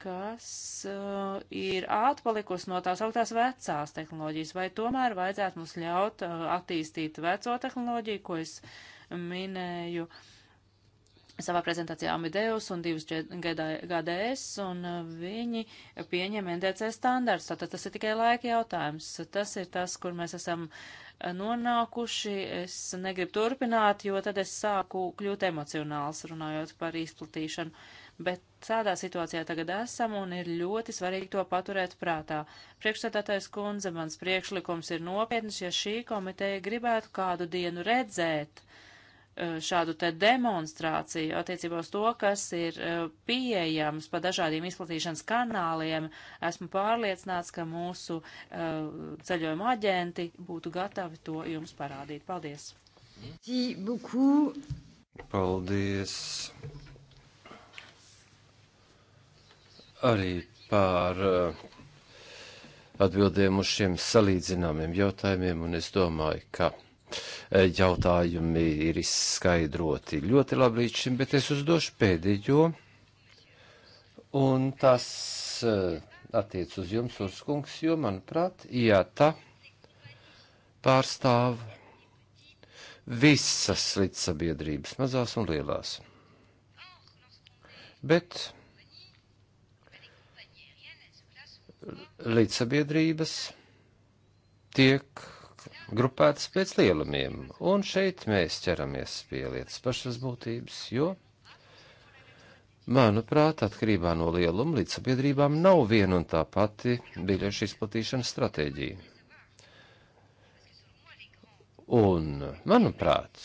kas uh, ir atpalikusi no tās augtās vecās tehnoloģijas, vai tomēr vajadzētu mums ļaut uh, attīstīt veco tehnoloģiju, ko es minēju savā prezentācijā Amideus un 2GDS, un uh, viņi pieņem NDC standarts, tātad tas ir tikai laika jautājums. Tas ir tas, kur mēs esam uh, nonākuši. Es negribu turpināt, jo tad es sāku kļūt emocionāls runājot par izplatīšanu. Uh, bet tādā situācijā tagad esam un ir ļoti svarīgi to paturēt prātā. Priekšstādātais kundze, mans priekšlikums ir nopietns, ja šī komiteja gribētu kādu dienu redzēt e, šādu te demonstrāciju attiecībā uz to, kas ir e, pieejams pa dažādiem izplatīšanas kanāliem. Esmu pārliecināts, ka mūsu e, ceļojuma aģenti būtu gatavi to jums parādīt. Paldies! Paldies! arī par eh, atbildēm uz šiem salīdzināmiem jautājumiem, un es domāju, ka eh, jautājumi ir izskaidroti ļoti labi līdz šim, bet es uzdošu pēdējo, un tas eh, attiec uz jums, Urskungs, jo, manuprāt, IATA pārstāv visas līdzsabiedrības, mazās un lielās. Bet līdzsabiedrības tiek grupētas pēc lielumiem, un šeit mēs ķeramies pie lietas pašas būtības, jo, manuprāt, atkarībā no lieluma līdzsabiedrībām nav viena un tā pati biļešu izplatīšanas stratēģija. Un, manuprāt,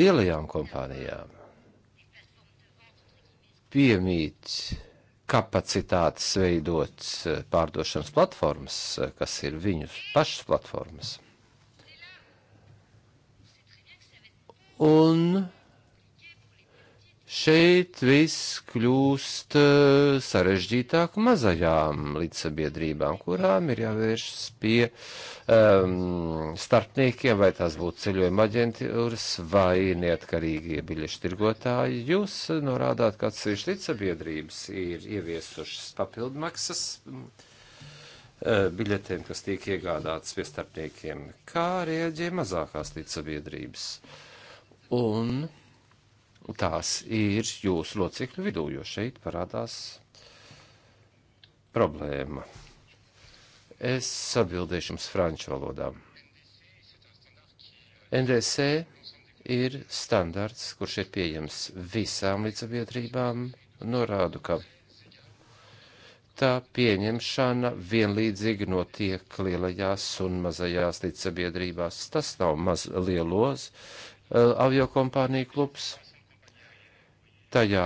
lielajām kompānijām piemīt kapacitātes veidot eh, pārdošanas platformas, eh, kas ir viņu pašas platformas. Un Šeit viss kļūst eh, sarežģītāk mazajām līdzsabiedrībām, kurām ir jāvēršas pie um, starpniekiem, vai tās būtu ceļojuma aģentūras vai neatkarīgie biļešu tirgotāji. Jūs norādāt, ka atsevišķi līdzsabiedrības ir ieviesušas papildmaksas mm, eh, biļetēm, kas tiek iegādātas pie starpniekiem, kā rēģē mazākās līdzsabiedrības. Un tās ir jūsu locekļu vidū, jo šeit parādās problēma. Es atbildēšu jums franču valodā. NDC ir standarts, kurš ir pieejams visām līdzsabiedrībām. Norādu, ka tā pieņemšana vienlīdzīgi notiek lielajās un mazajās līdzsabiedrībās. Tas nav maz lielos uh, aviokompāniju klubs tajā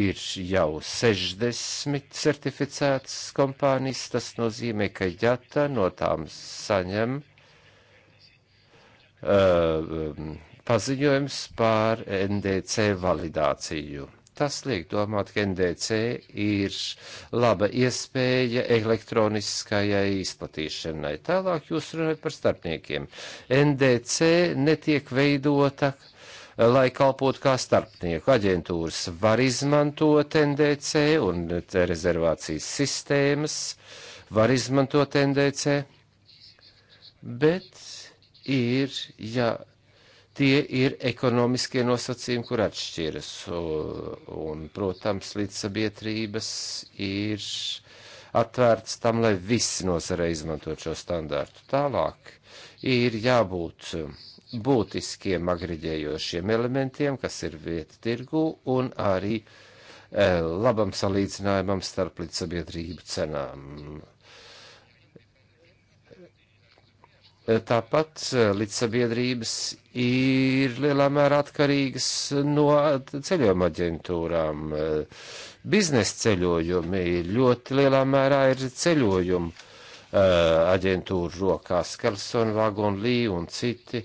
ir jau 60 certificētas kompānijas. Tas nozīmē, ka ģata no tām saņem uh, um, paziņojums par NDC validāciju. Tas liek domāt, ka NDC ir laba iespēja elektroniskajai izplatīšanai. Tālāk jūs runājat par starpniekiem. NDC netiek veidota uh, lai kalpotu kā starpnieku. Aģentūras var izmantot NDC un rezervācijas sistēmas, var izmantot NDC, bet ir, ja tie ir ekonomiskie nosacījumi, kur atšķiras. Un, un protams, līdz sabiedrības ir atvērts tam, lai visi nozare izmantot šo standārtu. Tālāk ir jābūt būtiskiem agriģējošiem elementiem, kas ir vieta tirgu un arī eh, labam salīdzinājumam starp līdzsabiedrību cenām. Tāpat eh, līdzsabiedrības ir lielā mērā atkarīgas no ceļojuma aģentūrām. Eh, biznesa ceļojumi ļoti lielā mērā ir ceļojumu aģentūru rokās, Karlsona, Vagona, Lī un citi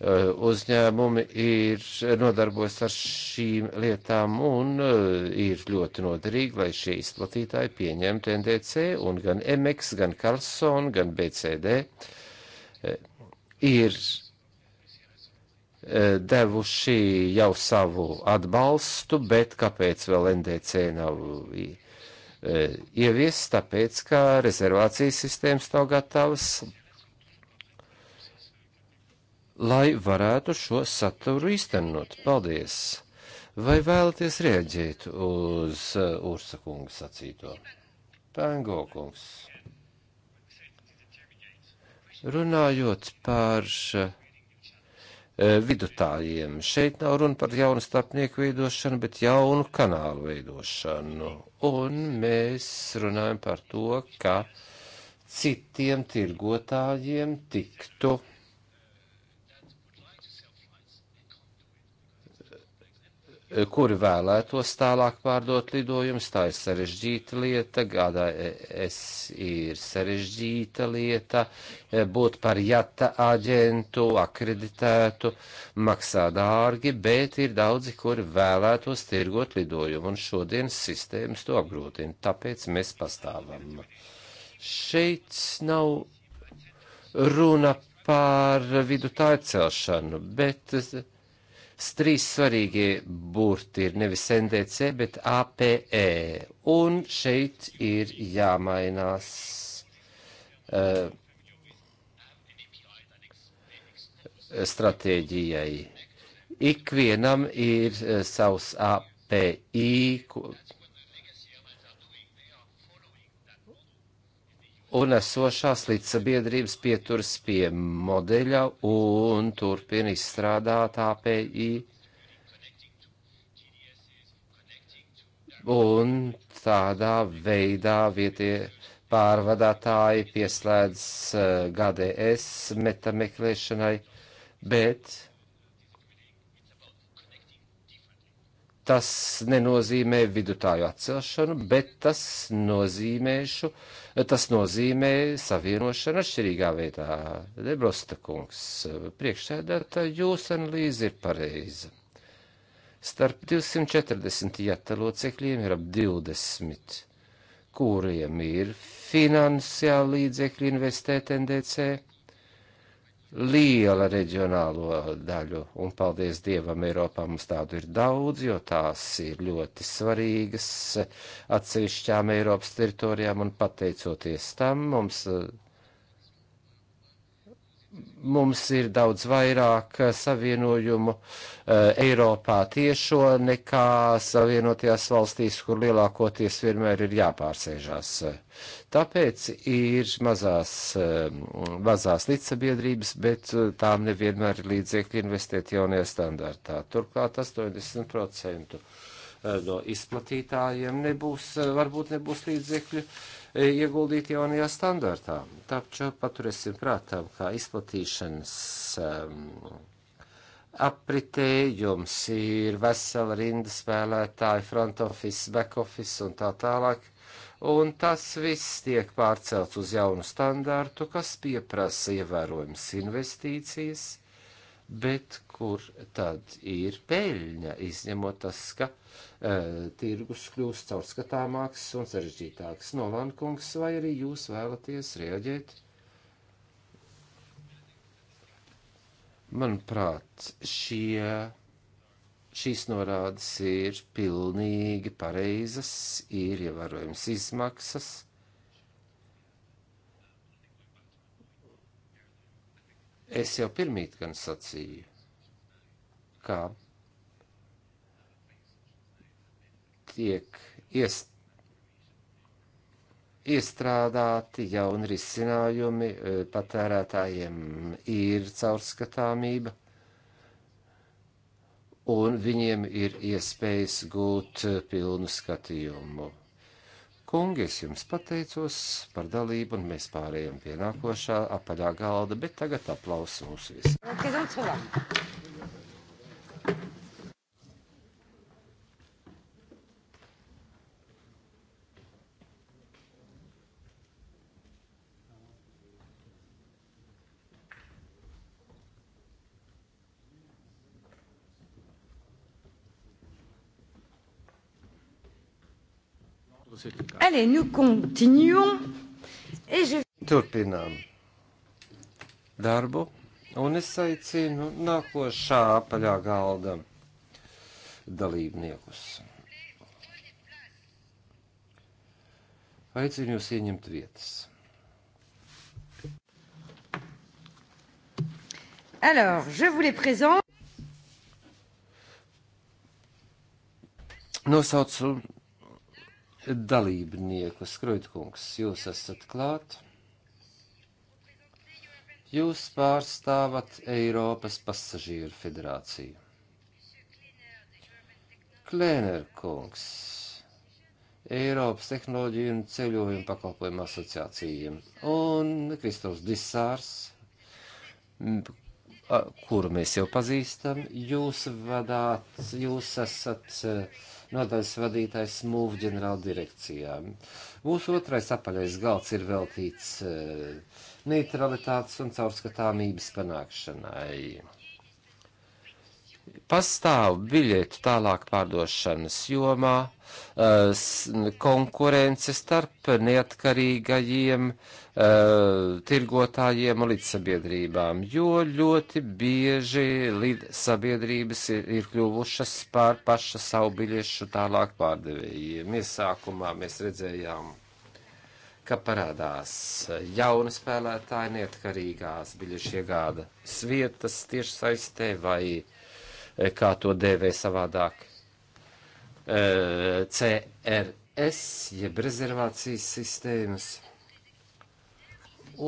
Eh, uzņēmumi ir eh, nodarbojas ar šīm lietām un eh, ir ļoti noderīgi, lai šie izplatītāji pieņemtu NDC un gan MX, gan Carlson, gan BCD ir devuši jau savu atbalstu, bet kāpēc vēl NDC nav ieviest, tāpēc, ka rezervācijas sistēmas nav gatavas, lai varētu šo saturu īstenot. Paldies! Vai vēlaties rēģēt uz uh, Ursa kunga sacīto? Tango kungs. Runājot par uh, vidutājiem, šeit nav runa par jaunu starpnieku veidošanu, bet jaunu kanālu veidošanu. Un mēs runājam par to, ka citiem tirgotājiem tiktu Eh, kuri vēlētos tālāk pārdot lidojumus. Tā ir sarežģīta lieta, gādā eh, es ir sarežģīta lieta, eh, būt par jata aģentu, akreditētu, maksā dārgi, bet ir daudzi, kuri vēlētos tirgot lidojumu, un šodienas sistēmas to apgrūtina, tāpēc mēs pastāvam. Šeit nav runa par vidu tā celšanu, bet trīs svarīgie burti ir nevis NDC, bet APE. Un šeit ir jāmainās. Uh, stratēģijai. Ikvienam ir eh, savs API, un esošās līdzsabiedrības pieturas pie modeļa un turpina izstrādāt API. Un tādā veidā vietie pārvadātāji pieslēdz eh, GDS metameklēšanai, bet tas nenozīmē vidutāju atcelšanu, bet tas nozīmēšu uh, Tas nozīmē savienošanu atšķirīgā veidā. Debrosta kungs, priekšsēdētāji, jūsu analīze ir pareiza. Starp 240 jata locekļiem ir ap 20, kuriem ir finansiāli līdzekļi investēt NDC liela reģionālo daļu, un paldies Dievam, Eiropā mums tādu ir daudz, jo tās ir ļoti svarīgas atsevišķām Eiropas teritorijām, un pateicoties tam mums mums ir daudz vairāk savienojumu uh, Eiropā tiešo nekā savienotajās valstīs, kur lielākoties vienmēr ir jāpārsēžās. Tāpēc ir mazās, uh, mazās līdzsabiedrības, bet eh, tām nevienmēr ir līdzekļi investēt jaunajā standartā. Turklāt 80% no izplatītājiem nebūs, varbūt nebūs līdzekļu ieguldīt jaunajā standartā. Taču paturēsim prātām, kā izplatīšanas um, apritē jums ir vesela rinda spēlētāji, front office, back office un tā tālāk. Un tas viss tiek pārcelts uz jaunu standārtu, kas pieprasa ievērojams investīcijas, bet kur tad ir peļņa, izņemot tas, ka e, tirgus kļūst caurskatāmāks un sarežģītāks. Nolankungs, vai arī jūs vēlaties rieģēt? Manuprāt, šie, šīs norādes ir pilnīgi pareizas, ir ievērojams izmaksas. Es jau pirmīt gan sacīju kā tiek iest, iestrādāti jauni risinājumi, e, patērētājiem ir caurskatāmība, un viņiem ir iespējas gūt e, pilnu skatījumu. Kungi, es jums pateicos par dalību, un mēs pārējām pie nākošā apaļā galda, bet tagad aplausus mūsu visiem. Allez, nous continuons. Et je... Turpinām darbu. Un es aicinu nākošā apaļā galda dalībniekus. Aicinu jūs ieņemt vietas. Alors, je vous les présente. Nosaucu dalībnieku Skruitkungs. Jūs esat klāt. Jūs pārstāvat Eiropas pasažīru federāciju. Klēner kungs, Eiropas tehnoloģiju un ceļojumu pakalpojumu asociācijiem, un Kristofs Disārs, kuru mēs jau pazīstam, jūs vadāt, jūs esat e, nodaļas vadītājs MUV ģenerāla direkcijā. Mūsu otrais apaļais galds ir veltīts uh, neutralitātes un caurskatāmības panākšanai. Pastāv biļetu tālāk pārdošanas jomā eh, konkurence starp neatkarīgajiem eh, tirgotājiem un līdzsabiedrībām, jo ļoti bieži līdzsabiedrības ir, ir kļuvušas par paša savu biļešu tālāk pārdevējiem. Iesākumā mēs redzējām ka parādās jauni spēlētāji neatkarīgās biļešu iegādes vietas tieši saistē vai, e, kā to dēvē savādāk, e, CRS, jeb rezervācijas sistēmas.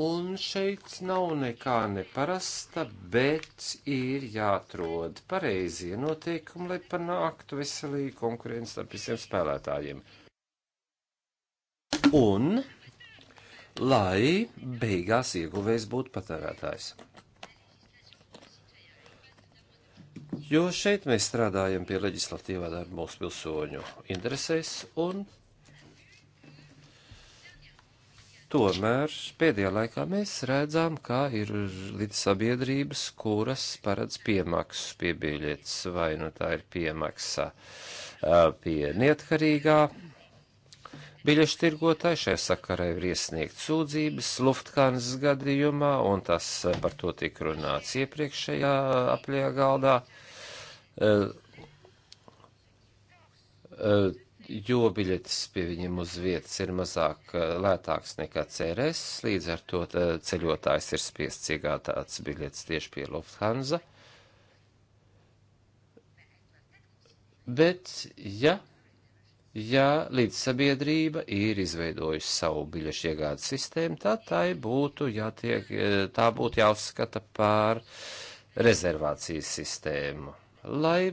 Un šeit nav nekā neparasta, bet ir jāatrod pareizie noteikumi, lai panāktu veselīgu konkurenci starp visiem spēlētājiem. Un lai beigās ieguvējs būtu patērētājs. Jo šeit mēs strādājam pie leģislatīvā darba mūsu pilsoņu interesēs un Tomēr pēdējā laikā mēs redzam, ka ir līdz sabiedrības, kuras paredz piemaksas pie biļetes, vai nu tā ir piemaksa pie neatkarīgā Biļešu tirgotāji šai sakarā ir iesniegt sūdzības Lufthansa gadījumā, un tas eh, par to tika runāts iepriekšējā eh, apļajā galdā, eh, jo biļetes pie viņiem uz vietas ir mazāk lētāks nekā CRS, līdz ar to ceļotājs ir spiests iegāt tāds biļetes tieši pie Lufthansa. Bet, ja ja līdzsabiedrība ir izveidojusi savu biļešu iegādes sistēmu, tad tai būtu jātiek, e, tā būtu jāuzskata par rezervācijas sistēmu, lai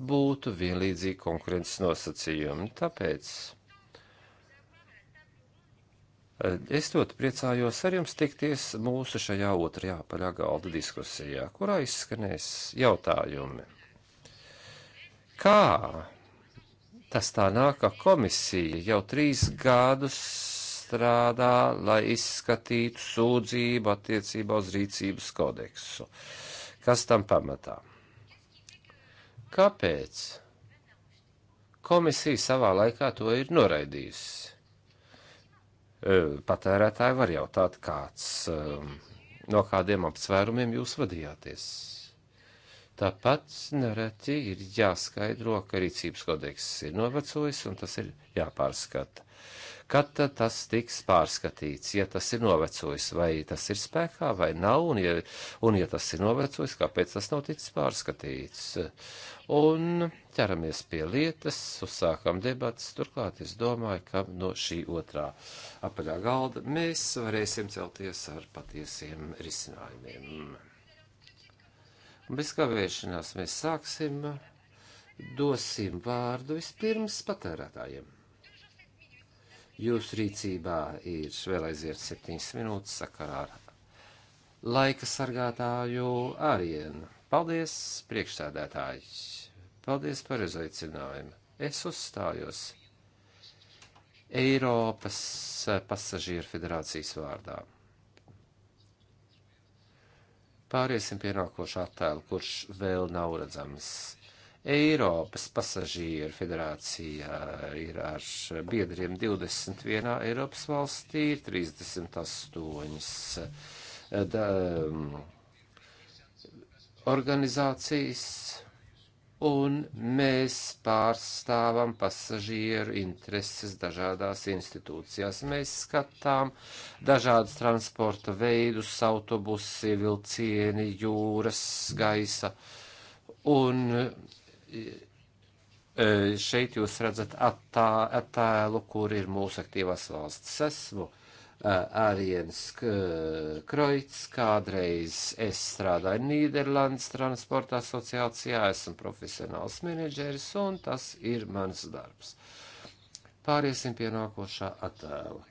būtu vienlīdzīgi konkurences nosacījumi. Tāpēc e, es ļoti priecājos ar jums tikties mūsu šajā otrajā paļā galda diskusijā, kurā izskanēs jautājumi. Kā Tas tā nāk, ka komisija jau trīs gadus strādā, lai izskatītu sūdzību attiecībā uz rīcības kodeksu. Kas tam pamatā? Kāpēc? Komisija savā laikā to ir noraidījusi. Patērētāji var jautāt, kāds, no kādiem apsvērumiem jūs vadījāties. Tāpat nereti ir jāskaidro, ka rīcības kodeks ir novecojis un tas ir jāpārskata. Kad tas tiks pārskatīts, ja tas ir novecojis, vai tas ir spēkā vai nav, un ja, un ja tas ir novecojis, kāpēc tas nav ticis pārskatīts. Un ķeramies pie lietas, uzsākam debatas, turklāt es domāju, ka no šī otrā apaļā galda mēs varēsim celties ar patiesiem risinājumiem. Bez kavēšanās mēs sāksim, dosim vārdu vispirms patērētājiem. Jūsu rīcībā ir vēl aiziet septiņas minūtes sakarā ar laika sargātāju Arienu. Paldies, priekšsēdētājs! Paldies par izaicinājumu! Es uzstājos! Eiropas pasažieru federācijas vārdā. Pāriesim pie nākošā attēla, kurš vēl nav redzams. Eiropas pasažieru federācija ir ar biedriem 21 Eiropas valstī, 38 eh, da, mm, organizācijas un mēs pārstāvam pasažieru intereses dažādās institūcijās. Mēs skatām dažādus transporta veidus, autobusi, vilcieni, jūras, gaisa, un e, šeit jūs redzat attā, attēlu, kur ir mūsu aktīvās valsts. Esmu Ariens Kroits, kādreiz es strādāju Nīderlandes transporta asociācijā, esmu profesionāls menedžeris un tas ir mans darbs. Pāriesim pie nākošā attēla.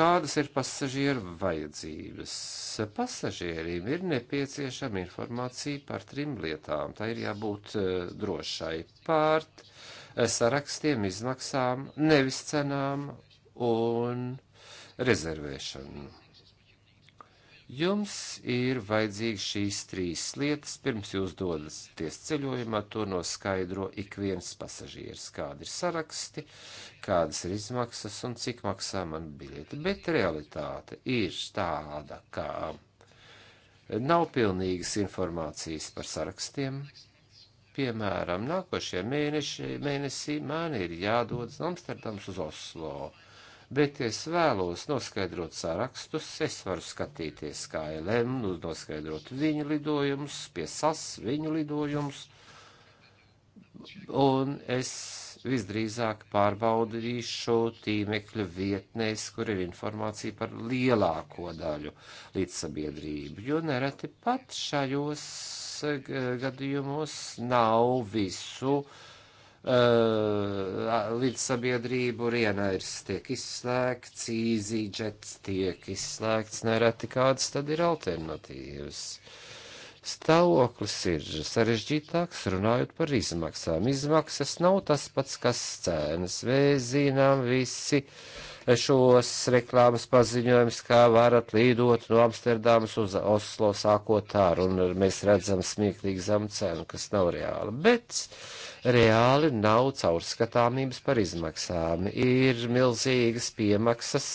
Kādas ir pasažieru vajadzības? Pasažierim ir nepieciešama informācija par trim lietām. Tā ir jābūt drošai pārt sarakstiem, izmaksām, nevis cenām un rezervēšanu. Jums ir vajadzīgas šīs trīs lietas, pirms jūs dodaties ceļojumā, to noskaidro ik viens pasažieris, kādi ir saraksti, kādas ir izmaksas un cik maksā man biļete. Bet realitāte ir tāda, ka nav pilnīgas informācijas par sarakstiem, Piemēram, nākošie mēneši, mēnesī man ir jādodas no Amsterdams uz Oslo, bet es vēlos noskaidrot sarakstus, es varu skatīties kā LM, nu, noskaidrot viņu lidojumus, pie SAS viņu lidojumus, un es visdrīzāk pārbaudīšu tīmekļa vietnēs, kur ir informācija par lielāko daļu līdzsabiedrību, jo nereti pat šajos eh, gadījumos nav visu uh, līdzsabiedrību. Rienairs tiek izslēgts, īzīdžets tiek izslēgts, nereti kādas tad ir alternatīvas. Uh, Stāvoklis ir sarežģītāks, runājot par izmaksām. Izmaksas nav tas pats, kas cenas. Vēzinām visi šos reklāmas paziņojumus, kā varat lidot no Amsterdamas uz Oslo sākot ar, un mēs redzam smieklīgi zemu cenu, kas nav reāla. Bet reāli nav caurskatāmības par izmaksām. Ir milzīgas piemaksas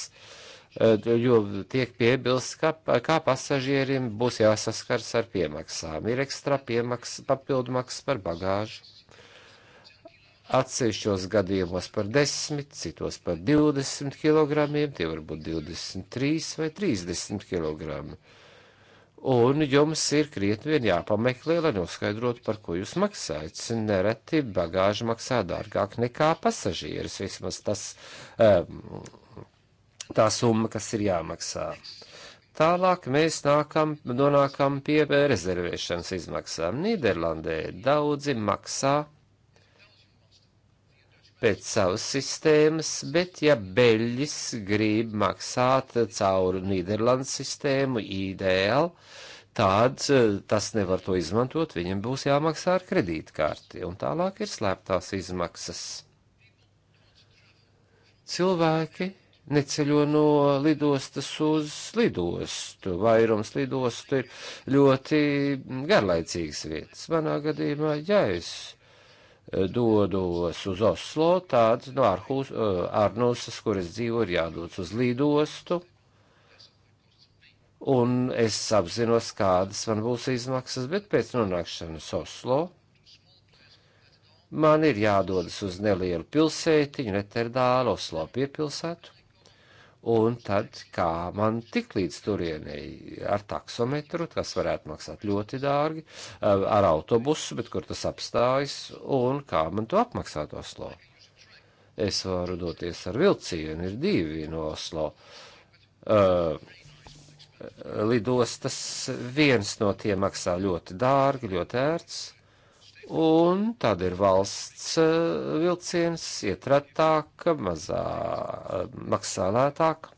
jo tiek piebilst, ka kā pasažierim būs jāsaskars ar piemaksām. Ir ekstra piemaks, papildumaks par bagāžu. Atsevišķos gadījumos par 10, citos par 20 kg, tie var būt 23 vai 30 kg. Un jums ir krietni vien jāpameklē, lai noskaidrotu, par ko jūs maksājat. Nereti bagāža maksā dārgāk nekā pasažieris, vismaz tas um, tā summa, kas ir jāmaksā. Tālāk mēs nākam, nonākam pie rezervēšanas izmaksām. Nīderlandē daudzi maksā pēc savas sistēmas, bet ja Beļģis grib maksāt caur Nīderlandes sistēmu IDL, tad eh, tas nevar to izmantot, viņam būs jāmaksā ar kredītkarti, un tālāk ir slēptās izmaksas. Cilvēki neceļo no lidostas uz lidostu. Vairums lidostu ir ļoti garlaicīgas vietas. Manā gadījumā, ja es e, dodos uz Oslo, tāds no Arhus, e, Arnusas, kur es dzīvoju, ir jādodas uz lidostu un es apzinos, kādas man būs izmaksas, bet pēc nonākšanas Oslo man ir jādodas uz nelielu pilsētiņu, Neterdālu, Oslo piepilsētu, Un tad, kā man tik līdz turienei ar taksometru, kas varētu maksāt ļoti dārgi, eh, ar autobusu, bet kur tas apstājas, un kā man to apmaksāt Oslo? Es varu doties ar vilcienu, ir divi no Oslo. Uh, lidostas viens no tiem maksā ļoti dārgi, ļoti ērts. Uh, Un tad ir valsts eh, vilciens, iet retāk, mazā, eh, maksā lētāk.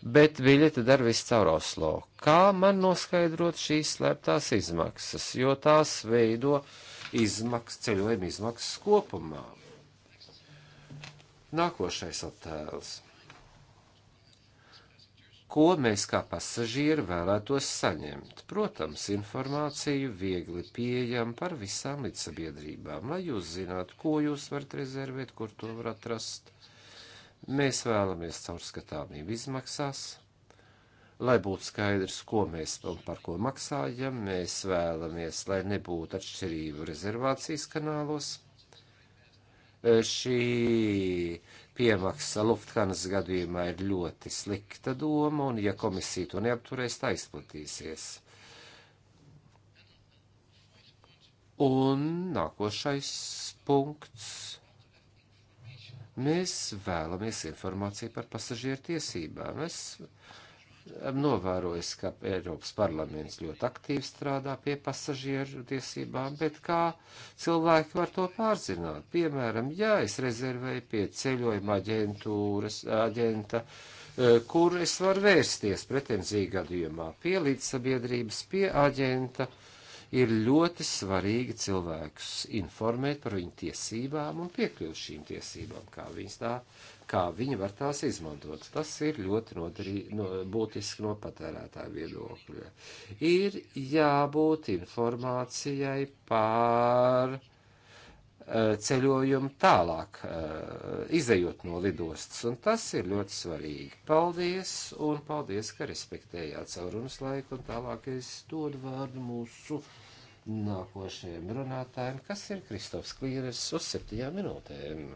Bet biļete dar viss caur Oslo. Kā man noskaidrot šīs slēptās izmaksas, jo tās veido izmaksas, ceļojuma izmaksas kopumā? Nākošais attēls ko mēs kā pasažieri vēlētos saņemt. Protams, informāciju viegli pieejam par visām līdzsabiedrībām, lai jūs zinātu, ko jūs varat rezervēt, kur to var atrast. Mēs vēlamies caurskatāmību izmaksās, lai būtu skaidrs, ko mēs un par ko maksājam. Mēs vēlamies, lai nebūtu atšķirību rezervācijas kanālos. Šī Piemaksa Lufthanas gadījumā ir ļoti slikta doma, un ja komisija to neapturēs, tā izplatīsies. Un nākošais punkts. Mēs vēlamies informāciju par pasažieru tiesībām. Es novērojis, ka Eiropas parlaments ļoti aktīvi strādā pie pasažieru tiesībām, bet kā cilvēki var to pārzināt? Piemēram, ja es rezervēju pie ceļojuma aģentūras, aģenta, eh, kur es varu vērsties pretenzī gadījumā, pie līdzsabiedrības, pie aģenta, ir ļoti svarīgi cilvēkus informēt par viņu tiesībām un piekļūt šīm tiesībām, kā viņas tā kā viņi var tās izmantot. Tas ir ļoti nodarī, no, būtiski no patērētāja viedokļa. Ir jābūt informācijai par e, ceļojumu tālāk, e, izējot no lidostas, un tas ir ļoti svarīgi. Paldies, un paldies, ka respektējāt savu runas laiku, un tālāk es dodu vārdu mūsu nākošajiem runātājiem, kas ir Kristofs Klīres uz septiņām minūtēm.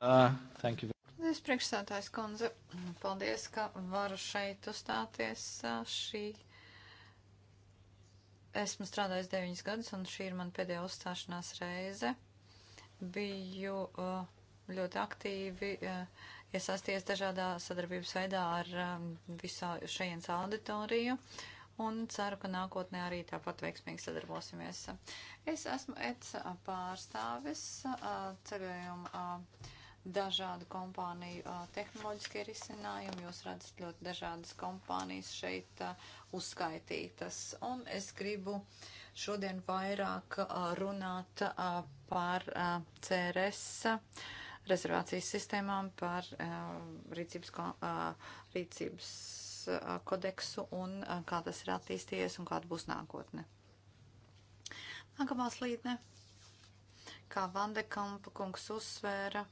Uh, Paldies, priekšsētājs kundze. Paldies, ka varu šeit uzstāties. Šī... Esmu strādājis deviņas gadus, un šī ir man pēdējā uzstāšanās reize. Biju ļoti aktīvi iesaisties dažādā sadarbības veidā ar visā šajienas auditoriju un ceru, ka nākotnē arī tāpat veiksmīgi sadarbosimies. Es esmu ECA pārstāvis ceļojuma dažādu kompāniju tehnoloģiskie risinājumi. Jūs redzat ļoti dažādas kompānijas šeit uzskaitītas. Un es gribu šodien vairāk runāt par CRS rezervācijas sistēmām, par rīcības, rīcības kodeksu un kā tas ir attīstījies un kāda būs nākotne. Nākamā slīdne, kā Vandekampa kungs uzsvēra,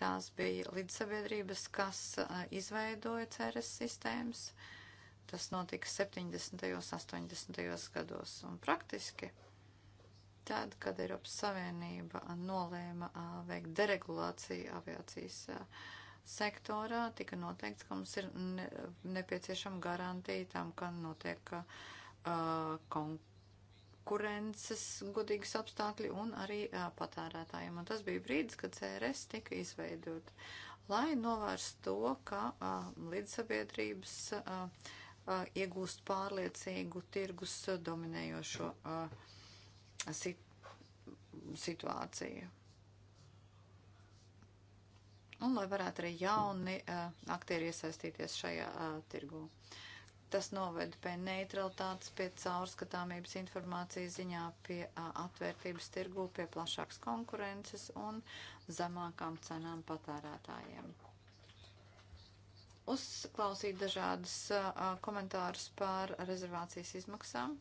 Tās bija līdzsabiedrības, kas izveidoja ceres sistēmas. Tas notika 70. un 80. gados. Un praktiski tad, kad Eiropas Savienība nolēma veikt deregulāciju aviācijas sektorā, tika noteikts, ka mums ir nepieciešama garantija tam, ka notiek uh, konkurence konkurences godīgas apstākļi un arī patērētājiem. Un tas bija brīdis, kad CRS tika izveidot, lai novērstu to, ka līdzsabiedrības iegūst pārliecīgu tirgus dominējošo sit situāciju. Un lai varētu arī jauni aktieri iesaistīties šajā tirgū. Uh, Tas noved pie neutralitātes, pie caurskatāmības informācijas ziņā, pie atvērtības tirgū, pie plašākas konkurences un zemākām cenām patērētājiem. Uzklausīt dažādas komentārus par rezervācijas izmaksām.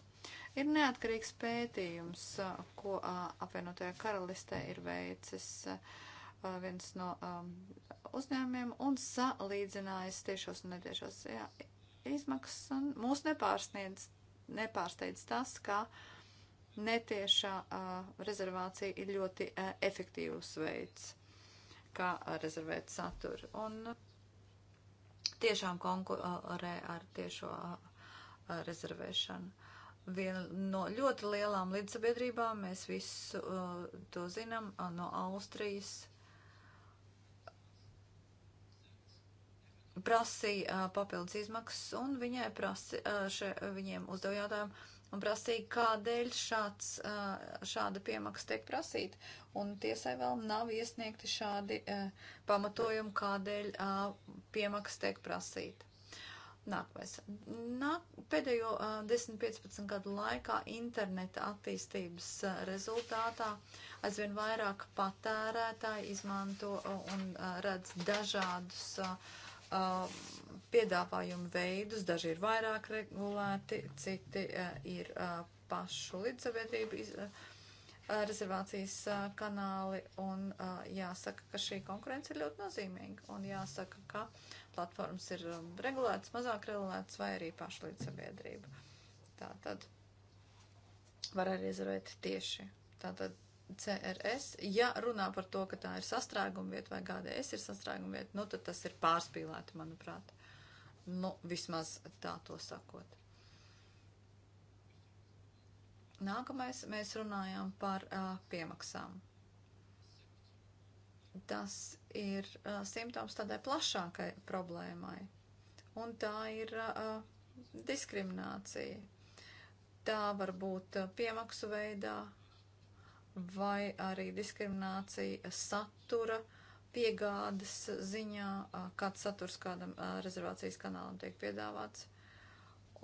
Ir neatkarīgs pētījums, ko apvienotajā karalistē ir veicis viens no uzņēmumiem un salīdzinājis tiešos un netiešos izmaksas, un mūs nepārsniedz, nepārsteidz tas, ka netiešā uh, rezervācija ir ļoti uh, efektīvs veids, kā rezervēt saturu. Un tiešām konkurē ar tiešo uh, rezervēšanu. Viena no ļoti lielām līdzsabiedrībām mēs visu uh, to zinām uh, no Austrijas prasīja papildus izmaksas un viņai prasi, še, viņiem uzdeva jautājumu un prasīja, kādēļ šāds, šāda piemaksa tiek prasīta. Un tiesai vēl nav iesniegti šādi pamatojumi, kādēļ piemaksa tiek prasīta. Nākamais. Nā, pēdējo 10-15 gadu laikā interneta attīstības rezultātā aizvien vairāk patērētāji izmanto un redz dažādus uh, uh, piedāvājumu veidus, daži ir vairāk regulēti, citi uh, ir uh, pašu līdzsaviedrību uh, rezervācijas uh, kanāli, un uh, jāsaka, ka šī konkurence ir ļoti nozīmīga, un jāsaka, ka platformas ir um, regulētas, mazāk regulētas vai arī pašu līdzsaviedrību. Tā tad var arī rezervēt tieši tātad CRS, ja runā par to, ka tā ir sastrēguma vieta vai GDS ir sastrēguma vieta, nu tad tas ir pārspīlēti, manuprāt. Nu, vismaz tā to sakot. Nākamais mēs runājām par uh, piemaksām. Tas ir uh, simptoms tādai plašākai problēmai, un tā ir uh, diskriminācija. Tā var būt uh, piemaksu veidā, vai arī diskriminācija satura piegādes ziņā, kāds saturs kādam rezervācijas kanālam tiek piedāvāts.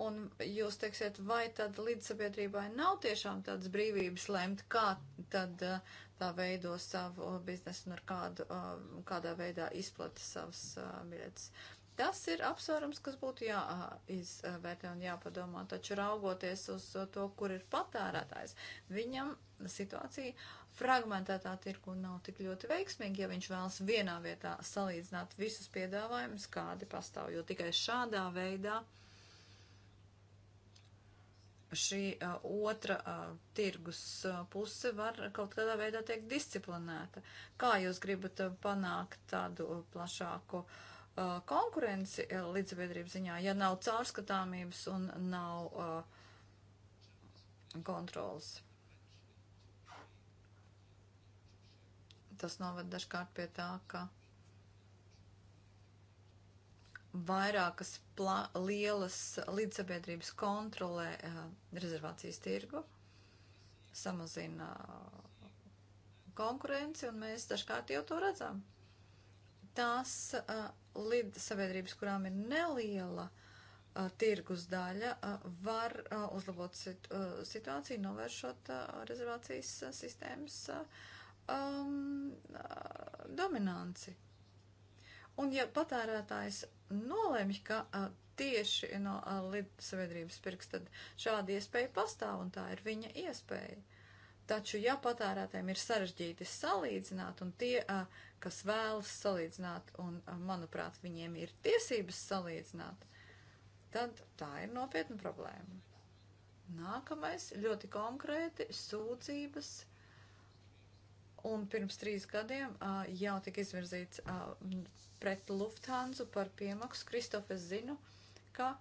Un jūs teiksiet, vai tad līdzsabiedrībai nav tiešām tādas brīvības lemt, kā tad tā veido savu biznesu un ar kādu, kādā veidā izplata savas biļetes. Tas ir apsvērums, kas būtu jāizvērtē un jāpadomā. Taču raugoties uz to, kur ir patērētājs, viņam situācija fragmentētā tirku nav tik ļoti veiksmīga, ja viņš vēlas vienā vietā salīdzināt visus piedāvājumus, kādi pastāv. Jo tikai šādā veidā šī uh, otra uh, tirgus uh, puse var kaut kādā veidā tiek disciplinēta. Kā jūs gribat uh, panākt tādu uh, plašāku uh, Uh, konkurenci uh, līdzsabiedrību ziņā, ja nav caurskatāmības un nav uh, kontrols. Tas noved dažkārt pie tā, ka vairākas pla, lielas līdzsabiedrības kontrolē uh, rezervācijas tirgu, samazina uh, konkurenci, un mēs dažkārt jau to redzam. Tās uh, lid sabiedrības, kurām ir neliela a, tirgus daļa, a, var a, uzlabot sit, a, situāciju, novēršot a, rezervācijas a, sistēmas a, um, a, dominanci. Un ja patērētājs nolēmj, ka a, tieši no a, lid sabiedrības pirks, tad šāda iespēja pastāv un tā ir viņa iespēja. Taču, ja patērētājiem ir sarežģīti salīdzināt, un tie, kas vēlas salīdzināt, un, manuprāt, viņiem ir tiesības salīdzināt, tad tā ir nopietna problēma. Nākamais ļoti konkrēti sūdzības. Un pirms trīs gadiem uh, jau tika izvirzīts uh, pret Lufthansa par piemaksu. Kristof, es zinu, ka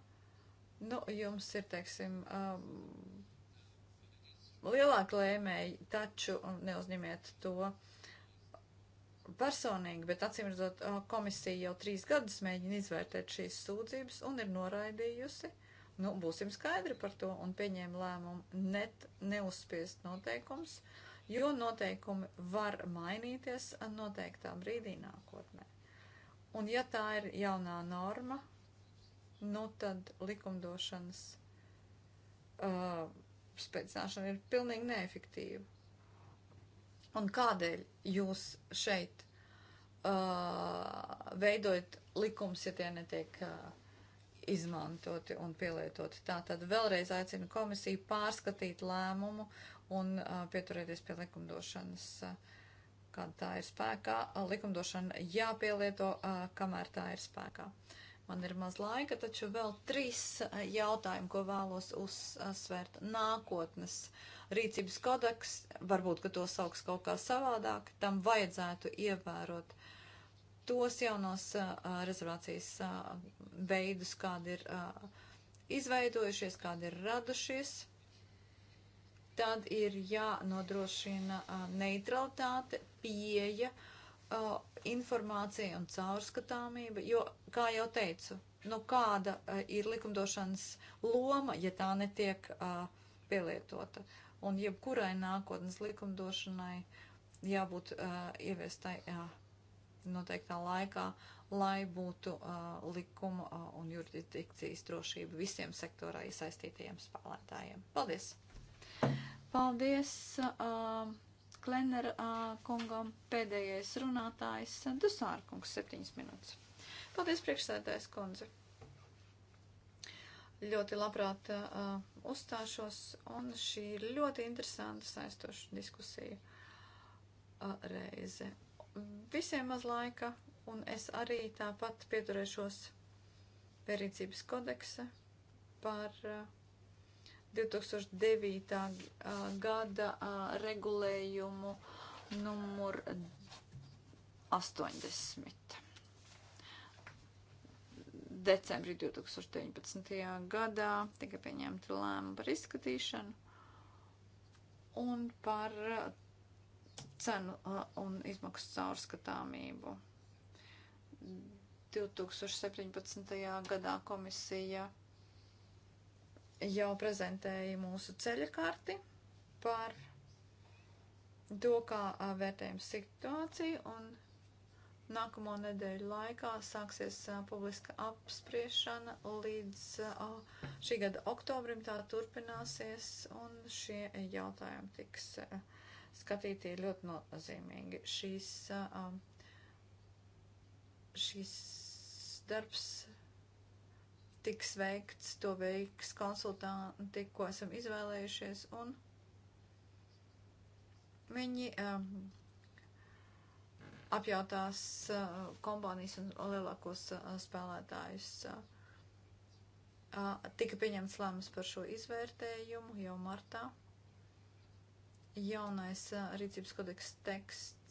nu, jums ir, teiksim, um, lielāki lēmēji, taču neuzņemiet to personīgi, bet acīm redzot, komisija jau trīs gadus mēģina izvērtēt šīs sūdzības un ir noraidījusi. Nu, būsim skaidri par to un pieņēma lēmumu net neuzspiest noteikums, jo noteikumi var mainīties noteiktā brīdī nākotnē. Un ja tā ir jaunā norma, nu tad likumdošanas uh, spēcināšana ir pilnīgi neefektīva. Un kādēļ jūs šeit uh, veidojat likums, ja tie netiek uh, izmantoti un pielietoti? Tā tad vēlreiz aicinu komisiju pārskatīt lēmumu un uh, pieturēties pie likumdošanas. Uh, kad tā ir spēkā, likumdošana jāpielieto, uh, kamēr tā ir spēkā. Uh, Man ir maz laika, taču vēl trīs eh, jautājumi, ko vēlos uzsvērt. Nākotnes rīcības kodeks, varbūt, ka to sauks kaut kā savādāk, tam vajadzētu ievērot tos jaunos uh, rezervācijas uh, veidus, kādi ir uh, izveidojušies, kādi ir radušies. Tad ir jānodrošina neutralitāte, pieeja informācija un caurskatāmība, jo, kā jau teicu, nu kāda uh, ir likumdošanas loma, ja tā netiek uh, pielietota. Un jebkurai nākotnes likumdošanai jābūt uh, ieviestai uh, noteiktā laikā, lai būtu uh, likuma uh, un juridikcijas drošība visiem sektorā iesaistītajiem spēlētājiem. Paldies! Paldies! Uh, Klenera kungam pēdējais runātājs Dusārkungs, septiņas minūtes. Paldies, priekšsēdājs kundze. Ļoti labprāt uh, uzstāšos, un šī ir ļoti interesanta saistoša diskusija uh, reize. Visiem maz laika, un es arī tāpat pieturēšos pērīcības kodeksa par uh, 2009. gada regulējumu numur 80. Decembrī 2019. gadā tika pieņemta lēma par izskatīšanu un par cenu un izmaksu caurskatāmību. 2017. gadā komisija jau prezentēja mūsu ceļa karti par to, kā vērtējam situāciju, un nākamo nedēļu laikā sāksies a, publiska apspriešana līdz a, šī gada oktobrim tā turpināsies, un šie jautājumi tiks a, skatīti ļoti nozīmīgi. Šīs, šīs darbs tiks veikts, to veiks konsultanti, ko esam izvēlējušies, un viņi um, apjautās uh, kompānijas un lielākos uh, spēlētājus. Uh, uh tika pieņemts lēmums par šo izvērtējumu jau martā. Jaunais uh, rīcības kodeks teksts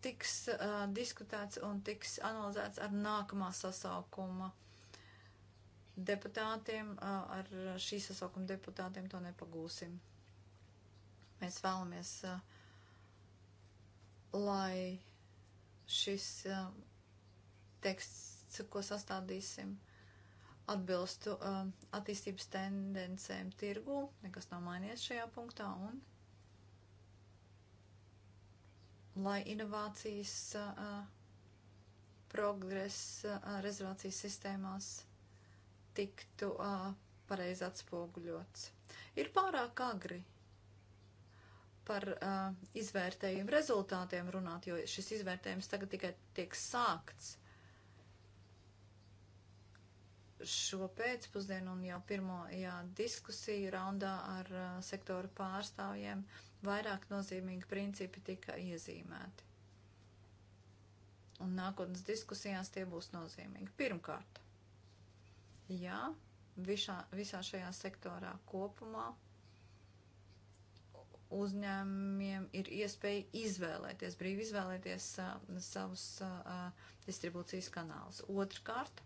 tiks uh, diskutēts un tiks analizēts ar nākamā sasaukuma deputātiem, uh, ar šī sasaukuma deputātiem to nepagūsim. Mēs vēlamies, uh, lai šis uh, teksts, ko sastādīsim, atbilstu uh, attīstības tendencēm tirgū, nekas nav mainījies šajā punktā, un lai inovācijas, progress rezervācijas sistēmās tiktu pareizi atspoguļots. Ir pārāk agri par izvērtējumu rezultātiem runāt, jo šis izvērtējums tagad tikai tiek sākts šo pēcpusdienu un jau pirmajā diskusiju raundā ar sektoru pārstāvjiem. Uh, vairāk nozīmīgi principi tika iezīmēti. Un nākotnes diskusijās tie būs nozīmīgi. Pirmkārt, jā, visā, visā šajā sektorā kopumā uzņēmumiem ir iespēja izvēlēties, brīvi izvēlēties uh, savus uh, distribūcijas kanālus. Otrkārt,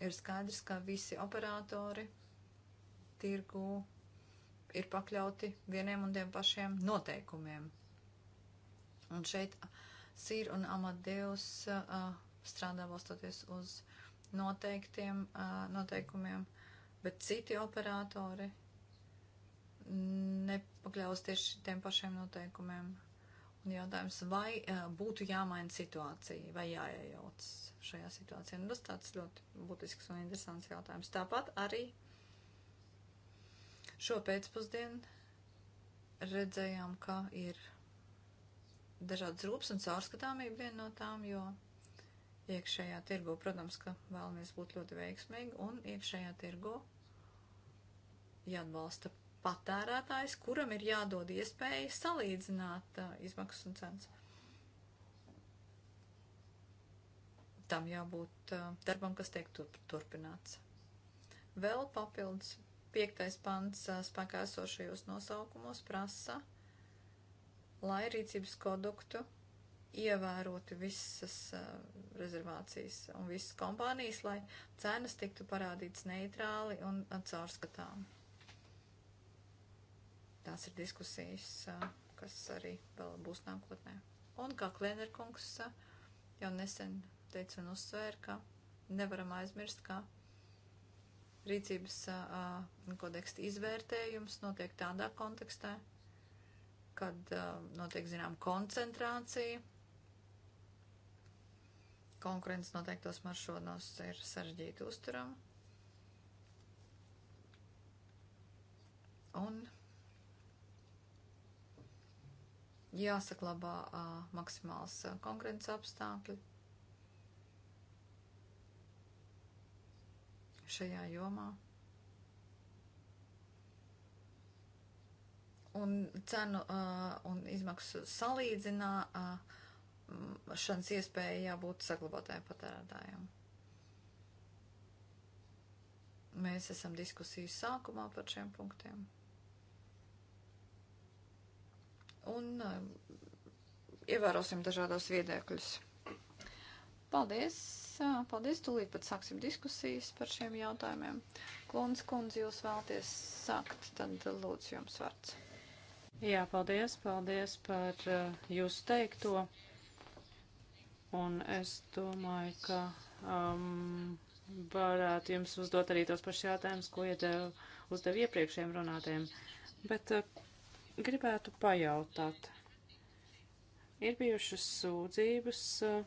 ir skaidrs, ka visi operatori tirgu ir pakļauti vieniem un tiem pašiem noteikumiem. Un šeit Sīra un Amadeus uh, strādā balstoties uz noteiktiem uh, noteikumiem, bet citi operatori nepakļaus tieši tiem pašiem noteikumiem. Un jautājums, vai uh, būtu jāmaina situācija vai jāiejauc šajā situācijā? Nu, tas tāds ļoti būtisks un interesants jautājums. Tāpat arī uh, Šo pēcpusdienu redzējām, ka ir dažādas rūpes un caurskatāmība viena no tām, jo iekšējā tirgu, protams, ka vēlamies būt ļoti veiksmīgi, un iekšējā tirgu jāatbalsta patērētājs, kuram ir jādod iespēja salīdzināt uh, izmaksas un cenas. Tam jābūt uh, darbam, kas tiek turpināts. Vēl papildus piektais pants spēkā esošajos nosaukumos prasa, lai rīcības koduktu ievēroti visas uh, rezervācijas un visas kompānijas, lai cenas tiktu parādītas neitrāli un caurskatām. Tās ir diskusijas, uh, kas arī vēl būs nākotnē. Un kā Klenerkungs uh, jau nesen teica un uzsvēra, ka nevaram aizmirst, ka Rīcības kodeksta izvērtējums notiek tādā kontekstā, kad notiek, zinām, koncentrācija. Konkurence noteiktos maršrutos ir sarežģīti uzturama. Un jāsaklabā a, maksimāls a, konkurences apstākļi, šajā jomā. Un cenu uh, un izmaksu salīdzināšanas uh, iespēja jābūt saglabātājiem patērētājiem. Mēs esam diskusiju sākumā par šiem punktiem. Un uh, ievērosim dažādos viedēkļus. Paldies! Paldies, tūlīt pat sāksim diskusijas par šiem jautājumiem. Klons kundze, jūs vēlties sākt, tad lūdzu jums vārds. Jā, paldies, paldies par uh, jūsu teikto. Un es domāju, ka um, varētu jums uzdot arī tos pašus jautājumus, ko iedevu, uzdevu iepriekšējiem runātiem. Bet uh, gribētu pajautāt. Ir bijušas sūdzības. Uh,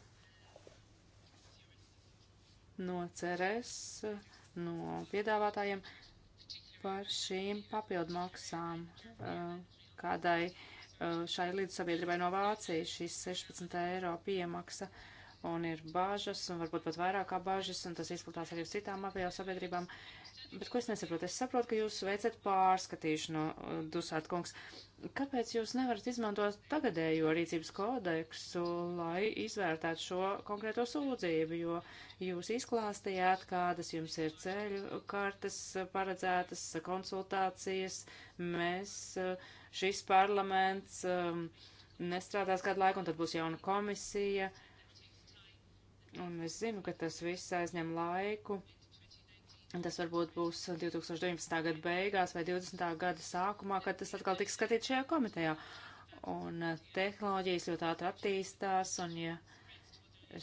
no CRS, no piedāvātājiem par šīm papildmaksām eh, kādai eh, šai līdzsabiedrībai no Vācijas šīs 16 eiro piemaksa un ir bāžas un varbūt pat vairāk kā bāžas un tas izplatās arī uz citām avio sabiedrībām. Uh, Bet ko es nesaprotu? Es saprotu, ka jūs veicat pārskatīšanu, uh, Dusārt kungs. Kāpēc jūs nevarat izmantot tagadējo rīcības kodeksu, lai izvērtētu šo konkrēto sūdzību, jo jūs izklāstījāt, kādas jums ir ceļu kartes paredzētas, konsultācijas, mēs, uh, šis parlaments um, nestrādās kādu laiku, un tad būs jauna komisija. Un es zinu, ka tas viss aizņem laiku. Tas varbūt būs 2019. gada beigās vai 20. gada sākumā, kad tas atkal tiks skatīts šajā komitejā. Un eh, tehnoloģijas ļoti ātri attīstās, un ja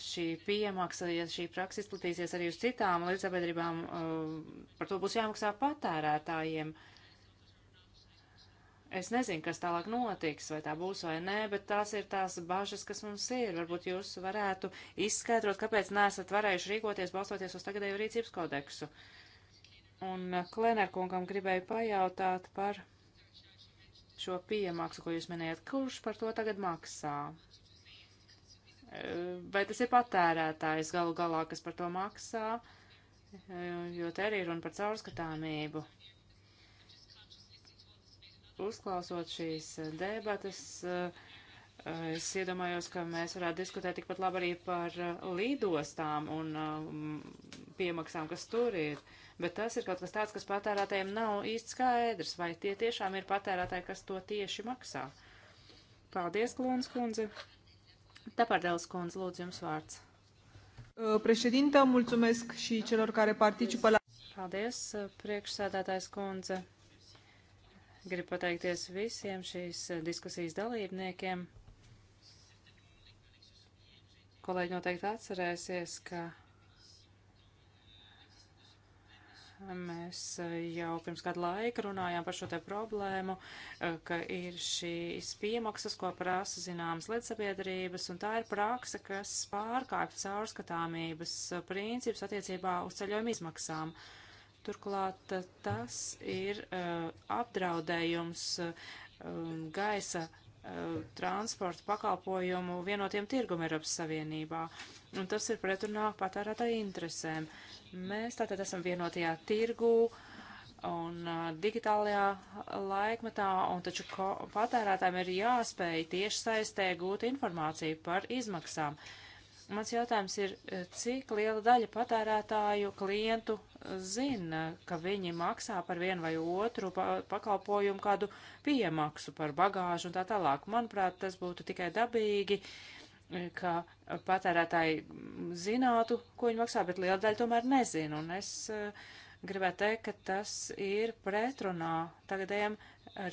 šī piemaksa, ja šī praksa izplatīsies arī uz citām līdzsabiedrībām, eh, par to būs jāmaksā patērētājiem. Es nezinu, kas tālāk notiks, vai tā būs vai nē, bet tās ir tās bažas, kas mums ir. Varbūt jūs varētu izskaidrot, kāpēc nesat varējuši rīkoties balstoties uz tagadēju rīcības kodeksu. Uh, Un eh, Klenerkungam gribēju pajautāt par šo piemaksu, ko jūs minējat. Kurš par to tagad maksā? Eh, vai tas ir patērētājs galu galā, kas par to maksā? Eh, jo te arī runa par caurskatāmību. Uzklausot šīs debatas, uh, Es iedomājos, ka mēs varētu diskutēt tikpat labi arī par uh, lidostām un uh, piemaksām, kas tur ir. Bet tas ir kaut kas tāds, kas patērētājiem nav īsti skaidrs, vai tie tiešām ir patērētāji, kas to tieši maksā. Paldies, Klūns kundze. Tapardēls kundze, lūdzu jums vārds. Uh, președintă, mulțumesc și celor care participă la... Paldies, priekšsēdētājs kundze. Gribu pateikties visiem šīs diskusijas dalībniekiem. Kolēģi noteikti atcerēsies, ka mēs jau pirms kādu laiku runājām par šo te problēmu, ka ir šīs piemaksas, ko prasa zināmas līdzsabiedrības, un tā ir praksa, kas pārkāpj caurskatāmības principus attiecībā uz ceļojuma izmaksām. Turklāt eh, tas ir uh, apdraudējums uh, gaisa Um, transporta pakalpojumu vienotiem tirgumu Eiropas Savienībā. Un tas ir pretrunā patērētāju interesēm. Mēs tātad esam vienotajā tirgū un uh, digitālajā laikmetā, un taču patērētājiem ir jāspēj tieši saistē gūt informāciju par izmaksām. Uh, Mans jautājums ir, eh, cik liela daļa patērētāju klientu eh, zina, ka viņi maksā par vienu vai otru pakalpojumu kādu piemaksu par bagāžu un tā tālāk. Manuprāt, tas būtu tikai dabīgi, eh, ka patērētāji mm, zinātu, ko viņi maksā, bet liela daļa tomēr nezina. Un es gribētu teikt, ka tas ir pretrunā tagadējiem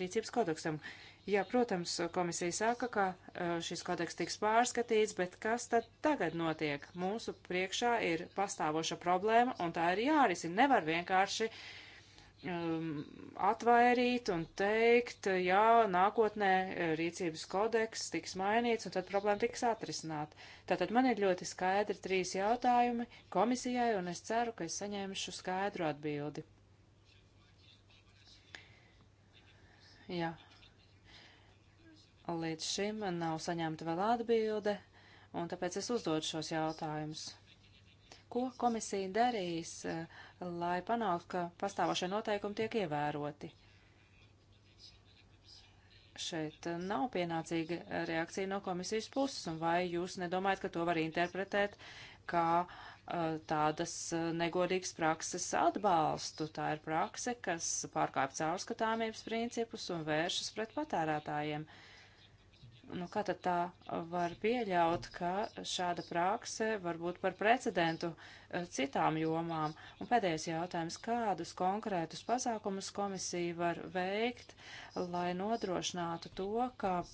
rīcības kodeksam. Uh, Jā, protams, komisija saka, ka uh, šis kodeks tiks pārskatīts, bet kas tad tagad notiek? Mūsu priekšā ir pastāvoša problēma, un tā ir jārisina. Nevar vienkārši um, atvairīt un teikt, jā, nākotnē uh, rīcības kodeks tiks mainīts, un tad problēma tiks atrisināt. Tātad man ir ļoti skaidri trīs jautājumi komisijai, un es ceru, ka es saņemšu skaidru atbildi. Jā, līdz šim nav saņemta vēl atbilde, un tāpēc es uzdodu šos jautājumus. Ko komisija darīs, lai panāktu, ka pastāvošie noteikumi tiek ievēroti? šeit nav pienācīga reakcija no komisijas puses, un vai jūs nedomājat, ka to var interpretēt kā uh, tādas negodīgas prakses atbalstu? Tā ir prakse, kas pārkāpj caurskatāmības principus un vēršas pret patērētājiem. Uh, Nu, kā tad tā var pieļaut, ka šāda prakse var būt par precedentu eh, citām jomām? Un pēdējais jautājums, kādus konkrētus pasākumus komisija var veikt, lai nodrošinātu to, ka uh,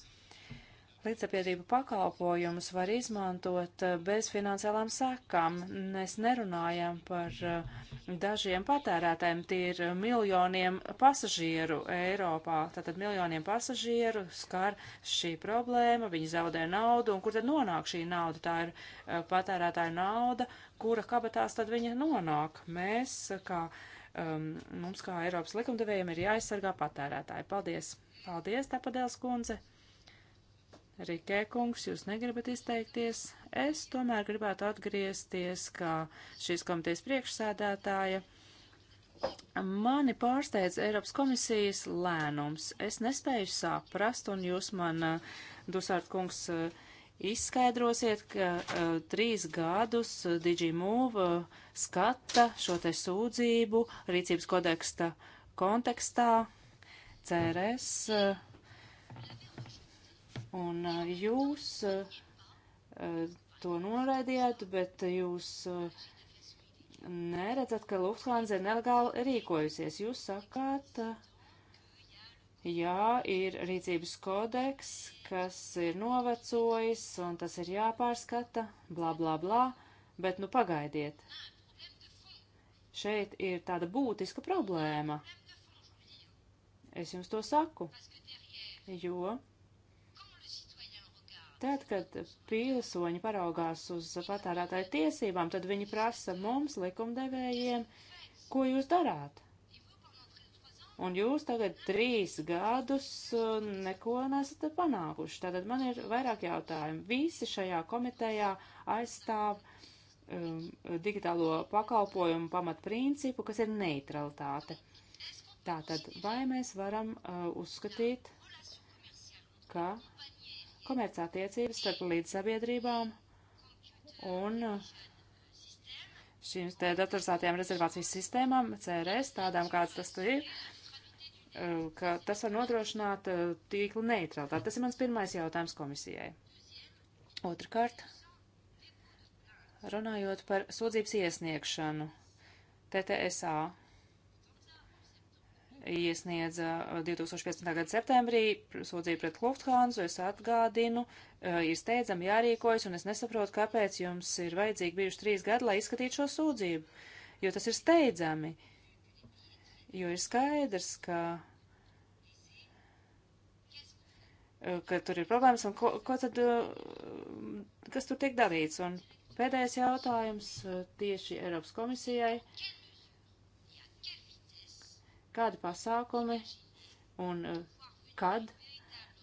Līdzsabiedrību pakalpojumus var izmantot eh, bez finansiālām sekām. Mēs nerunājam par eh, dažiem patērētājiem, tie ir miljoniem pasažieru Eiropā. Tātad miljoniem pasažieru skar šī problēma, viņi zaudē naudu, un kur tad nonāk šī nauda? Tā ir eh, patērētāja nauda, kura kabatās tad viņa nonāk. Mēs, kā, um, mums kā Eiropas likumdevējiem, ir jāaizsargā patērētāji. Paldies! Paldies, Tapadēls kundze! Rikē kungs, jūs negribat izteikties. Es tomēr gribētu atgriezties kā šīs komitejas priekšsēdētāja. Mani pārsteidz Eiropas komisijas lēnums. Es nespēju saprast, un jūs man, eh, Dusārt kungs, eh, izskaidrosiet, ka uh, trīs gadus DigiMove skata šo te sūdzību rīcības kodeksta kontekstā. CRS uh, Un jūs to noraidījāt, bet jūs neredzat, ka Lufthansa ir nelegāli rīkojusies. Jūs sakāt, jā, ir rīcības kodeks, kas ir novecojis, un tas ir jāpārskata, bla, bla, bla, bet nu pagaidiet šeit ir tāda būtiska problēma. Es jums to saku, jo Tad, kad pilsoņi paraugās uz patērētāju tiesībām, tad viņi prasa mums, likumdevējiem, ko jūs darāt. Un jūs tagad trīs gadus uh, neko nesat panākuši. Tātad man ir vairāk jautājumu. Visi šajā komitejā aizstāv um, digitālo pakalpojumu pamatprincipu, kas ir neutralitāte. Tātad, vai mēs varam uh, uzskatīt, ka komercātiecības starp līdzsabiedrībām un šīm te datorizētajām rezervācijas sistēmām, CRS, tādām kāds tas ir, eh, ka tas var nodrošināt eh, tīklu neutralitāti. Tas ir mans pirmais jautājums komisijai. Otrakārt, runājot par sūdzības iesniegšanu TTSA iesniedza 2015. Uh, gada septembrī sūdzību pret Lufthansu. Es atgādinu, uh, ir steidzami jārīkojas, un es nesaprotu, kāpēc jums ir vajadzīgi bijuši trīs gadi, lai izskatītu šo sūdzību, jo tas ir steidzami. Jo ir skaidrs, ka, uh, ka tur ir problēmas, un ko, ko tad, kas tur tiek darīts. Un pēdējais jautājums tieši Eiropas komisijai. Uh, kādi pasākumi un eh, kad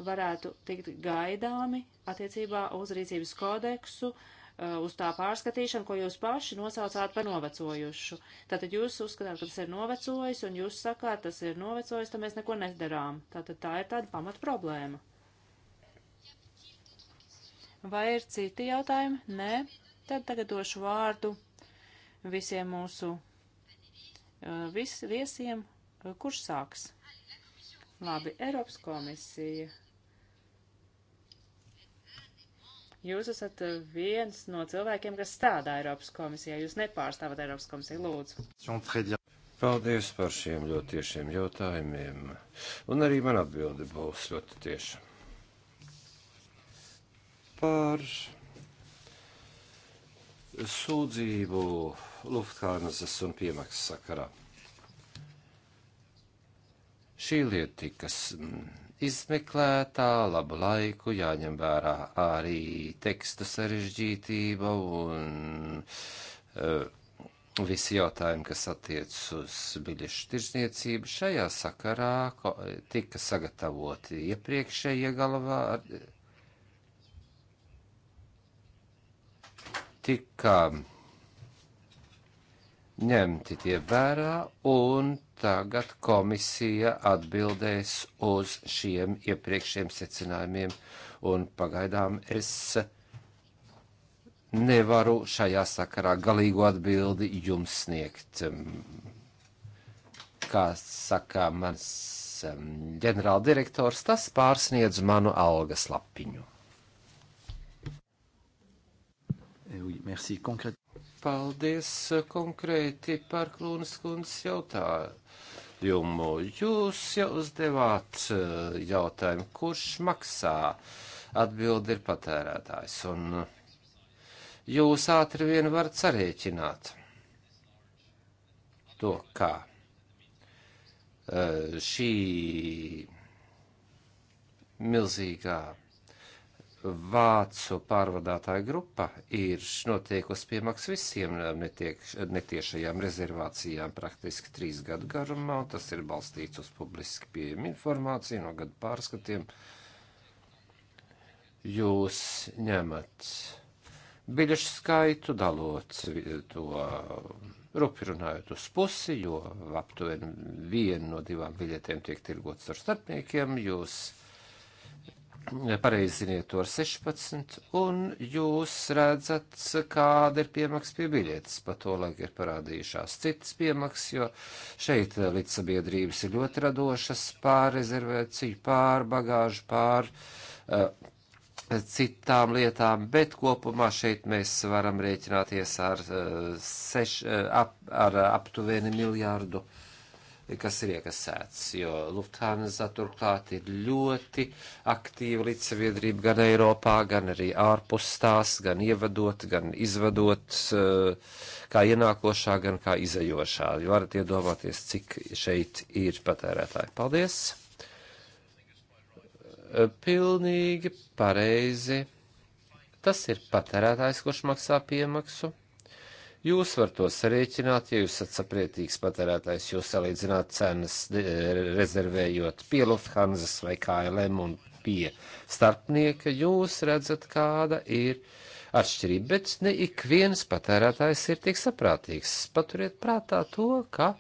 varētu tikt gaidāmi attiecībā uz rīcības kodeksu, eh, uz tā pārskatīšanu, ko jūs paši nosaucāt par novecojušu. Tātad jūs uzskatāt, ka tas ir novecojis, un jūs sakāt, tas ir novecojis, tad mēs neko nedarām. Tātad tā ir tāda pamat problēma. Vai ir citi jautājumi? Nē. Tad tagad došu vārdu visiem mūsu eh, vis, viesiem Eh, kurš sāks? Labi, Eiropas komisija. Jūs esat eh, viens no cilvēkiem, kas strādā Eiropas komisijā. Jūs nepārstāvat Eiropas komisiju, lūdzu. Paldies par šiem ļoti tiešiem jautājumiem. Un arī man atbildi būs ļoti tieša. Par sūdzību Lufthānazes un piemaksas sakarā. Šī lieta tikas izmeklētā, labu laiku, jāņem vērā arī teksta sarežģītība un uh, visi jautājumi, kas attiec uz biļešu tirzniecību. Šajā sakarā ko, tika sagatavoti iepriekšējie galvā. Tika ņemti tie vērā, un tagad komisija atbildēs uz šiem iepriekšējiem secinājumiem, un pagaidām es nevaru šajā sakarā galīgu atbildi jums sniegt. Kā saka mans ģenerāldirektors, tas pārsniedz manu algas lapiņu. Eh oui, merci. Concrète. Paldies eh, konkrēti par Klūnas kundzes jautājumu. Jūs jau uzdevāt eh, jautājumu, kurš maksā? Atbildi ir patērētājs, un eh, jūs ātri vien varat sarēķināt to, kā šī milzīgā Vācu pārvadātāja grupa ir notiekusi piemaks visiem netiek, netiešajām rezervācijām praktiski trīs gadu garumā, un tas ir balstīts uz publiski pieejamu informāciju no gadu pārskatiem. Jūs ņemat biļešu skaitu, dalot to rupi runājot uz pusi, jo aptuveni vienu no divām biļetēm tiek tirgots ar starpniekiem. Jūs pareiziniet to ar 16, un jūs redzat, kāda ir piemaksa pie biļetes. Pa to laik ir parādījušās citas piemaksas, jo šeit eh, līdzsabiedrības ir ļoti radošas pār rezervēciju, pār bagāžu, pār uh, citām lietām, bet kopumā šeit mēs varam rēķināties ar, uh, seš, uh, ap, ar aptuveni miljārdu eiro kas ir iekasēts, jo Lufthansa turklāt ir ļoti aktīva līdzsaviedrība gan Eiropā, gan arī ārpus tās, gan ievadot, gan izvadot, eh, kā ienākošā, gan kā izajošā. Jūs varat iedomāties, cik šeit ir patērētāji. Paldies! Eh, pilnīgi pareizi. Tas ir patērētājs, kurš maksā piemaksu. Jūs varat to sarēķināt, ja jūs esat saprātīgs patērētājs, jūs salīdzināt cenas, rezervējot pie Lufthansa vai KLM un pie starpnieka, jūs redzat, kāda ir atšķirība, bet ne ik viens patērētājs ir tik saprātīgs. Paturiet prātā to, ka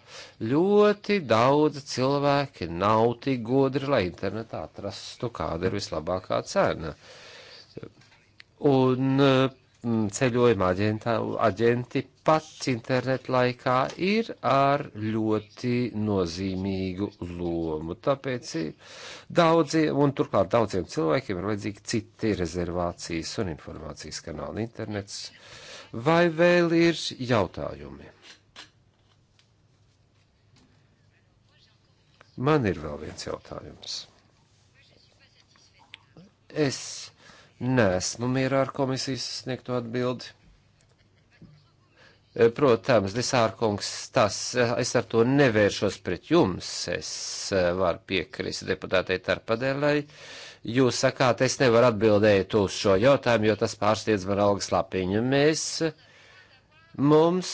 ļoti daudz cilvēki nav tik godri, lai internetā atrastu, kāda ir vislabākā cena. Un eh, Mm, ceļojuma aģenta, aģenti pats internetu laikā ir ar ļoti nozīmīgu lomu. Tāpēc daudziem, un turklāt daudziem cilvēkiem ir vajadzīgi citi rezervācijas un informācijas kanāli internets. Vai vēl ir jautājumi? Man ir vēl viens jautājums. Es Nesmu mierā ar komisijas sniegto atbildi. E, protams, Lisārkungs, tas, e, es ar to nevēršos pret jums, es e, varu piekrist deputātei Tarpadēlai. Jūs sakāt, es nevaru atbildēt uz šo jautājumu, jo tas pārsniedz man algas lapiņu. Mēs, mums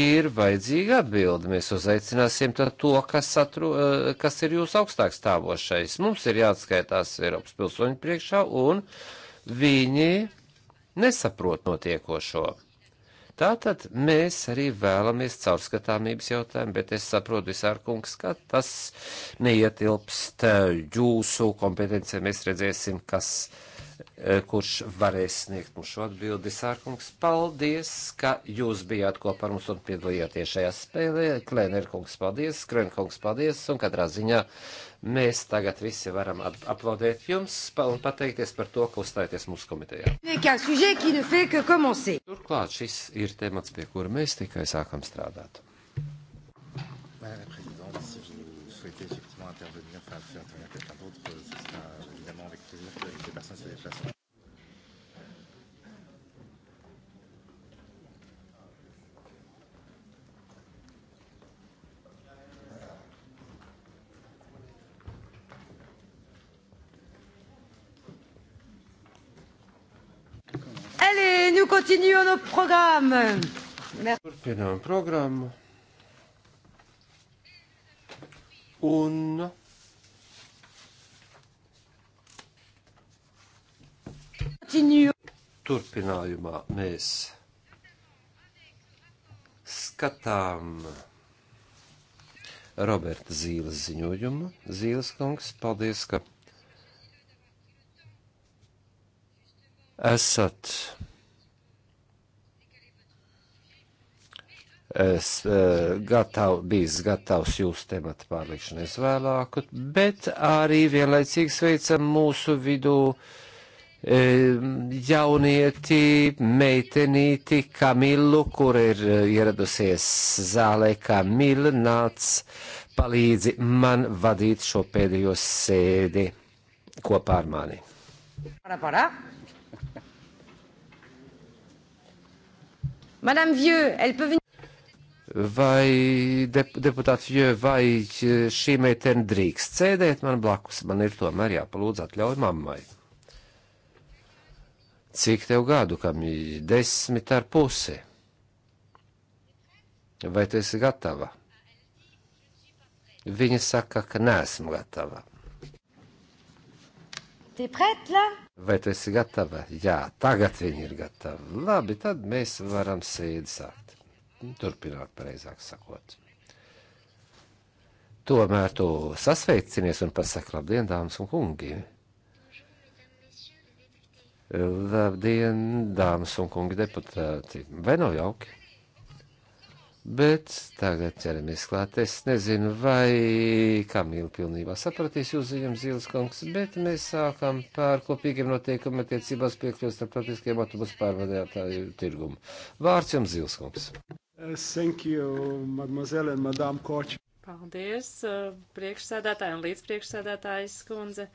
ir vajadzīga atbildi, mēs uzaicināsim to, kas, atru, kas ir jūsu augstāk stāvošais. Mums ir jāatskaitās Eiropas pilsoņu priekšā un. Uh, Viņi nesaprot notiekošo. Tātad mēs arī vēlamies caurskatāmības jautājumu, bet es saprotu visārkungs, ka tas neietilpst eh, jūsu kompetencijā. Mēs redzēsim, kas, eh, kurš varēs sniegt mums šo atbildi. Sārkungs, paldies, ka jūs bijāt kopā ar mums un piedalījāties šajā spēlē. Klēnerkungs, paldies, Krenkungs, paldies un katrā ziņā Mēs tagad visi varam aplaudēt jums un pateikties par to, ka uzstājaties mūsu komitejā. Turklāt šis ir temats, pie kura mēs tikai sākam strādāt. Allez, nous continuons notre programme. Turpinām programmu. Un Continue. turpinājumā mēs skatām Roberta Zīles ziņojumu. Zīles kungs, paldies, ka esat es, eh, gatav, bijis gatavs jūsu tematu pārlikšanais vēlāk, bet arī vienlaicīgi sveicam mūsu vidū e, jaunieti, meitenīti Kamilu, kur ir eh, ieradusies zālē Kamila nāc palīdzi man vadīt šo pēdējo sēdi kopā ar mani. Para, para. Madame Vieux, elle peut venir. Vai dep deputāts Jē, vai eh, šī meitene drīkst sēdēt man blakus? Man ir tomēr jāpalūdz atļauj mammai. Cik tev gadu, kam ir desmit ar pusi? Vai tu esi gatava? Viņa saka, ka nesmu gatava. Vai tu esi gatava? Jā, tagad viņi ir gatavi. Labi, tad mēs varam sēdi sākt. Turpināt, pareizāk sakot. Tomēr tu sasveicinies un pasaki labdien, dāmas un kungi. Labdien, dāmas un kungi deputāti. Vai nav jauki? Bet tagad ķeramies klāt. Es nezinu, vai Kamila pilnībā sapratīs jūsu ziņām, Zīles kungs, bet mēs sākam par kopīgiem noteikumiem attiecībās piekļuvi starptautiskiem autobusu pārvadātāju tirgumu. Vārds jums, Zīles kungs. Uh, thank you, mademoiselle and madame Koč. Paldies, uh, priekšsēdētāji un līdzpriekšsēdētājas kundze.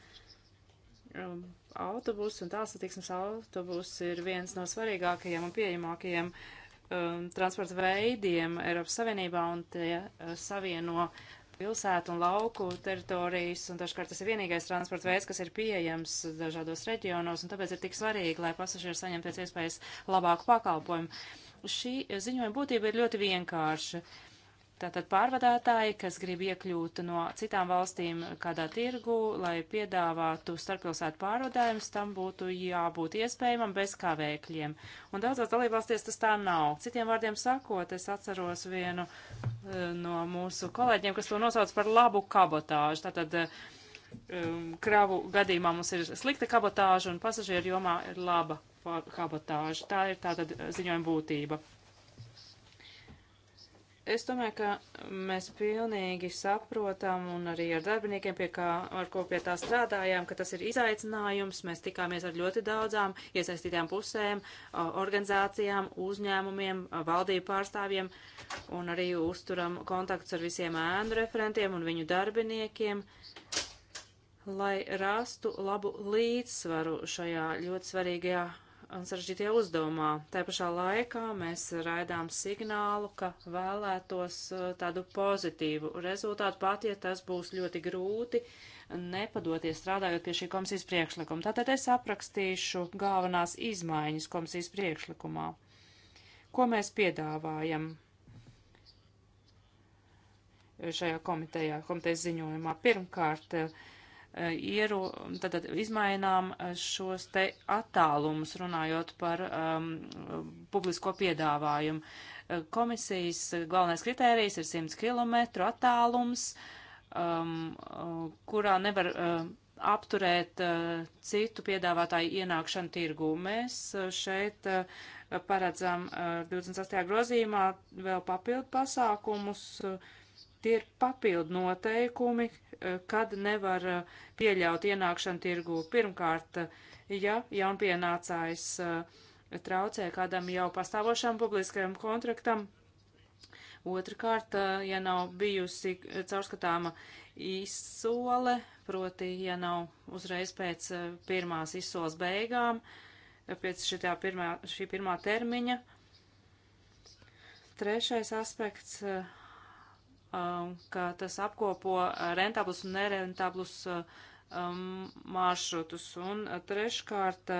Um, autobus un tās attieksmes autobus ir viens no svarīgākajiem un pieejamākajiem uh, um, transporta veidiem Eiropas Savienībā un tie uh, savieno pilsētu un lauku teritorijas, un dažkārt tas ir vienīgais transporta veids, kas ir pieejams dažādos reģionos, un tāpēc ir tik svarīgi, lai pasažieri saņemtu pēc iespējas labāku pakalpojumu. Šī ziņojuma būtība ir ļoti vienkārša. Uh, Tātad pārvadātāji, kas grib iekļūt no citām valstīm kādā tirgu, lai piedāvātu starppilsētu pārvadājumus, tam būtu jābūt iespējamam bez kavēkļiem. Un daudzās dalībvalstīs tas tā nav. Citiem vārdiem sakot, es atceros vienu eh, no mūsu kolēģiem, kas to nosauc par labu kabotāžu. Tātad eh, um, kravu gadījumā mums ir slikta kabotāža un pasažieru jomā ir laba kabotāža. Tā ir tātad ziņojuma būtība. Es domāju, ka mēs pilnīgi saprotam un arī ar darbiniekiem, pie kā, ar ko pie tā strādājām, ka tas ir izaicinājums. Mēs tikāmies ar ļoti daudzām iesaistītām pusēm, organizācijām, uzņēmumiem, valdību pārstāvjiem un arī uzturam kontaktus ar visiem ēnu referentiem un viņu darbiniekiem, lai rastu labu līdzsvaru šajā ļoti svarīgajā sarežģītajā uzdevumā. Tā pašā laikā mēs raidām signālu, ka vēlētos uh, tādu pozitīvu rezultātu, pat ja tas būs ļoti grūti nepadoties strādājot pie šī komisijas priekšlikuma. Tātad es aprakstīšu galvenās izmaiņas komisijas priekšlikumā. Ko mēs piedāvājam šajā komitejā, komitejas ziņojumā? Pirmkārt, uh, Eh, ieru, tad izmainām eh, šos te attālumus, runājot par um, publisko piedāvājumu. Eh, komisijas galvenais kritērijs ir 100 km attālums, um, kurā nevar uh, apturēt uh, citu piedāvātāju ienākšanu tirgū. Mēs uh, šeit uh, paredzam 28. grozījumā vēl papildu pasākumus. Tie ir papildu noteikumi, Eh, kad nevar eh, pieļaut ienākšanu tirgū. Pirmkārt, eh, ja jaunpienācājs traucē kādam jau pastāvošam publiskajam kontraktam, otrkārt, ja nav bijusi caurskatāma izsole, proti, ja nav uzreiz pēc pirmās izsoles beigām, pēc šitā pirmā, šī pirmā termiņa. Trešais aspekts Um, ka tas apkopo uh, rentablus un nerentablus uh, um, maršrutus. Un uh, treškārt,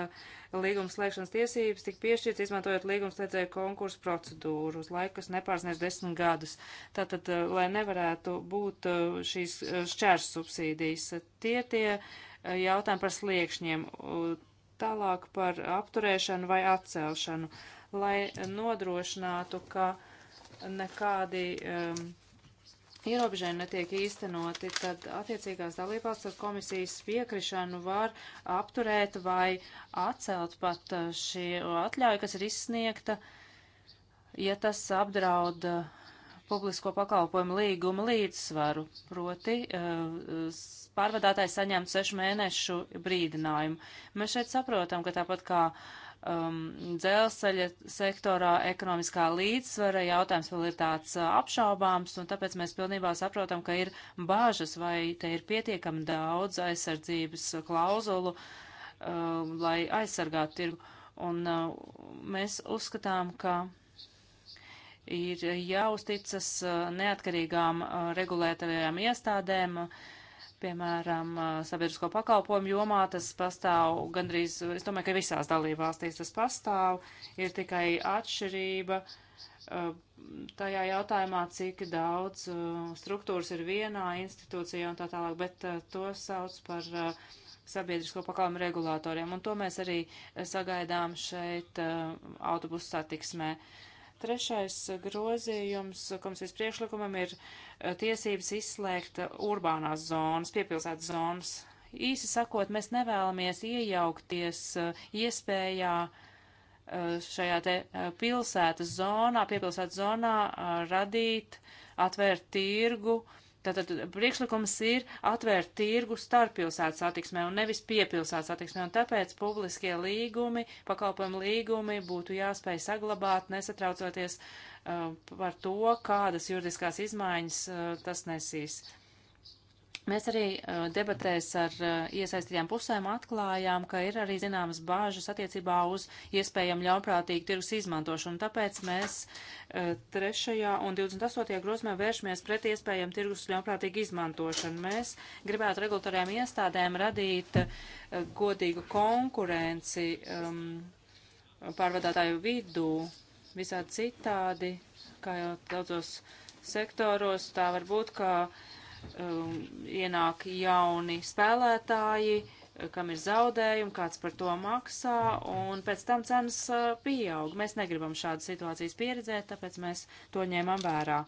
līgums slēgšanas tiesības tika piešķirts, izmantojot līgums slēdzēju konkursu procedūru uz laiku, kas nepārsniedz desmit gadus. Tātad, lai nevarētu būt šīs šķērs subsīdijas, tie tie jautājumi par sliekšņiem, tālāk par apturēšanu vai atcelšanu, lai nodrošinātu, ka nekādi um, ierobežojumi netiek īstenoti, tad attiecīgās dalībās ar komisijas piekrišanu var apturēt vai atcelt pat uh, šī atļauja, kas ir izsniegta, ja tas apdraud uh, publisko pakalpojumu līguma līdzsvaru. Proti, uh, pārvadātājs saņemt sešu mēnešu brīdinājumu. Mēs šeit saprotam, ka tāpat kā uh, um, dzelzceļa sektorā ekonomiskā līdzsvara jautājums vēl ir tāds uh, apšaubāms, un tāpēc mēs pilnībā saprotam, ka ir bāžas, vai te ir pietiekami daudz aizsardzības klauzulu, um, lai aizsargātu tirgu. Un uh, mēs uzskatām, ka ir jāuzticas uh, neatkarīgām uh, regulētajām iestādēm, uh, Piemēram, sabiedrisko pakalpojumu jomā tas pastāv gandrīz, es domāju, ka visās dalībvalstīs tas pastāv, ir tikai atšķirība tajā jautājumā, cik daudz struktūras ir vienā institūcijā un tā tālāk, bet to sauc par sabiedrisko pakalpojumu regulātoriem, un to mēs arī sagaidām šeit autobusu satiksmē. Uh, Trešais grozījums komisijas priekšlikumam ir eh, tiesības izslēgt eh, urbānās zonas, piepilsētas zonas. Īsi sakot, mēs nevēlamies iejaukties eh, iespējā šajā te pilsētas zonā, piepilsētas zonā radīt, atvērt tirgu, uh, Tātad priekšlikums ir atvērt tirgu starppilsētas attiksmē un nevis piepilsētas attiksmē, un tāpēc publiskie līgumi, pakalpojumu līgumi būtu jāspēj saglabāt, nesatraucoties uh, par to, kādas juridiskās izmaiņas uh, tas nesīs. Uh, Mēs arī uh, debatēs ar uh, iesaistītām pusēm atklājām, ka ir arī zināmas bāžas attiecībā uz iespējamu ļaunprātīgu tirgus izmantošanu. Tāpēc mēs 3. Uh, un 28. grozmē vēršamies pret iespējamu tirgus ļaunprātīgu izmantošanu. Mēs gribētu regulatoriem iestādēm radīt godīgu konkurenci um, pārvadātāju vidū, visādi citādi, kā jau daudzos sektoros, tā var būt, ka uh, um, ienāk jauni spēlētāji, kam ir zaudējumi, kāds par to maksā, un pēc tam cenas uh, pieaug. Mēs negribam šādas situācijas pieredzēt, tāpēc mēs to ņēmām vērā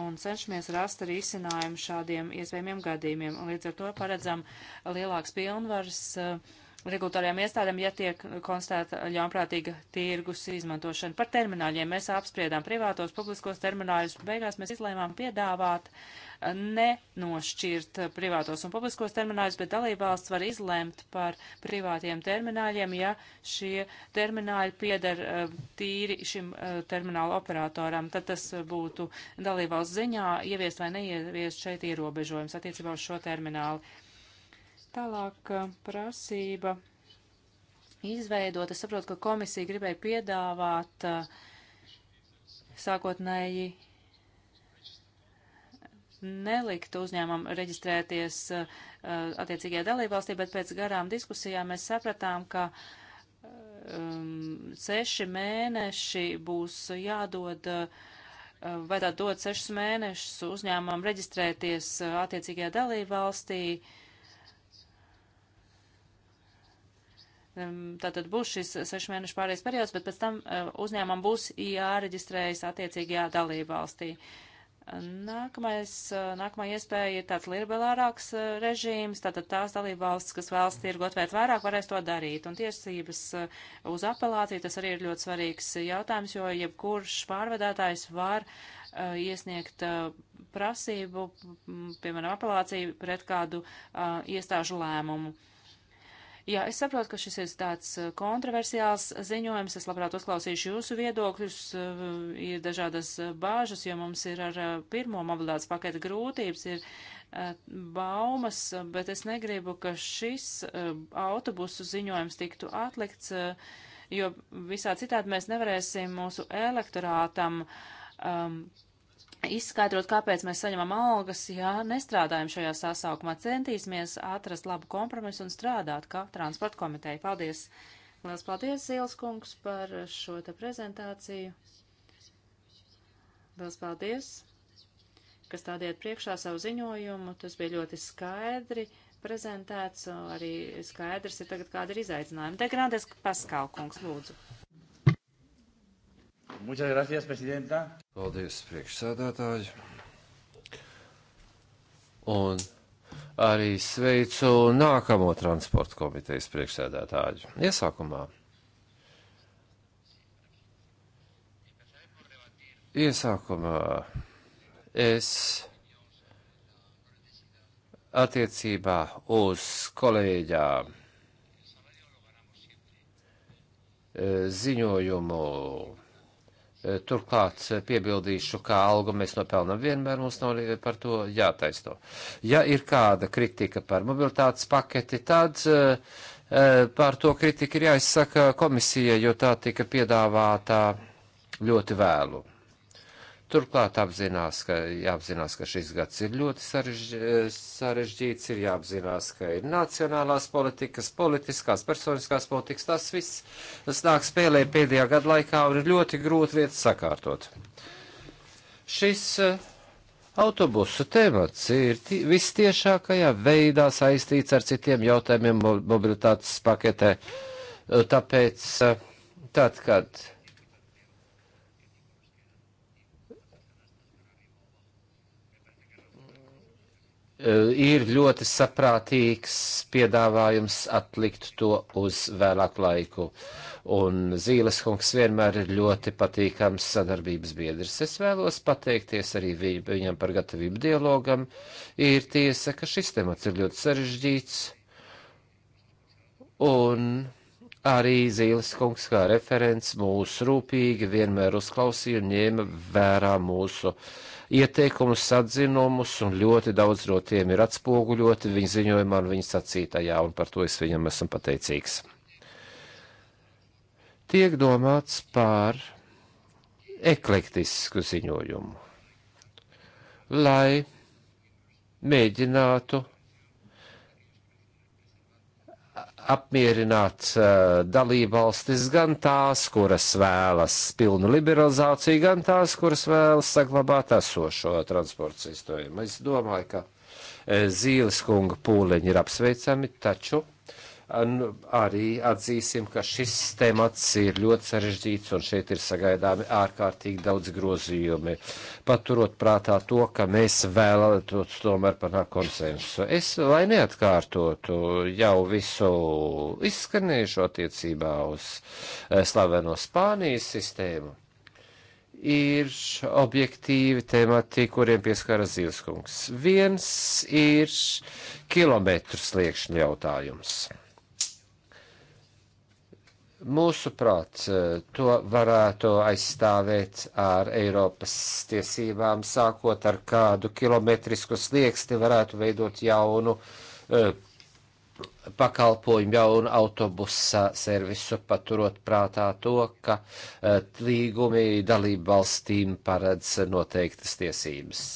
un cenšamies rast arī izcinājumu šādiem iespējamiem gadījumiem. Līdz ar to paredzam lielāks pilnvars uh, regulārajām iestādēm, ja tiek konstatēta ļaunprātīga tirgus izmantošana. Par termināļiem mēs apspriedām privātos, publiskos termināļus. Beigās mēs izlēmām piedāvāt nenošķirt privātos un publiskos termināļus, bet dalībvalsts var izlemt par privātiem termināļiem, ja šie termināļi pieder eh, tīri šim eh, terminālu operatoram. Tad tas būtu dalībvalsts ziņā ieviest vai neieviest šeit ierobežojums attiecībā uz šo terminālu. Tālāk eh, prasība izveidot. Es saprotu, ka komisija gribēja piedāvāt sākotnēji neliktu uzņēmumam reģistrēties uh, uh, attiecīgajā dalībvalstī, bet pēc garām diskusijām mēs sapratām, ka um, seši mēneši būs jādod, uh, uh vajadzētu dot sešus mēnešus uzņēmumam reģistrēties uh, attiecīgajā dalībvalstī. Um, tātad būs šis sešu mēnešu pārējais periods, bet pēc tam uh, uzņēmumam būs jāreģistrējas attiecīgajā dalībvalstī. valstī. Nākamais, eh, nākamā iespēja ir tāds liberālāks eh, režīms, tātad tās dalībvalstis, kas vēlas tirgu atvērt vairāk, varēs to darīt. Un tiesības eh, uz apelāciju tas arī ir ļoti svarīgs jautājums, jo jebkurš pārvedētājs var uh, iesniegt uh, prasību, piemēram, apelāciju pret kādu uh, iestāžu lēmumu. Uh, Jā, es saprotu, ka šis ir tāds uh, kontroversiāls ziņojums. Es labprāt uzklausīšu jūsu viedokļus. Uh, ir dažādas uh, bāžas, jo mums ir ar pirmo mobilitātes paketu grūtības, ir baumas, bet es negribu, ka šis autobusu ziņojums tiktu atlikts, jo visā citādi mēs nevarēsim mūsu elektorātam um, izskaidrot, kāpēc mēs saņemam algas, ja nestrādājam šajā sasaukumā. Centīsimies atrast labu kompromisu un strādāt kā transporta komiteja. Paldies! Lielas paldies, Zils kungs, par šo te prezentāciju. Lielas paldies, ka stādījāt priekšā savu ziņojumu. Tas bija ļoti skaidri prezentēts, arī skaidrs ir tagad, kāda ir izaicinājuma. Degrādes Paskal kungs, lūdzu. Muchas gracias, prezidenta. Paldies, priekšsēdētāji. Un arī sveicu nākamo transporta komitejas priekšsēdētāju. Iesākumā. Iesākumā es attiecībā uz kolēģā eh, ziņojumu Eh, turklāt eh, piebildīšu, kā algu mēs nopelnam vienmēr, mums nav par to jātaisno. Ja ir kāda kritika par mobilitātes paketi, tad eh, par to kritika ir jāizsaka komisija, jo tā tika piedāvāta ļoti vēlu. Turklāt apzinās, ka jāapzinās, ka šis gads ir ļoti sarežģ, sarežģīts, ir jāapzinās, ka ir nacionālās politikas, politiskās, personiskās politikas, tas viss nāk spēlē pēdējā gada laikā un ir ļoti grūti lietas sakārtot. Šis eh, autobusu temats ir vistiešākajā veidā saistīts ar citiem jautājumiem mobilitātes paketē, tāpēc eh, tad, kad Eh, ir ļoti saprātīgs piedāvājums atlikt to uz vēlāku laiku. Un Zīles kungs vienmēr ir ļoti patīkams sadarbības biedrs. Es vēlos pateikties arī viņam par gatavību dialogam. Ir tiesa, ka šis temats ir ļoti sarežģīts. Un arī Zīles kungs kā referents mūs rūpīgi vienmēr uzklausīja un ņēma vērā mūsu uh, ieteikumus, atzinumus, un ļoti daudz no tiem ir atspoguļoti viņa ziņojumā un viņa sacītajā, un par to es viņam esmu pateicīgs. Tiek domāts par eklektisku ziņojumu, lai mēģinātu apmierināt uh, dalībvalstis gan tās, kuras vēlas pilnu liberalizāciju, gan tās, kuras vēlas saglabāt esošo transporta sistēmu. Es domāju, ka uh, Zīles kunga pūleņi ir apsveicami, taču arī atzīsim, ka šis temats ir ļoti sarežģīts un šeit ir sagaidāmi ārkārtīgi daudz grozījumi. Paturot prātā to, ka mēs vēlētos tomēr panākt konsensu. Es, lai neatkārtotu jau visu izskanējušo attiecībā uz eh, slaveno Spānijas sistēmu, ir objektīvi temati, kuriem pieskaras Zīleskungs. Viens ir kilometru sliekšņa jautājums. Mūsuprāt, eh, to varētu aizstāvēt ar Eiropas tiesībām, sākot ar kādu kilometrisku slieksni, varētu veidot jaunu uh, pakalpojumu, jaunu autobusa servisu, paturot prātā to, ka uh, līgumi dalību valstīm paredz noteiktas tiesības.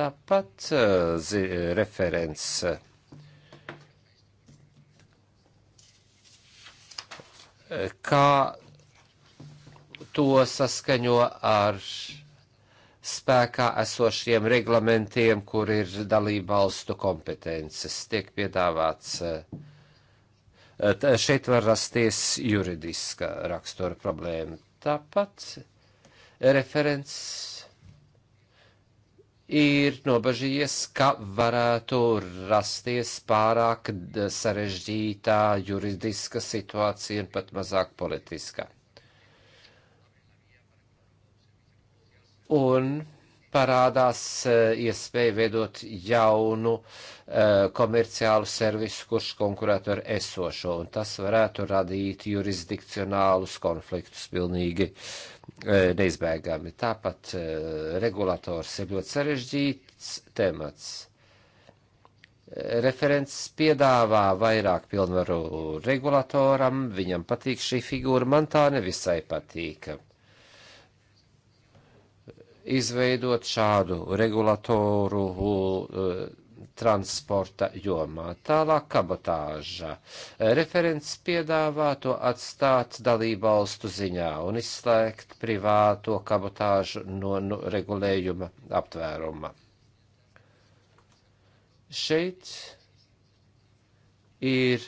Tāpat uh, zi, referents kā to saskaņo ar spēkā esošiem reglamentiem, kur ir dalība valstu kompetences. Tiek piedāvāts, eh, šeit var rasties juridiska rakstura problēma. Tāpat referents ir nobažījies, ka varētu rasties pārāk sarežģītā juridiska situācija un pat mazāk politiskā. Un parādās eh, iespēja veidot jaunu eh, komerciālu servisu, kurš konkurētu ar esošo, un tas varētu radīt jurisdikcionālus konfliktus pilnīgi eh, neizbēgami. Tāpat regulators ir ļoti sarežģīts temats referents piedāvā vairāk pilnvaru regulatoram, viņam patīk šī figūra, man tā nevisai patīk izveidot šādu regulatoru eh, transporta jomā. Tālāk kabotāža. Eh, referents piedāvā to atstāt dalībvalstu ziņā un izslēgt privāto kabotāžu no, no regulējuma aptvēruma. Šeit ir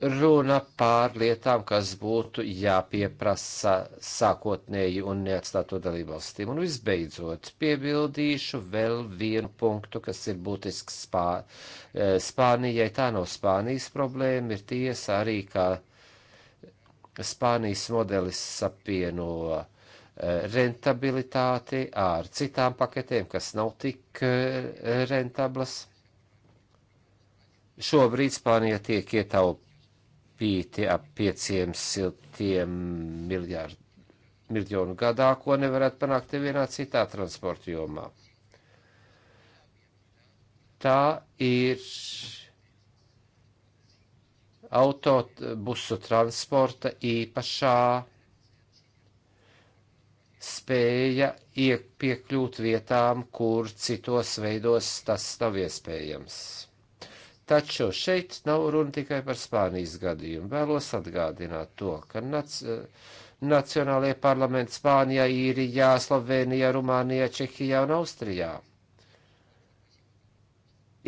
runa pār lietām, kas būtu jāpieprasa sākotnēji un neatstāto dalībvalstīm. Un visbeidzot, piebildīšu vēl vienu punktu, kas ir būtisks Spā e, Spānijai. Tā nav no Spānijas problēma, ir tiesa arī, ka Spānijas modelis apvieno e, rentabilitāti ar citām paketēm, kas nav tik e, rentablas. Šobrīd Spānija tiek ietaupīta pīti ap pieciem siltiem miljārdu, miljonu gadā, ko nevarētu panākt nevienā citā transporta jomā. Tā ir autobusu transporta īpašā spēja iekļūt vietām, kur citos veidos tas nav iespējams. Taču šeit nav runa tikai par Spānijas gadījumu. Vēlos atgādināt to, ka nac, nacionālajie parlamenti Spānijā, Īrijā, Slovenijā, Rumānijā, Čehijā un Austrijā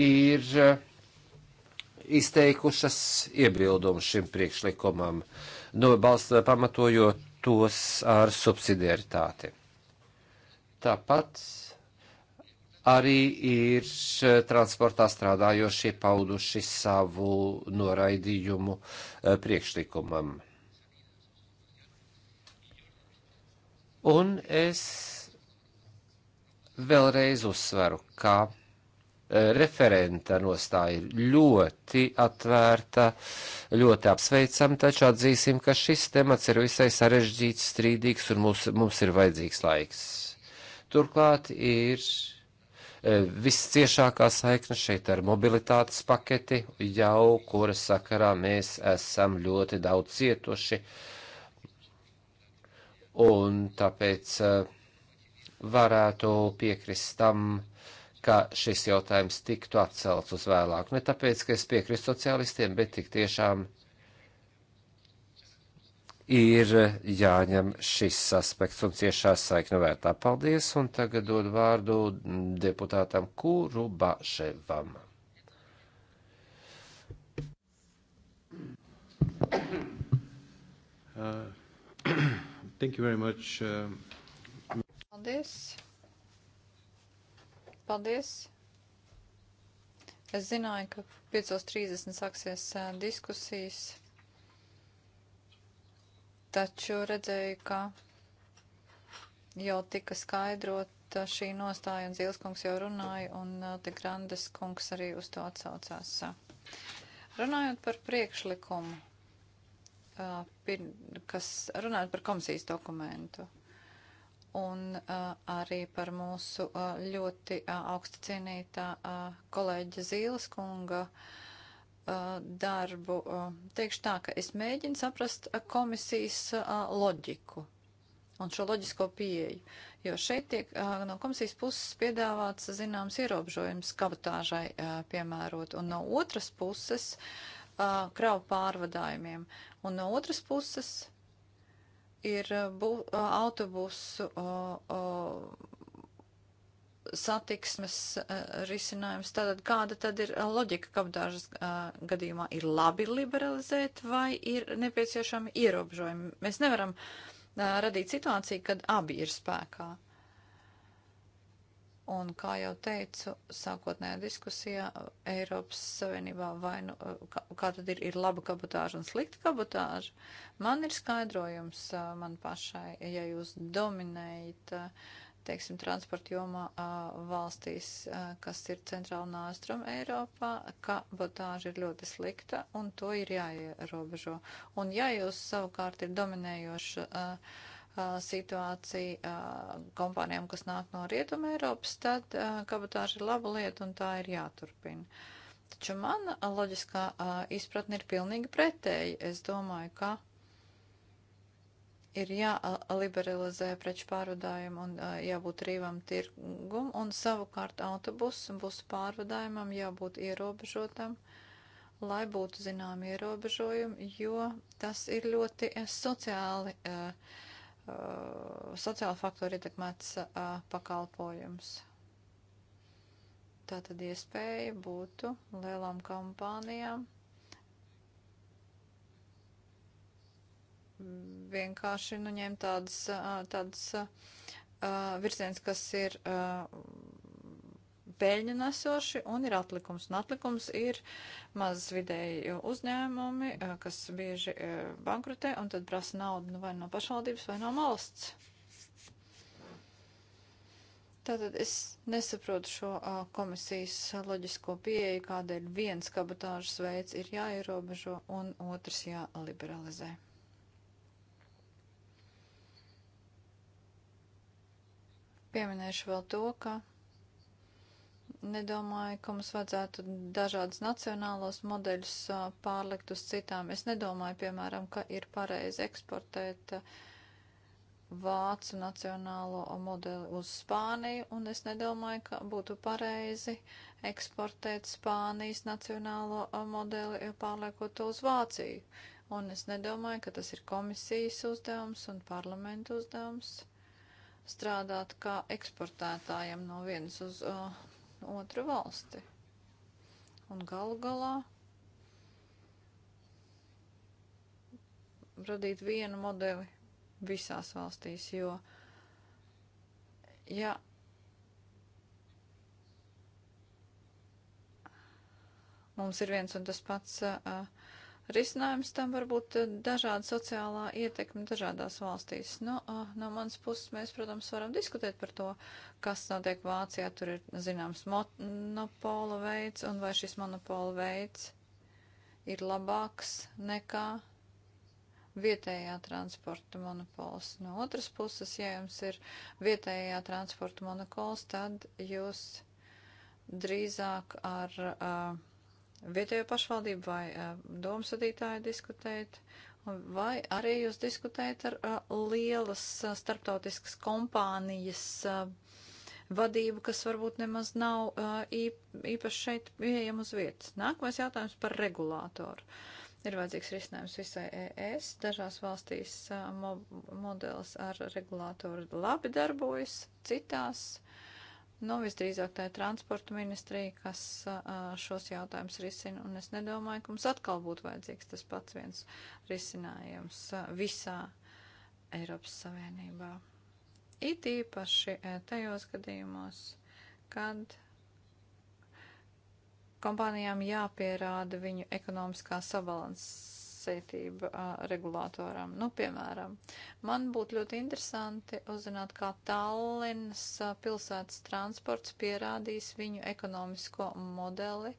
ir eh, izteikušas iebildumu šim priekšlikumam, no balst, pamatojot tos ar subsidiaritāti. Tāpat arī ir eh, transportā strādājošie pauduši savu noraidījumu eh, priekšlikumam. Un es vēlreiz uzsveru, ka eh, referenta nostāja ir ļoti atvērta, ļoti apsveicama, taču atzīsim, ka šis temats ir visai sarežģīts, strīdīgs un mums, mums ir vajadzīgs laiks. Turklāt ir E, visciešākā saikne šeit ar mobilitātes paketi, jau kura sakarā mēs esam ļoti daudz cietuši. Un tāpēc e, varētu piekrist tam, ka šis jautājums tiktu atcelts uz vēlāk. Ne tāpēc, ka es piekrītu sociālistiem, bet tik tiešām ir jāņem šis aspekts un ciešā saikna vērtā. Paldies, un tagad dod vārdu deputātam Kurubaševam. Uh, thank you very much. Uh... Paldies. Paldies. Es zināju, ka 5.30 sāksies uh, diskusijas taču redzēju, ka jau tika skaidrot šī nostāja, un Zilskungs jau runāja, un te Grandes kungs arī uz to atsaucās. Runājot par priekšlikumu, kas runājot par komisijas dokumentu, un arī par mūsu ļoti augsta cienītā kolēģa Zilskunga kunga darbu. Teikšu tā, ka es mēģinu saprast komisijas loģiku un šo loģisko pieeju, jo šeit tiek no komisijas puses piedāvāts zināms ierobežojums kabatāžai piemērot, un no otras puses kravu pārvadājumiem, un no otras puses ir autobusu satiksmes eh, risinājums. Tātad kāda tad ir eh, loģika, ka dažas eh, gadījumā ir labi liberalizēt vai ir nepieciešami ierobežojumi? Mēs nevaram radīt situāciju, kad abi ir spēkā. Un, kā jau teicu, sākotnējā diskusijā Eiropas Savienībā vai nu, kā, kā tad ir, ir laba kabotāža un slikta kabotāža, man ir skaidrojums man pašai, ja jūs dominējat teiksim, transporta jomā valstīs, kas ir centrāla un austruma Eiropā, kabotāža ir ļoti slikta un to ir jāierobežo. Un ja jūs savukārt ir dominējoša a, a, situācija a, kompānijām, kas nāk no Rietuma Eiropas, tad kabotāža ir laba lieta un tā ir jāturpina. Taču mana loģiskā izpratne ir pilnīgi pretēji. Es domāju, ka ir jāliberalizē preču pārvadājumu un jābūt rīvam tirgum, un savukārt autobusu un busu pārvadājumam jābūt ierobežotam, lai būtu zinām ierobežojumi, jo tas ir ļoti sociāli, sociāli faktori ietekmēts pakalpojums. Tā tad iespēja būtu lielām kompānijām vienkārši nu, ņemt tādas, tādas uh, virziens, kas ir uh, peļņa nesoši un ir atlikums. Un atlikums ir mazas vidēji uzņēmumi, uh, kas bieži uh, bankrutē un tad prasa naudu nu, vai no pašvaldības vai no valsts. Tātad es nesaprotu šo uh, komisijas loģisko pieeju, kādēļ viens kabatāžas veids ir jāierobežo un otrs jāliberalizē. Pieminēšu vēl to, ka nedomāju, ka mums vajadzētu dažādus nacionālos modeļus pārlikt uz citām. Es nedomāju, piemēram, ka ir pareizi eksportēt vācu nacionālo modeli uz Spāniju, un es nedomāju, ka būtu pareizi eksportēt Spānijas nacionālo modeli, pārliekot to uz Vāciju. Un es nedomāju, ka tas ir komisijas uzdevums un parlamentu uzdevums strādāt kā eksportētājiem no vienas uz uh, otru valsti. Un galu galā radīt vienu modeli visās valstīs, jo, ja mums ir viens un tas pats uh, Risinājums tam var būt eh, dažāda sociālā ietekme dažādās valstīs. Nu, no manas puses mēs, protams, varam diskutēt par to, kas notiek Vācijā. Tur ir zināms monopola veids, un vai šis monopola veids ir labāks nekā vietējā transporta monopols. No otras puses, ja jums ir vietējā transporta monopols, tad jūs drīzāk ar. Uh, vietējo pašvaldību vai eh, domsadītāju diskutēt, vai arī jūs diskutējat ar eh, lielas eh, starptautiskas kompānijas vadību, kas varbūt nemaz nav īpaši šeit pieejama uz vietas. Nākamais jautājums par regulātoru. Ir vajadzīgs risinājums visai ES. Dažās valstīs mo modelis ar regulātoru labi darbojas, citās Nu, visdrīzāk tā ir transporta ministrija, kas šos jautājumus risina, un es nedomāju, ka mums atkal būtu vajadzīgs tas pats viens risinājums visā Eiropas Savienībā. It īpaši tajos gadījumos, kad kompānijām jāpierāda viņu ekonomiskā sabalansēšanās nosacītība regulātoram. Nu, piemēram, man būtu ļoti interesanti uzzināt, kā Tallinas pilsētas transports pierādīs viņu ekonomisko modeli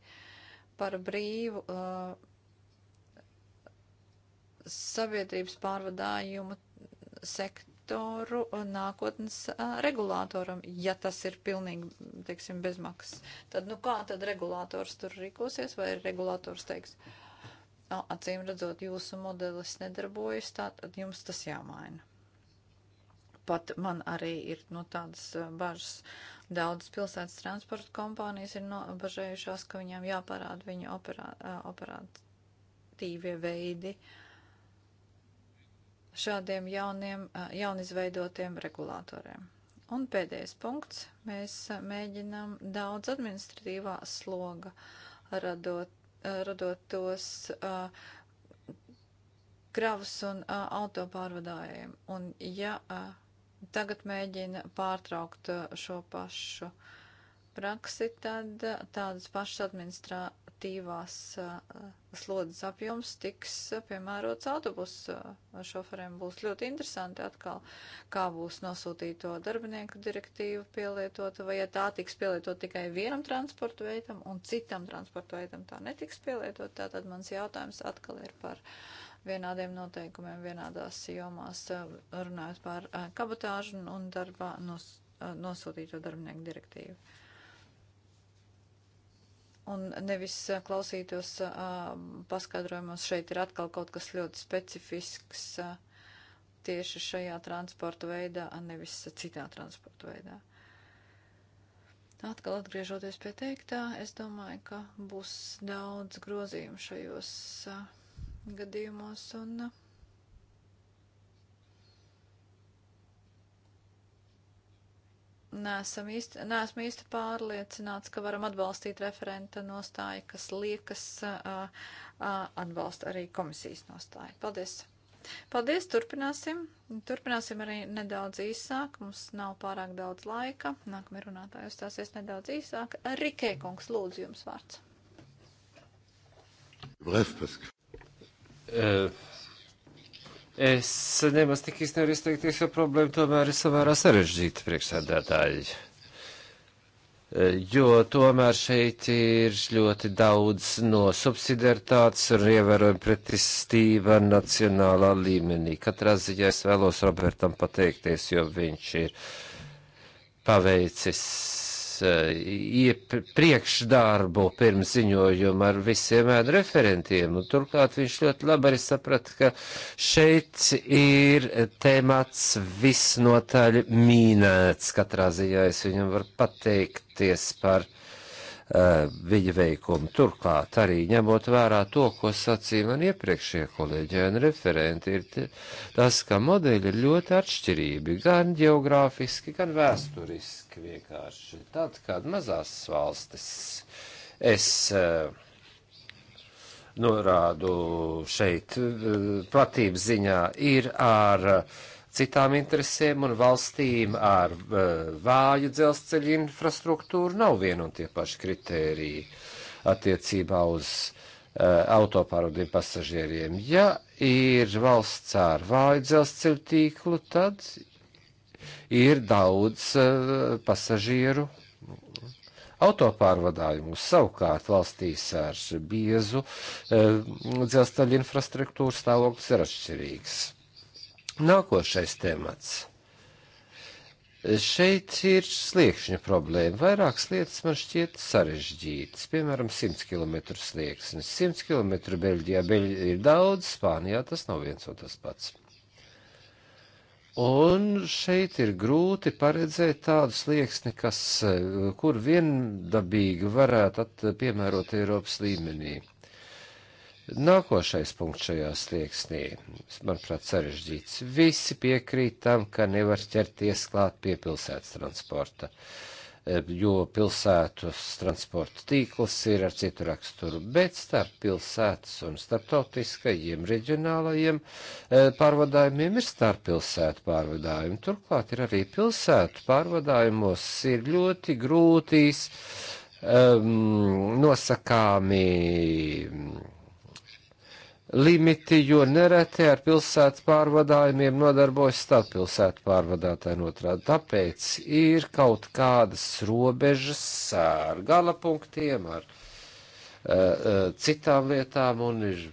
par brīvu uh, sabiedrības pārvadājumu sektoru nākotnes uh, regulātoram, ja tas ir pilnīgi, teiksim, bezmaksas. Tad, nu, kā tad regulātors tur rīkosies, vai regulātors teiks, uh, Nu, acīm redzot, jūsu modelis nedarbojas, tātad jums tas jāmaina. Pat man arī ir no nu, tādas eh, bažas. Daudz pilsētas transporta kompānijas ir nobažējušās, ka viņām jāparāda viņu operā, eh, operatīvie veidi šādiem jauniem, eh, jaunizveidotiem regulātoriem. Un pēdējais punkts. Mēs mēģinām daudz administratīvā sloga radot radot tos kravas un auto pārvadājiem. Un ja tagad mēģina pārtraukt šo pašu praksi, tad tādas pašas administrā, efektīvās eh, slodzes apjoms tiks eh, piemērots autobusu eh, šoferiem. Būs ļoti interesanti atkal, kā būs nosūtīto darbinieku direktīvu pielietota, vai ja tā tiks pielietot tikai vienam transportu veidam un citam transportu veidam tā netiks pielietot. Tātad mans jautājums atkal ir par vienādiem noteikumiem vienādās jomās, runājot par kabatāžu un darbā nos, nosūtīto darbinieku direktīvu un nevis klausītos paskaidrojumos. Šeit ir atkal kaut kas ļoti specifisks tieši šajā transporta veidā, nevis citā transporta veidā. Atkal atgriežoties pie teiktā, es domāju, ka būs daudz grozījumu šajos gadījumos, un neesam īsti, neesmu īsti pārliecināts, ka varam atbalstīt referenta nostāju, kas liekas uh, uh, atbalsta arī komisijas nostāju. Paldies! Paldies, turpināsim. Turpināsim arī nedaudz īsāk. Mums nav pārāk daudz laika. Nākamie runātāji uzstāsies nedaudz īsāk. Rikē kungs, lūdzu jums vārds. Bref, parce que... Uh Es nemaz tik īsti nevaru izteikties, jo problēma tomēr ir samērā sarežģīta priekšsēdētāji. E, jo tomēr šeit ir ļoti daudz no subsidiaritātes un ievērojama pretestība nacionālā līmenī. Katrā ziņā es vēlos Robertam pateikties, jo viņš ir paveicis Eh, priekšdarbu pirms ziņojuma ar visiem ēnu referentiem, un turklāt viņš ļoti labi arī saprata, ka šeit ir temats visnotaļ mīnēts. Katrā ziņā es viņam varu pateikties par Eh, viņa veikumu. Turklāt arī ņemot vērā to, ko sacīja man iepriekšējie kolēģi un referenti, ir tas, ka modeļi ir ļoti atšķirīgi, gan geogrāfiski, gan vēsturiski vienkārši. Tad, kad mazās valstis es eh, norādu šeit eh, platības ziņā ir ar uh, citām interesēm, un valstīm ar eh, vāju dzelzceļa infrastruktūru nav vien un tie paši kritēriji attiecībā uz uh, autopārvadiem pasažieriem. Ja ir valsts ar vāju dzelzceļa tīklu, tad ir daudz uh, pasažieru autopārvadājumus. Savukārt valstīs ar biezu uh, dzelzceļa infrastruktūru stāvoklis ir atšķirīgs. Nākošais temats. Šeit ir sliekšņa problēma. Vairākas lietas man šķiet sarežģītas. Piemēram, 100 km slieksnis. 100 km Beļģijā Beļģi ir daudz, Spānijā tas nav viens un tas pats. Un šeit ir grūti paredzēt tādu slieksni, kas, eh, kur viendabīgi varētu at, piemērot Eiropas līmenī. Nākošais punkts šajā slieksnī, manuprāt, sarežģīts. Visi piekrītam, ka nevar ķerties klāt pie pilsētas transporta, e, jo pilsētas transporta tīkls ir ar citu raksturu, bet starp pilsētas un starptautiskajiem reģionālajiem e, pārvadājumiem ir starp pilsētu pārvadājumi. Turklāt ir arī pilsētu pārvadājumos ir ļoti grūtīs um, nosakāmi limiti, jo nereti ar pilsētas pārvadājumiem nodarbojas starppilsētu pārvadātāji notrādi. Tāpēc ir kaut kādas robežas ar gala punktiem, ar uh, citām lietām un ir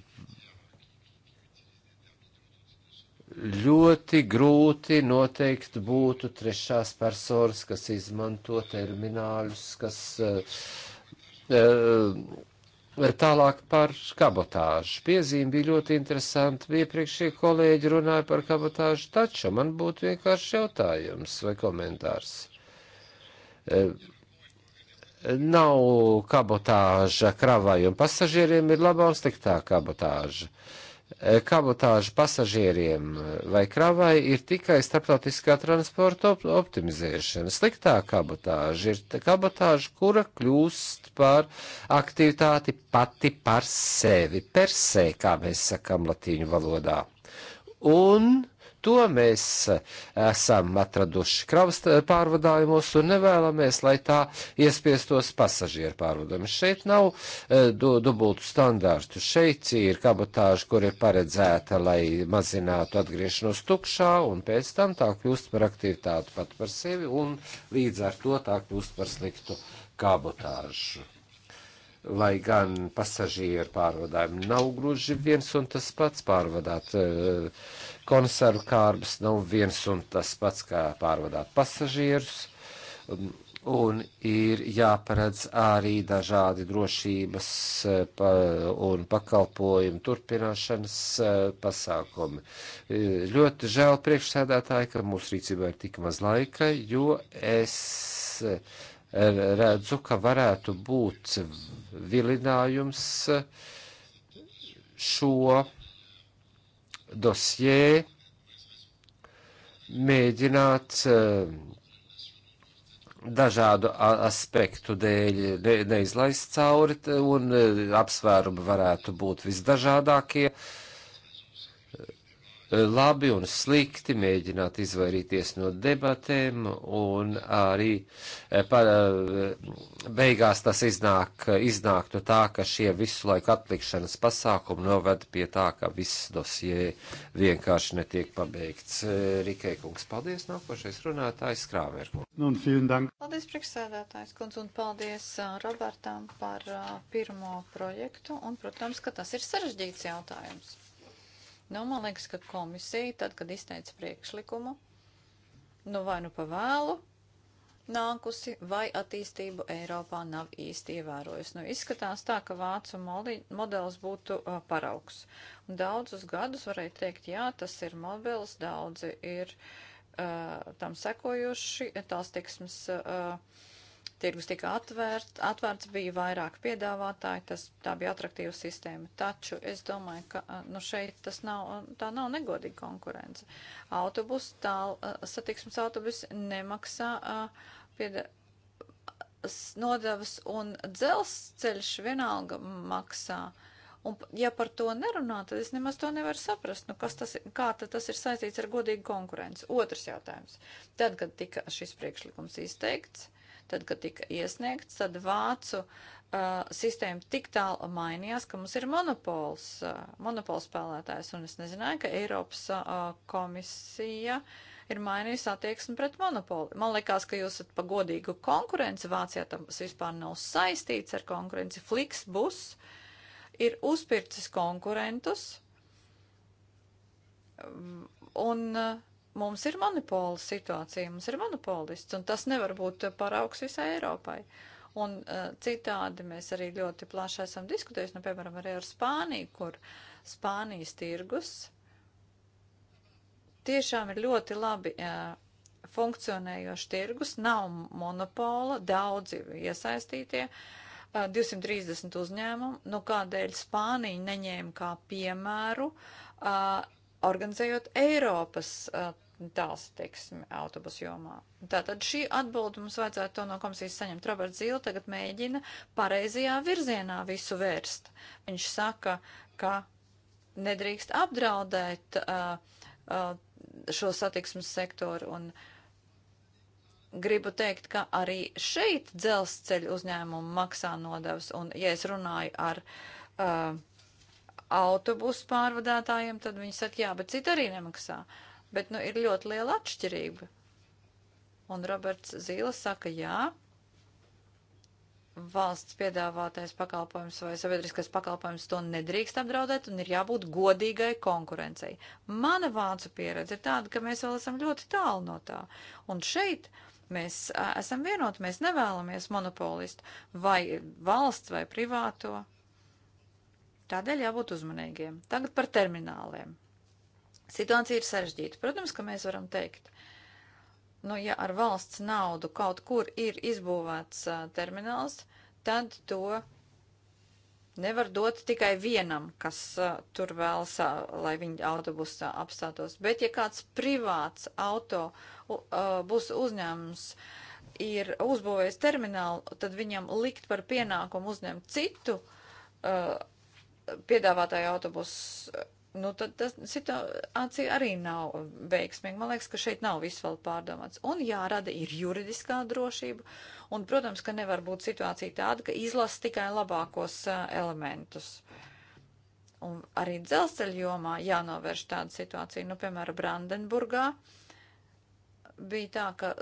ļoti grūti noteikt būtu trešās personas, kas izmanto termināļus, kas uh, uh, Tālāk par kabotāžu. Piezīme bija ļoti interesanta. Iepriekšējie kolēģi runāja par kabotāžu, taču man būtu vienkārši jautājums vai komentārs. E, nav kabotāža kravai, un pasažieriem ir labā un sliktā kabotāža. E, kabotāžu pasažieriem vai kravai ir tikai starptautiskā transporta op optimizēšana. Sliktā kabotāža ir kabotāža, kura kļūst par aktivitāti pati par sevi, per se, kā mēs sakam latīņu valodā. Un To mēs eh, esam atraduši kravas eh, pārvadājumos un nevēlamies, lai tā iespiestos pasažieru pārvadājumus. Šeit nav eh, du, dubultu standārtu. Šeit ir kabotāža, kur ir paredzēta, lai mazinātu atgriešanos tukšā un pēc tam tā kļūst par aktivitāti pat par sevi un līdz ar to tā kļūst par sliktu kabotāžu lai gan pasažieru pārvadājumi nav gluži viens un tas pats pārvadāt konservu kārbas nav viens un tas pats, kā pārvadāt pasažierus. Um, un ir jāparedz arī dažādi drošības eh, un pakalpojumu turpināšanas eh, pasākumi. Eh, ļoti žēl priekšsēdētāji, ka mūsu rīcībā ir tik maz laika, jo es redzu, ka varētu būt vilinājums šo dosjē mēģināt eh, dažādu aspektu dēļ neizlaist cauri, un eh, apsvērumi varētu būt visdažādākie. Uh, labi un slikti, mēģināt izvairīties no debatēm, un arī eh, pa, eh, beigās tas iznāk, iznāk no tā, ka šie visu laiku atlikšanas pasākumi noved pie tā, ka viss dosie vienkārši netiek pabeigts. Eh, Rikai kungs, paldies, nākošais runātājs Krāmērkungs. Nu, paldies, priekšsēdētājs kungs, un paldies Robertam par pirmo projektu, un, protams, ka tas ir sarežģīts jautājums. Nu, man liekas, ka komisija, tad, kad izteica priekšlikumu, nu vai nu pa vēlu nākusi, vai attīstību Eiropā nav īsti ievērojusi. Nu, izskatās tā, ka vācu modelis būtu uh, paraugs. Un daudzus gadus varēja teikt, jā, tas ir modelis, daudzi ir uh, tam sekojuši, tās tiksmes. Uh, tirgus tika atvērt, atvērts, bija vairāk piedāvātāji, tas, tā bija atraktīva sistēma. Taču es domāju, ka nu šeit tas nav, tā nav negodīga konkurence. Autobus, tāl, satiksmes autobus nemaksā pieda, nodevas un dzelzceļš vienalga maksā. Un, ja par to nerunā, tad es nemaz to nevaru saprast, nu, kas tas, kā tas ir saistīts ar godīgu konkurenci. Otrs jautājums. Tad, kad tika šis priekšlikums izteikts, Tad, kad tika iesniegts, tad vācu uh, sistēma tik tālu mainījās, ka mums ir monopols, uh, monopols spēlētājs, un es nezināju, ka Eiropas uh, komisija ir mainījusi attieksmi pret monopoli. Man liekas, ka jūs esat pa godīgu konkurenci, Vācijā tam vispār nav saistīts ar konkurenci. Flixbus ir uzpircis konkurentus, un uh, Mums ir monopola situācija, mums ir monopolists, un tas nevar būt paraugs visai Eiropai. Un uh, citādi mēs arī ļoti plaši esam diskutējuši, nu, piemēram, arī ar Spāniju, kur Spānijas tirgus tiešām ir ļoti labi uh, funkcionējošs tirgus, nav monopola, daudzi iesaistītie, uh, eh, 230 uzņēmumu, nu kādēļ Spānija neņēma kā piemēru, uh, organizējot Eiropas uh, tālsatiksmi autobusu jomā. Tātad šī atbilda mums vajadzētu to no komisijas saņemt. Roberts Zīle tagad mēģina pareizajā virzienā visu vērst. Viņš saka, ka nedrīkst apdraudēt uh, uh, šo satiksmes sektoru un gribu teikt, ka arī šeit dzelzceļa uzņēmumu maksā nodevs. Un ja es runāju ar uh, autobusu pārvadātājiem, tad viņi saka, jā, bet citi arī nemaksā. Uh, Bet, nu, ir ļoti liela atšķirība. Un Roberts Zīle saka, jā, valsts piedāvātais pakalpojums vai sabiedriskais pakalpojums to nedrīkst apdraudēt un ir jābūt godīgai konkurencei. Mana vācu pieredze ir tāda, ka mēs vēl esam ļoti tālu no tā. Un šeit mēs a, esam vienoti, mēs nevēlamies monopolistu vai valsts vai privāto. Tādēļ jābūt uzmanīgiem. Tagad par termināliem. Situācija ir sarežģīta. Protams, ka mēs varam teikt, nu, ja ar valsts naudu kaut kur ir izbūvēts uh, termināls, tad to nevar dot tikai vienam, kas uh, tur vēlas, uh, lai viņa autobusā apstātos. Bet, ja kāds privāts auto uh, būs uzņēmums, ir uzbūvējis terminālu, tad viņam likt par pienākumu uzņemt citu uh, piedāvātāju autobusu nu, tad tas situācija arī nav veiksmīga. Man liekas, ka šeit nav viss vēl pārdomāts. Un jārada ir juridiskā drošība. Un, protams, ka nevar būt situācija tāda, ka izlasa tikai labākos uh, elementus. Un arī dzelzceļa jomā jānovērš tāda situācija. Nu, piemēram, Brandenburgā bija tā, ka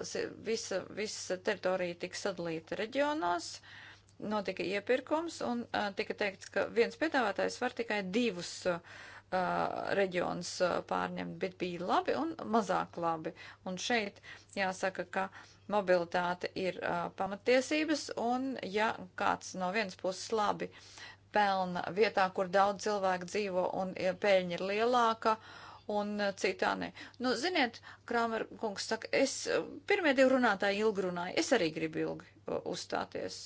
visa, visa teritorija tika sadalīta reģionos. Notika iepirkums un uh, tika teikts, ka viens piedāvātājs var tikai divus uh, reģionus pārņemt, bet bija labi un mazāk labi. Un šeit jāsaka, ka mobilitāte ir pamatiesības, un ja kāds no vienas puses labi pelna vietā, kur daudz cilvēku dzīvo un pēļņa ir lielāka, un citā nē. Nu, ziniet, Krāmer kungs saka, es pirmie divi runātāji ilgi runāju, es arī gribu ilgi uzstāties.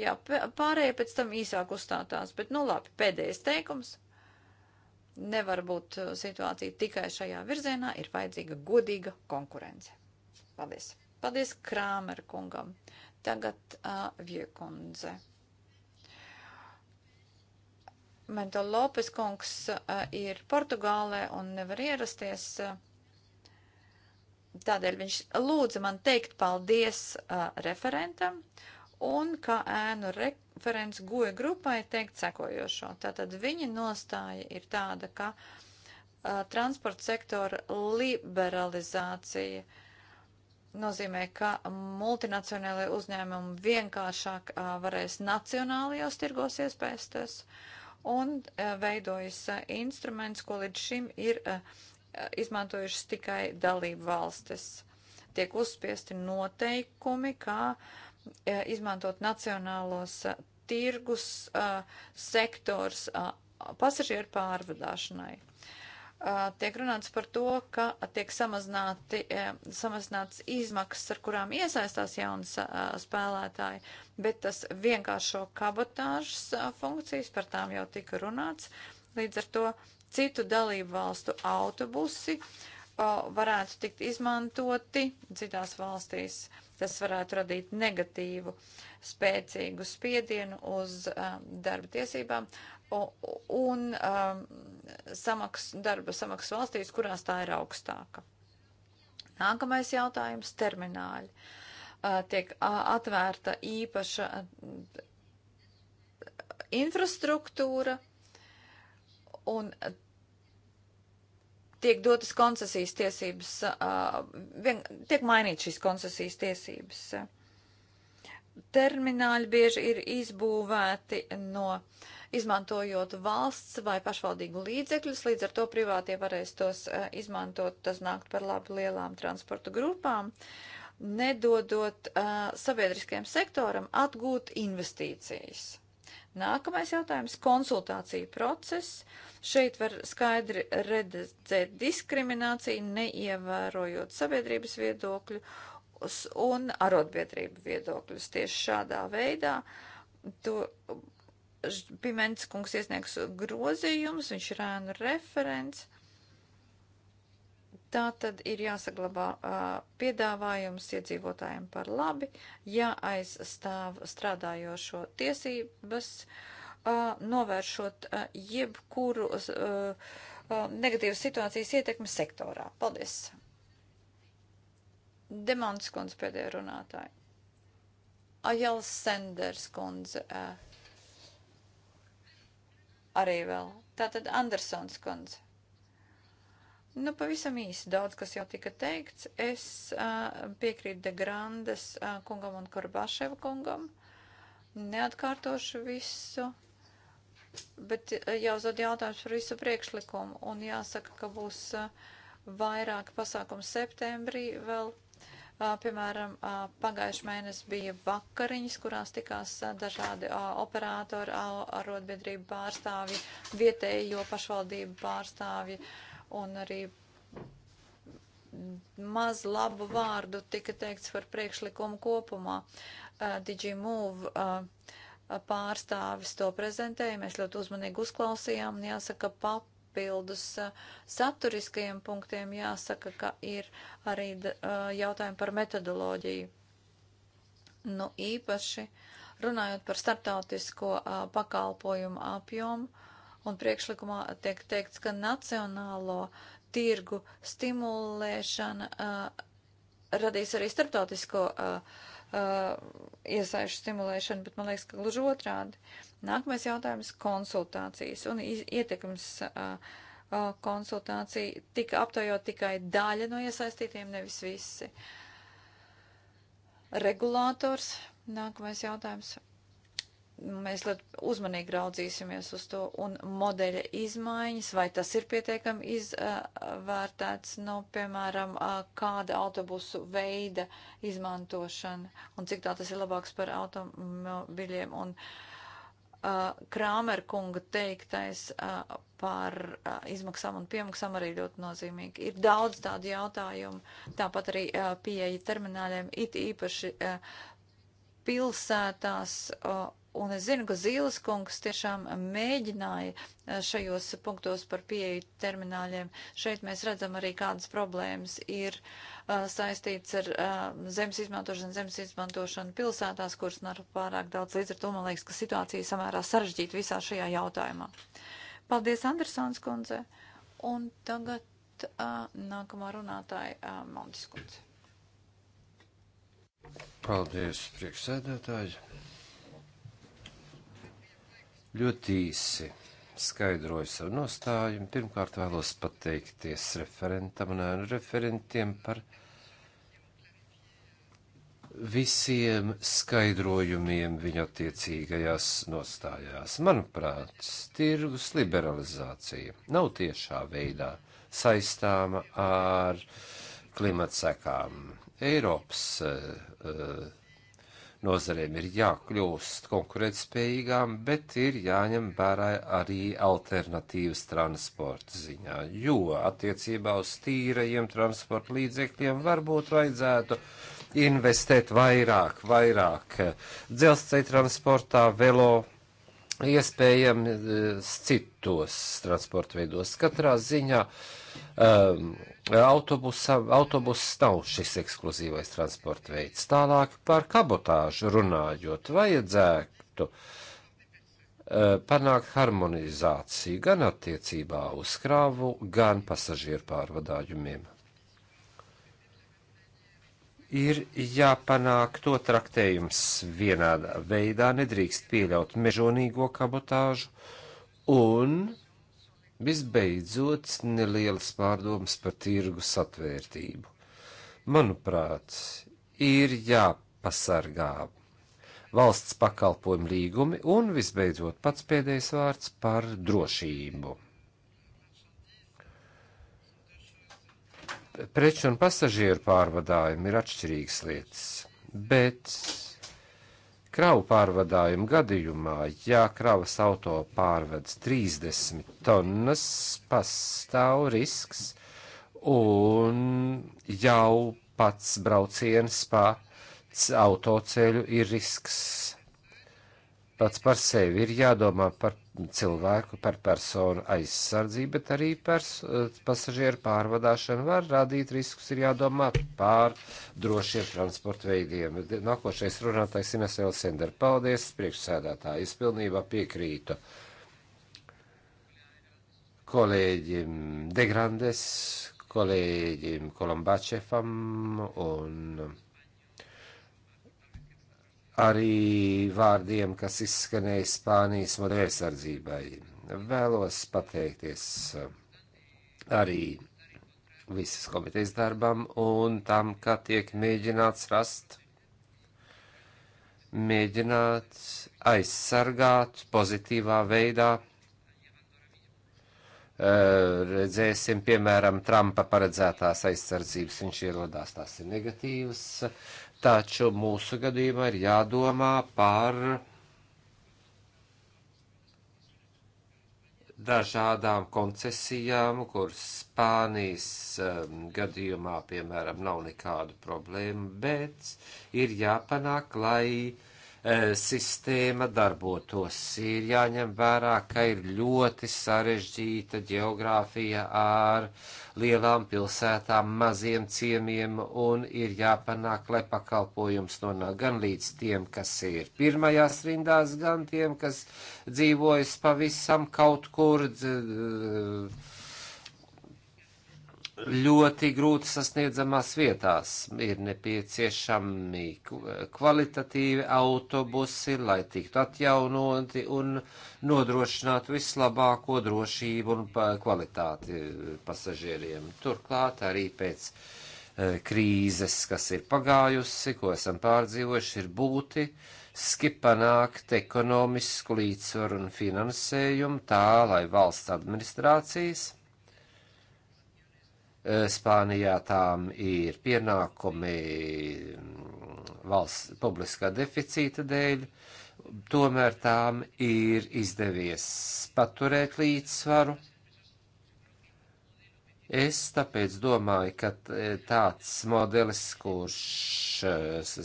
Jā, pārējie pēc tam īsāk uzstātās, bet nu labi, pēdējais teikums. Nevar būt uh, situācija tikai šajā virzienā, ir vajadzīga godīga konkurence. Paldies! Paldies Krāmer kungam! Tagad uh, Viekundze. Mento Lopes kungs uh, ir Portugālē un nevar ierasties. Uh, Tādēļ viņš lūdza man teikt paldies uh, referentam un kā ēnu rekomendāciju referents goja grupai teikt sekojošo. Tātad viņa nostāja ir tāda, ka uh, transporta sektora liberalizācija nozīmē, ka multinacionālajie uzņēmumi vienkāršāk uh, varēs nacionālajos tirgos iespēsties un uh, veidojas uh, instruments, ko līdz šim ir uh, izmantojušas tikai dalību valstis. Tiek uzspiesti noteikumi, kā uh, izmantot nacionālos tirgus sektors pasažieru pārvadāšanai tiek runāts par to, ka tiek samazināti, samazināts izmaksas, ar kurām iesaistās jaunas spēlētāji, bet tas vienkāršo kabotāžas funkcijas, par tām jau tika runāts. Līdz ar to citu dalību valstu autobusi varētu tikt izmantoti citās valstīs Tas varētu radīt negatīvu, spēcīgu spiedienu uz uh, darba tiesībām un uh, samaks, darba samaksas valstīs, kurās tā ir augstāka. Nākamais jautājums - termināļi. Uh, tiek uh, atvērta īpaša uh, infrastruktūra un tiek dotas koncesijas tiesības, vien, tiek mainīt šīs koncesijas tiesības. Termināļi bieži ir izbūvēti no izmantojot valsts vai pašvaldību līdzekļus, līdz ar to privātie varēs tos izmantot, tas nākt par labu lielām transporta grupām, nedodot uh, sabiedriskajam sektoram atgūt investīcijas. Nākamais jautājums - konsultācija process Šeit var skaidri redzēt diskrimināciju, neievērojot sabiedrības viedokļu un arotbiedrību viedokļus. Tieši šādā veidā to Piments kungs iesniegs grozījums, viņš ir ēnu referents. Tā tad ir jāsaglabā uh, piedāvājums iedzīvotājiem par labi, jāaizstāv strādājošo tiesības. Uh, novēršot jebkuru negatīvas situācijas ietekmi sektorā. Paldies! Demants kundze pēdējā runātāja. Ajels Senders kundze arī vēl. Tātad Andersons kundze. Nu, pavisam īsi daudz, kas jau tika teikts. Es uh, piekrītu De Grandes uh, kungam un Korbaševa kungam. Neatkārtošu visu bet eh, jāuzdod jautājums par visu priekšlikumu. Un jāsaka, ka būs eh, vairāk pasākumu septembrī vēl. Piemēram, pagājuši mēnesi bija vakariņas, kurās tikās dažādi operātori, arotbiedrību pārstāvji, vietējo pašvaldību pārstāvji un arī maz labu vārdu tika teikts par priekšlikumu kopumā. Uh, DigiMove uh, pārstāvis to prezentēja, mēs ļoti uzmanīgi uzklausījām, un jāsaka, papildus uh, saturiskajiem punktiem jāsaka, ka ir arī uh, jautājumi par metodoloģiju. Nu, īpaši runājot par startautisko uh, pakalpojumu apjomu, un priekšlikumā tiek teikts, ka nacionālo tirgu stimulēšana a, radīs arī starptautisko uh, uh, iesaišu stimulēšanu, bet man liekas, ka gluži otrādi. Nākamais jautājums - konsultācijas un ietekmes uh, uh, konsultācija. Tika aptaujot tikai daļa no iesaistītiem, nevis visi. Regulators. Nākamais jautājums mēs ļoti uzmanīgi raudzīsimies uz to un modeļa izmaiņas, vai tas ir pietiekami izvērtēts, nu, piemēram, kāda autobusu veida izmantošana un cik tā tas ir labāks par automobiļiem un Krāmer kunga teiktais par izmaksām un piemaksām arī ļoti nozīmīgi. Ir daudz tādu jautājumu, tāpat arī pieeja termināļiem, it īpaši pilsētās Un es zinu, ka Zīles kungs tiešām mēģināja eh, šajos punktos par pieeju termināļiem. Šeit mēs redzam arī, kādas problēmas ir uh, saistīts ar uh, zemes izmantošanu, zemes izmantošanu pilsētās, kuras nav pārāk daudz. Līdz ar to man liekas, ka situācija samērā sarežģīta visā šajā jautājumā. Paldies, Andersons kundze. Un tagad uh, nākamā runātāja uh, Maldis kundze. Paldies, priekšsēdētāji. Ļoti īsi skaidroju savu nostāju. Pirmkārt, vēlos pateikties referentam un referentiem par visiem skaidrojumiem viņa attiecīgajās nostājās. Manuprāt, tirgus liberalizācija nav tiešā veidā saistāma ar klimatsekām. Eiropas uh, nozarēm ir jākļūst konkurētspējīgām, bet ir jāņem vērā arī alternatīvas transporta ziņā, jo attiecībā uz tīrajiem transporta līdzekļiem varbūt vajadzētu investēt vairāk, vairāk dzelzceļa transportā, velo iespējams eh, citos transporta veidos. Katrā ziņā um, autobusa, autobuss nav šis ekskluzīvais transporta veids. Tālāk par kabotāžu runājot, vajadzētu e, panākt harmonizāciju gan attiecībā uz kravu, gan pasažieru pārvadājumiem. Ir jāpanāk to traktējums vienādā veidā, nedrīkst pieļaut mežonīgo kabotāžu un Visbeidzot, nelielas pārdomas par tirgu satvērtību. Manuprāt, ir jāpasargā valsts pakalpojumu līgumi un, visbeidzot, pats pēdējais vārds par drošību. Preču un pasažieru pārvadājumi ir atšķirīgas lietas, bet Kravu pārvadājumu gadījumā, ja kravas auto pārvedas 30 tonnas, pastāv risks, un jau pats brauciens pa autoceļu ir risks pats par sevi ir jādomā par cilvēku, par personu aizsardzību, bet arī pers eh, pasažieru pārvadāšana var radīt riskus, ir jādomā pār drošiem transporta veidiem. Nākošais runātājs Ines Elsender. Paldies, priekšsēdētāji, es pilnībā piekrītu kolēģim Degrandes, kolēģim Kolombačefam un arī vārdiem, kas izskanēja Spānijas modēsardzībai. Vēlos pateikties eh, arī visas komitejas darbam un tam, kā tiek mēģināts rast, mēģināt aizsargāt pozitīvā veidā. Eh, redzēsim, piemēram, Trumpa paredzētās aizsardzības, viņš ierodās, tās ir negatīvas taču mūsu gadījumā ir jādomā par dažādām koncesijām, kur Spānijas um, gadījumā, piemēram, nav nekādu problēmu, bet ir jāpanāk, lai uh, E, sistēma darbotos. Ir jāņem vērā, ka ir ļoti sarežģīta geogrāfija ar lielām pilsētām, maziem ciemiem, un ir jāpanāk, lai pakalpojums nonāk gan līdz tiem, kas ir pirmajās rindās, gan tiem, kas dzīvojas pavisam kaut kur. Dz, ļoti grūti sasniedzamās vietās. Ir nepieciešami kvalitatīvi autobusi, lai tiktu atjaunoti un nodrošinātu vislabāko drošību un kvalitāti pasažieriem. Turklāt arī pēc e, krīzes, kas ir pagājusi, ko esam pārdzīvojuši, ir būti skipanākt ekonomisku līdzsvaru un finansējumu tā, lai valsts administrācijas Spānijā tām ir pienākumi mm, valsts publiskā deficīta dēļ, tomēr tām ir izdevies paturēt līdzsvaru. Es tāpēc domāju, ka tāds modelis, kurš e,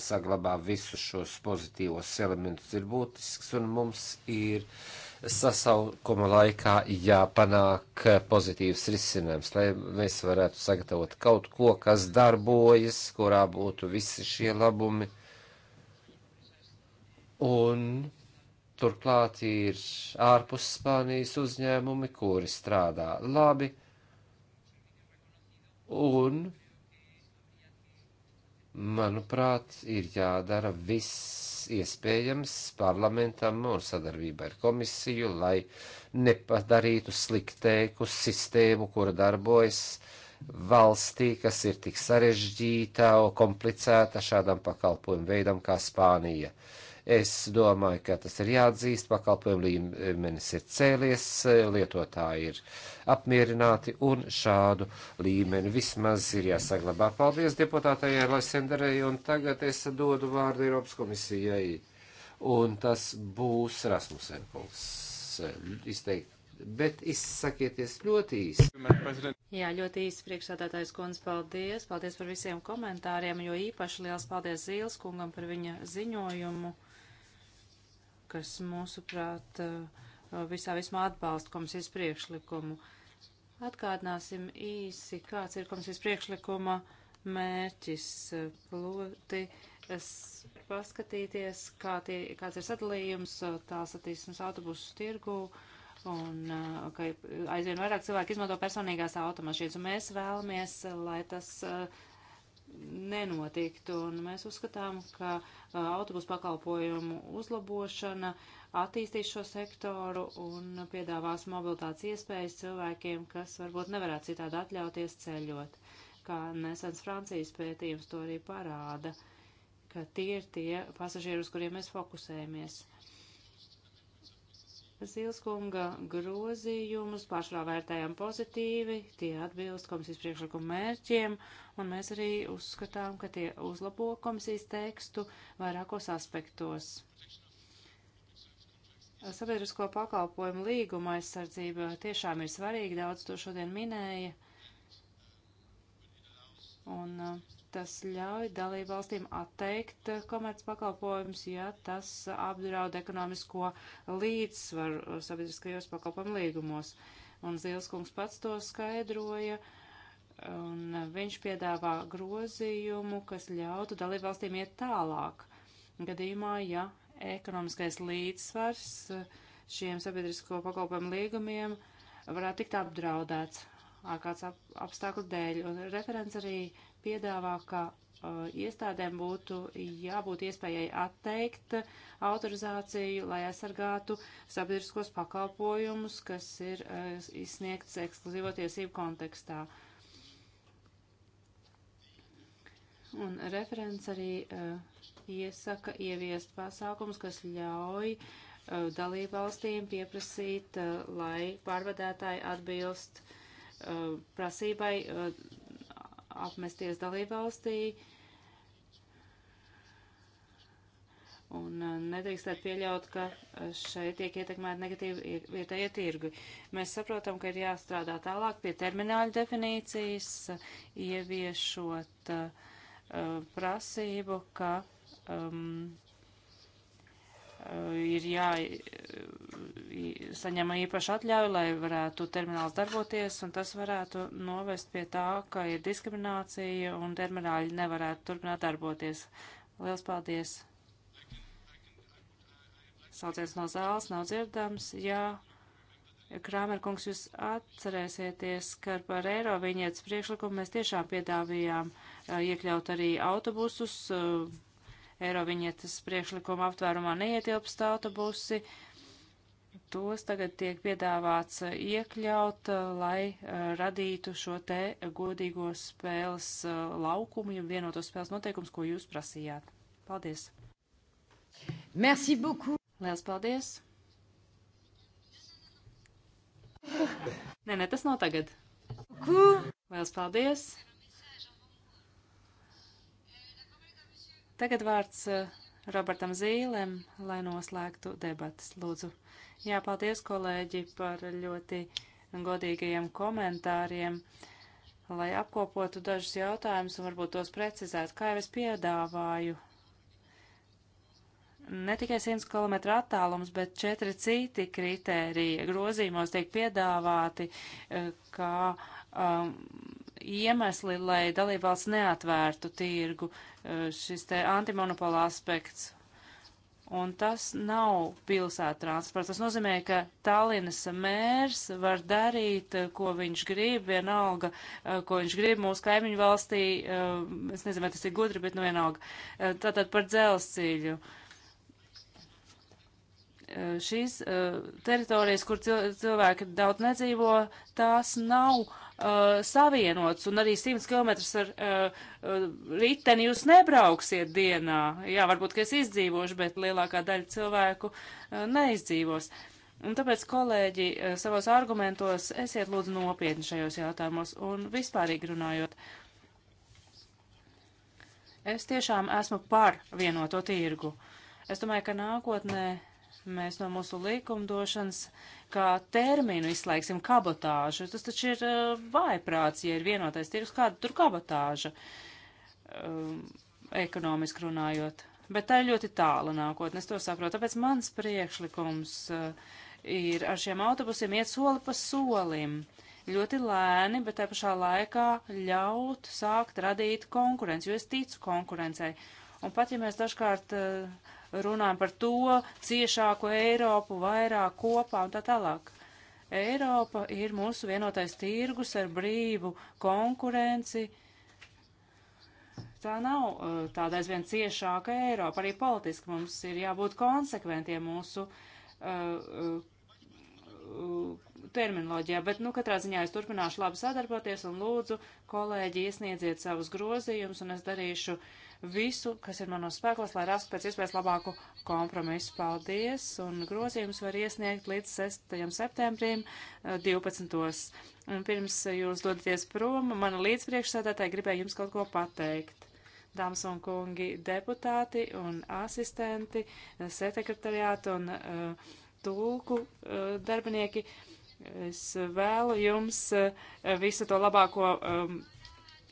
saglabā visus šos pozitīvos elementus, ir būtisks un mums ir uh, sasaukuma laikā jāpanāk pozitīvs risinājums, lai mēs varētu sagatavot kaut ko, kas darbojas, kurā būtu visi šie labumi. Un turklāt ir ārpus Spānijas uzņēmumi, kuri strādā labi. Un, manuprāt, ir jādara viss iespējams parlamentam un sadarbībā ar komisiju, lai nepadarītu sliktēku sistēmu, kura darbojas valstī, kas ir tik sarežģīta un komplicēta šādam pakalpojumu veidam kā Spānija. Uh, Es domāju, ka tas ir jāatzīst, pakalpojumu līmenis ir cēlies, lietotāji ir apmierināti un šādu līmeni vismaz ir jāsaglabā. Paldies deputātajai Laisenderei un tagad es dodu vārdu Eiropas komisijai. Un tas būs Rasmusen kungs izteikt. Bet izsakieties ļoti īsi. Jā, ļoti īsi priekšsādātājs kundze, paldies. Paldies par visiem komentāriem, jo īpaši liels paldies Zīles kungam par viņa ziņojumu kas, mūsuprāt, eh, visā vismā atbalsta komisijas priekšlikumu. Atgādināsim īsi, kāds ir komisijas priekšlikuma mērķis, ploti paskatīties, kā tie, kāds ir sadalījums tās attīstības autobusu tirgū un eh, ka aizvien vairāk cilvēki izmanto personīgās automašīnas, un mēs vēlamies, lai tas uh, nenotiktu. Un mēs uzskatām, ka uh, autobusu pakalpojumu uzlabošana attīstīs šo sektoru un piedāvās mobilitātes iespējas cilvēkiem, kas varbūt nevarētu citādi atļauties ceļot. Kā nesens Francijas pētījums to arī parāda, ka tie ir tie pasažieri, uz kuriem mēs fokusējamies. Zilskunga grozījumus pašā vērtējam pozitīvi, tie atbilst komisijas priekšlikuma mērķiem, un mēs arī uzskatām, ka tie uzlabo komisijas tekstu vairākos aspektos. Sabiedrisko pakalpojumu līguma aizsardzība tiešām ir svarīga, daudz to šodien minēja. Un uh, Tas ļauj dalībvalstīm atteikt eh, komerc pakalpojumus, ja tas apdraud ekonomisko līdzsvaru sabiedriskajos pakalpojumu līgumos. Un Zilskungs pats to skaidroja. Un viņš piedāvā grozījumu, kas ļautu dalībvalstīm iet tālāk. Gadījumā, ja ekonomiskais līdzsvars eh, šiem sabiedrisko pakalpojumu līgumiem varētu tikt apdraudēts ārkārtas ap, apstākļu dēļ. Un referents arī piedāvā, ka uh, iestādēm būtu jābūt iespējai atteikt autorizāciju, lai aizsargātu sabiedriskos pakalpojumus, kas ir uh, izsniegts ekskluzīvo tiesību kontekstā. Un referents arī uh, iesaka ieviest pasākums, kas ļauj uh, dalībvalstīm pieprasīt, uh, lai pārvadētāji atbilst uh, prasībai apmesties dalībvalstī. Un eh, nedrīkstētu pieļaut, ka eh, šeit tiek ietekmēta negatīvi vietējie tirgi. Mēs saprotam, ka ir jāstrādā tālāk pie termināļu definīcijas, eh, ieviešot uh, prasību, ka um, ir jā, saņem īpaši atļauju, lai varētu termināls darboties, un tas varētu novest pie tā, ka ir diskriminācija un termināļi nevarētu turpināt darboties. Liels paldies! Saucies no zāles, nav dzirdams, jā. Krāmer kungs, jūs atcerēsieties, ka par eiro viņietas priekšlikumu mēs tiešām piedāvījām iekļaut arī autobusus, Eiroviņietas priekšlikuma aptvērumā neietilpst autobusi. Tos tagad tiek piedāvāts iekļaut, eh, lai eh, radītu šo te godīgo spēles eh, laukumu, jau vienoto spēles noteikums, ko jūs prasījāt. Paldies! Merci beaucoup! Liels paldies! Nē, nē, tas nav tagad. Liels paldies! Tagad vārds eh, Robertam Zīlēm, lai noslēgtu debatas. Lūdzu. Jā, paldies, kolēģi, par ļoti godīgajiem komentāriem, lai apkopotu dažus jautājumus un varbūt tos precizētu. Kā jau es piedāvāju, ne tikai 100 km attālums, bet četri citi kritēriji grozījumos tiek piedāvāti, eh, kā um, iemesli, lai dalībvalsts neatvērtu tirgu, e, šis te antimonopola aspekts. Un tas nav pilsēta transports. Tas nozīmē, ka Tallinas mērs var darīt, e, ko viņš grib, vienalga, e, ko viņš grib mūsu kaimiņu valstī. Es nezinu, vai tas ir gudri, bet nu vienalga. Tātad par dzelzceļu šīs uh, teritorijas, kur cilvēki daudz nedzīvo, tās nav uh, savienots, un arī 100 km ar uh, uh, riteni jūs nebrauksiet dienā. Jā, varbūt, ka es izdzīvošu, bet lielākā daļa cilvēku uh, neizdzīvos. Un tāpēc, kolēģi, uh, savos argumentos esiet lūdzu nopietni šajos jautājumos un vispārīgi runājot. Es tiešām esmu par vienoto tirgu. Es domāju, ka nākotnē mēs no mūsu likumdošanas kā terminu izslēgsim kabotāžu. Tas taču ir uh, vājprāts, ja ir vienotais tirgus, kāda tur kabotāža, um, ekonomiski runājot. Bet tā ir ļoti tāla nākotne, es to saprotu. Tāpēc mans priekšlikums uh, ir ar šiem autobusiem iet soli pa solim. Ļoti lēni, bet te pašā laikā ļaut sākt radīt konkurenci, jo es ticu konkurencei. Un pat ja mēs dažkārt uh, runājam par to ciešāku Eiropu, vairāk kopā un tā tālāk. Eiropa ir mūsu vienotais tirgus ar brīvu konkurenci. Tā nav eh, tāda aizvien ciešāka Eiropa. Arī politiski mums ir jābūt konsekventiem mūsu uh, uh, terminoloģijā, bet, nu, katrā ziņā es turpināšu labi sadarboties un lūdzu, kolēģi, iesniedziet savus grozījumus un es darīšu uh, visu, kas ir manos spēkos, lai rastu pēc iespējas labāku kompromisu. Paldies! Un grozījums var iesniegt līdz 6. septembrim 12. Eh, un pirms jūs dodaties prom, mana līdzpriekšsēdētāja gribēja jums kaut ko pateikt. Dāmas un kungi, deputāti un asistenti, eh, sekretariāti un uh, tulku uh, darbinieki, es vēlu jums uh, visu to labāko. Um,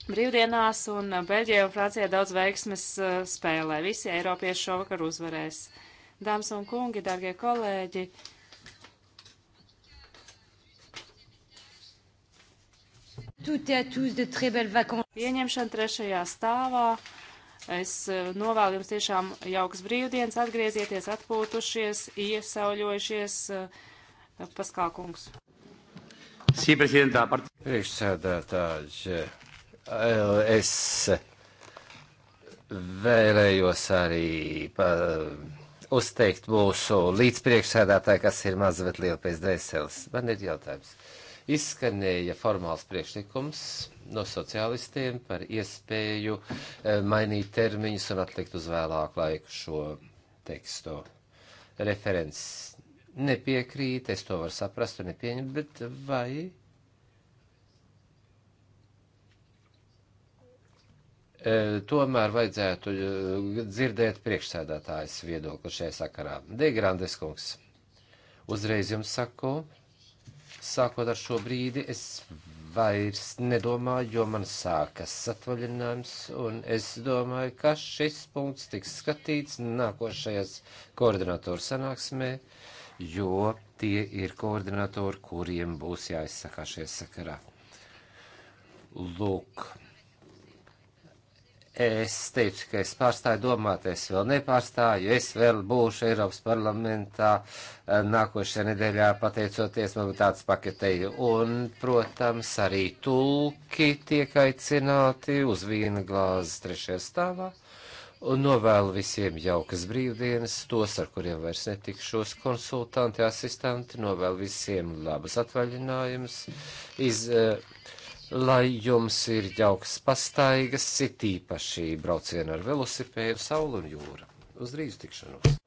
brīvdienās, un Beļģijā un Francijā daudz veiksmes uh, spēlē. Visi Eiropieši šovakar uzvarēs. Dāmas un kungi, dārgie kolēģi! Ieņemšana trešajā stāvā. Es uh, novēlu jums tiešām jauks brīvdienas, atgriezieties, atpūtušies, iesauļojušies. Uh, Paskākungs. Sī, prezidentā, partijas priekšsēdētāji es vēlējos arī pa, uzteikt mūsu līdzpriekšsēdētāju, kas ir mazliet lielais dvēseles. Man ir jautājums. Izskanēja formāls priekšlikums no sociālistiem par iespēju eh, mainīt termiņus un atlikt uz vēlāku laiku šo tekstu. Referents nepiekrīt, es to varu saprast un nepieņemt, bet vai E, tomēr vajadzētu e, dzirdēt priekšsēdētājas viedokli šajā sakarā. Degrandes kungs, uzreiz jums saku, sākot ar šo brīdi, es vairs nedomāju, jo man sākas atvaļinājums, un es domāju, ka šis punkts tiks skatīts nākošajās koordinatoru sanāksmē, jo tie ir koordinatori, kuriem būs jāizsaka šajā sakarā. Lūk. Es teicu, ka es pārstāju domāt, es vēl nepārstāju, es vēl būšu Eiropas parlamentā eh, nākošajā nedēļā, pateicoties mobilitātes paketei. Un, protams, arī tulki tiek aicināti uz vīna glāzes trešajā stāvā. Un novēlu visiem jaukas brīvdienas, tos, ar kuriem vairs netikšos konsultanti, asistenti, novēlu visiem labas atvaļinājumus. Iz, uh, lai jums ir jauks pastaigas, it īpaši brauciena ar velosipēdu, saulu un jūra. Uz drīz tikšanos!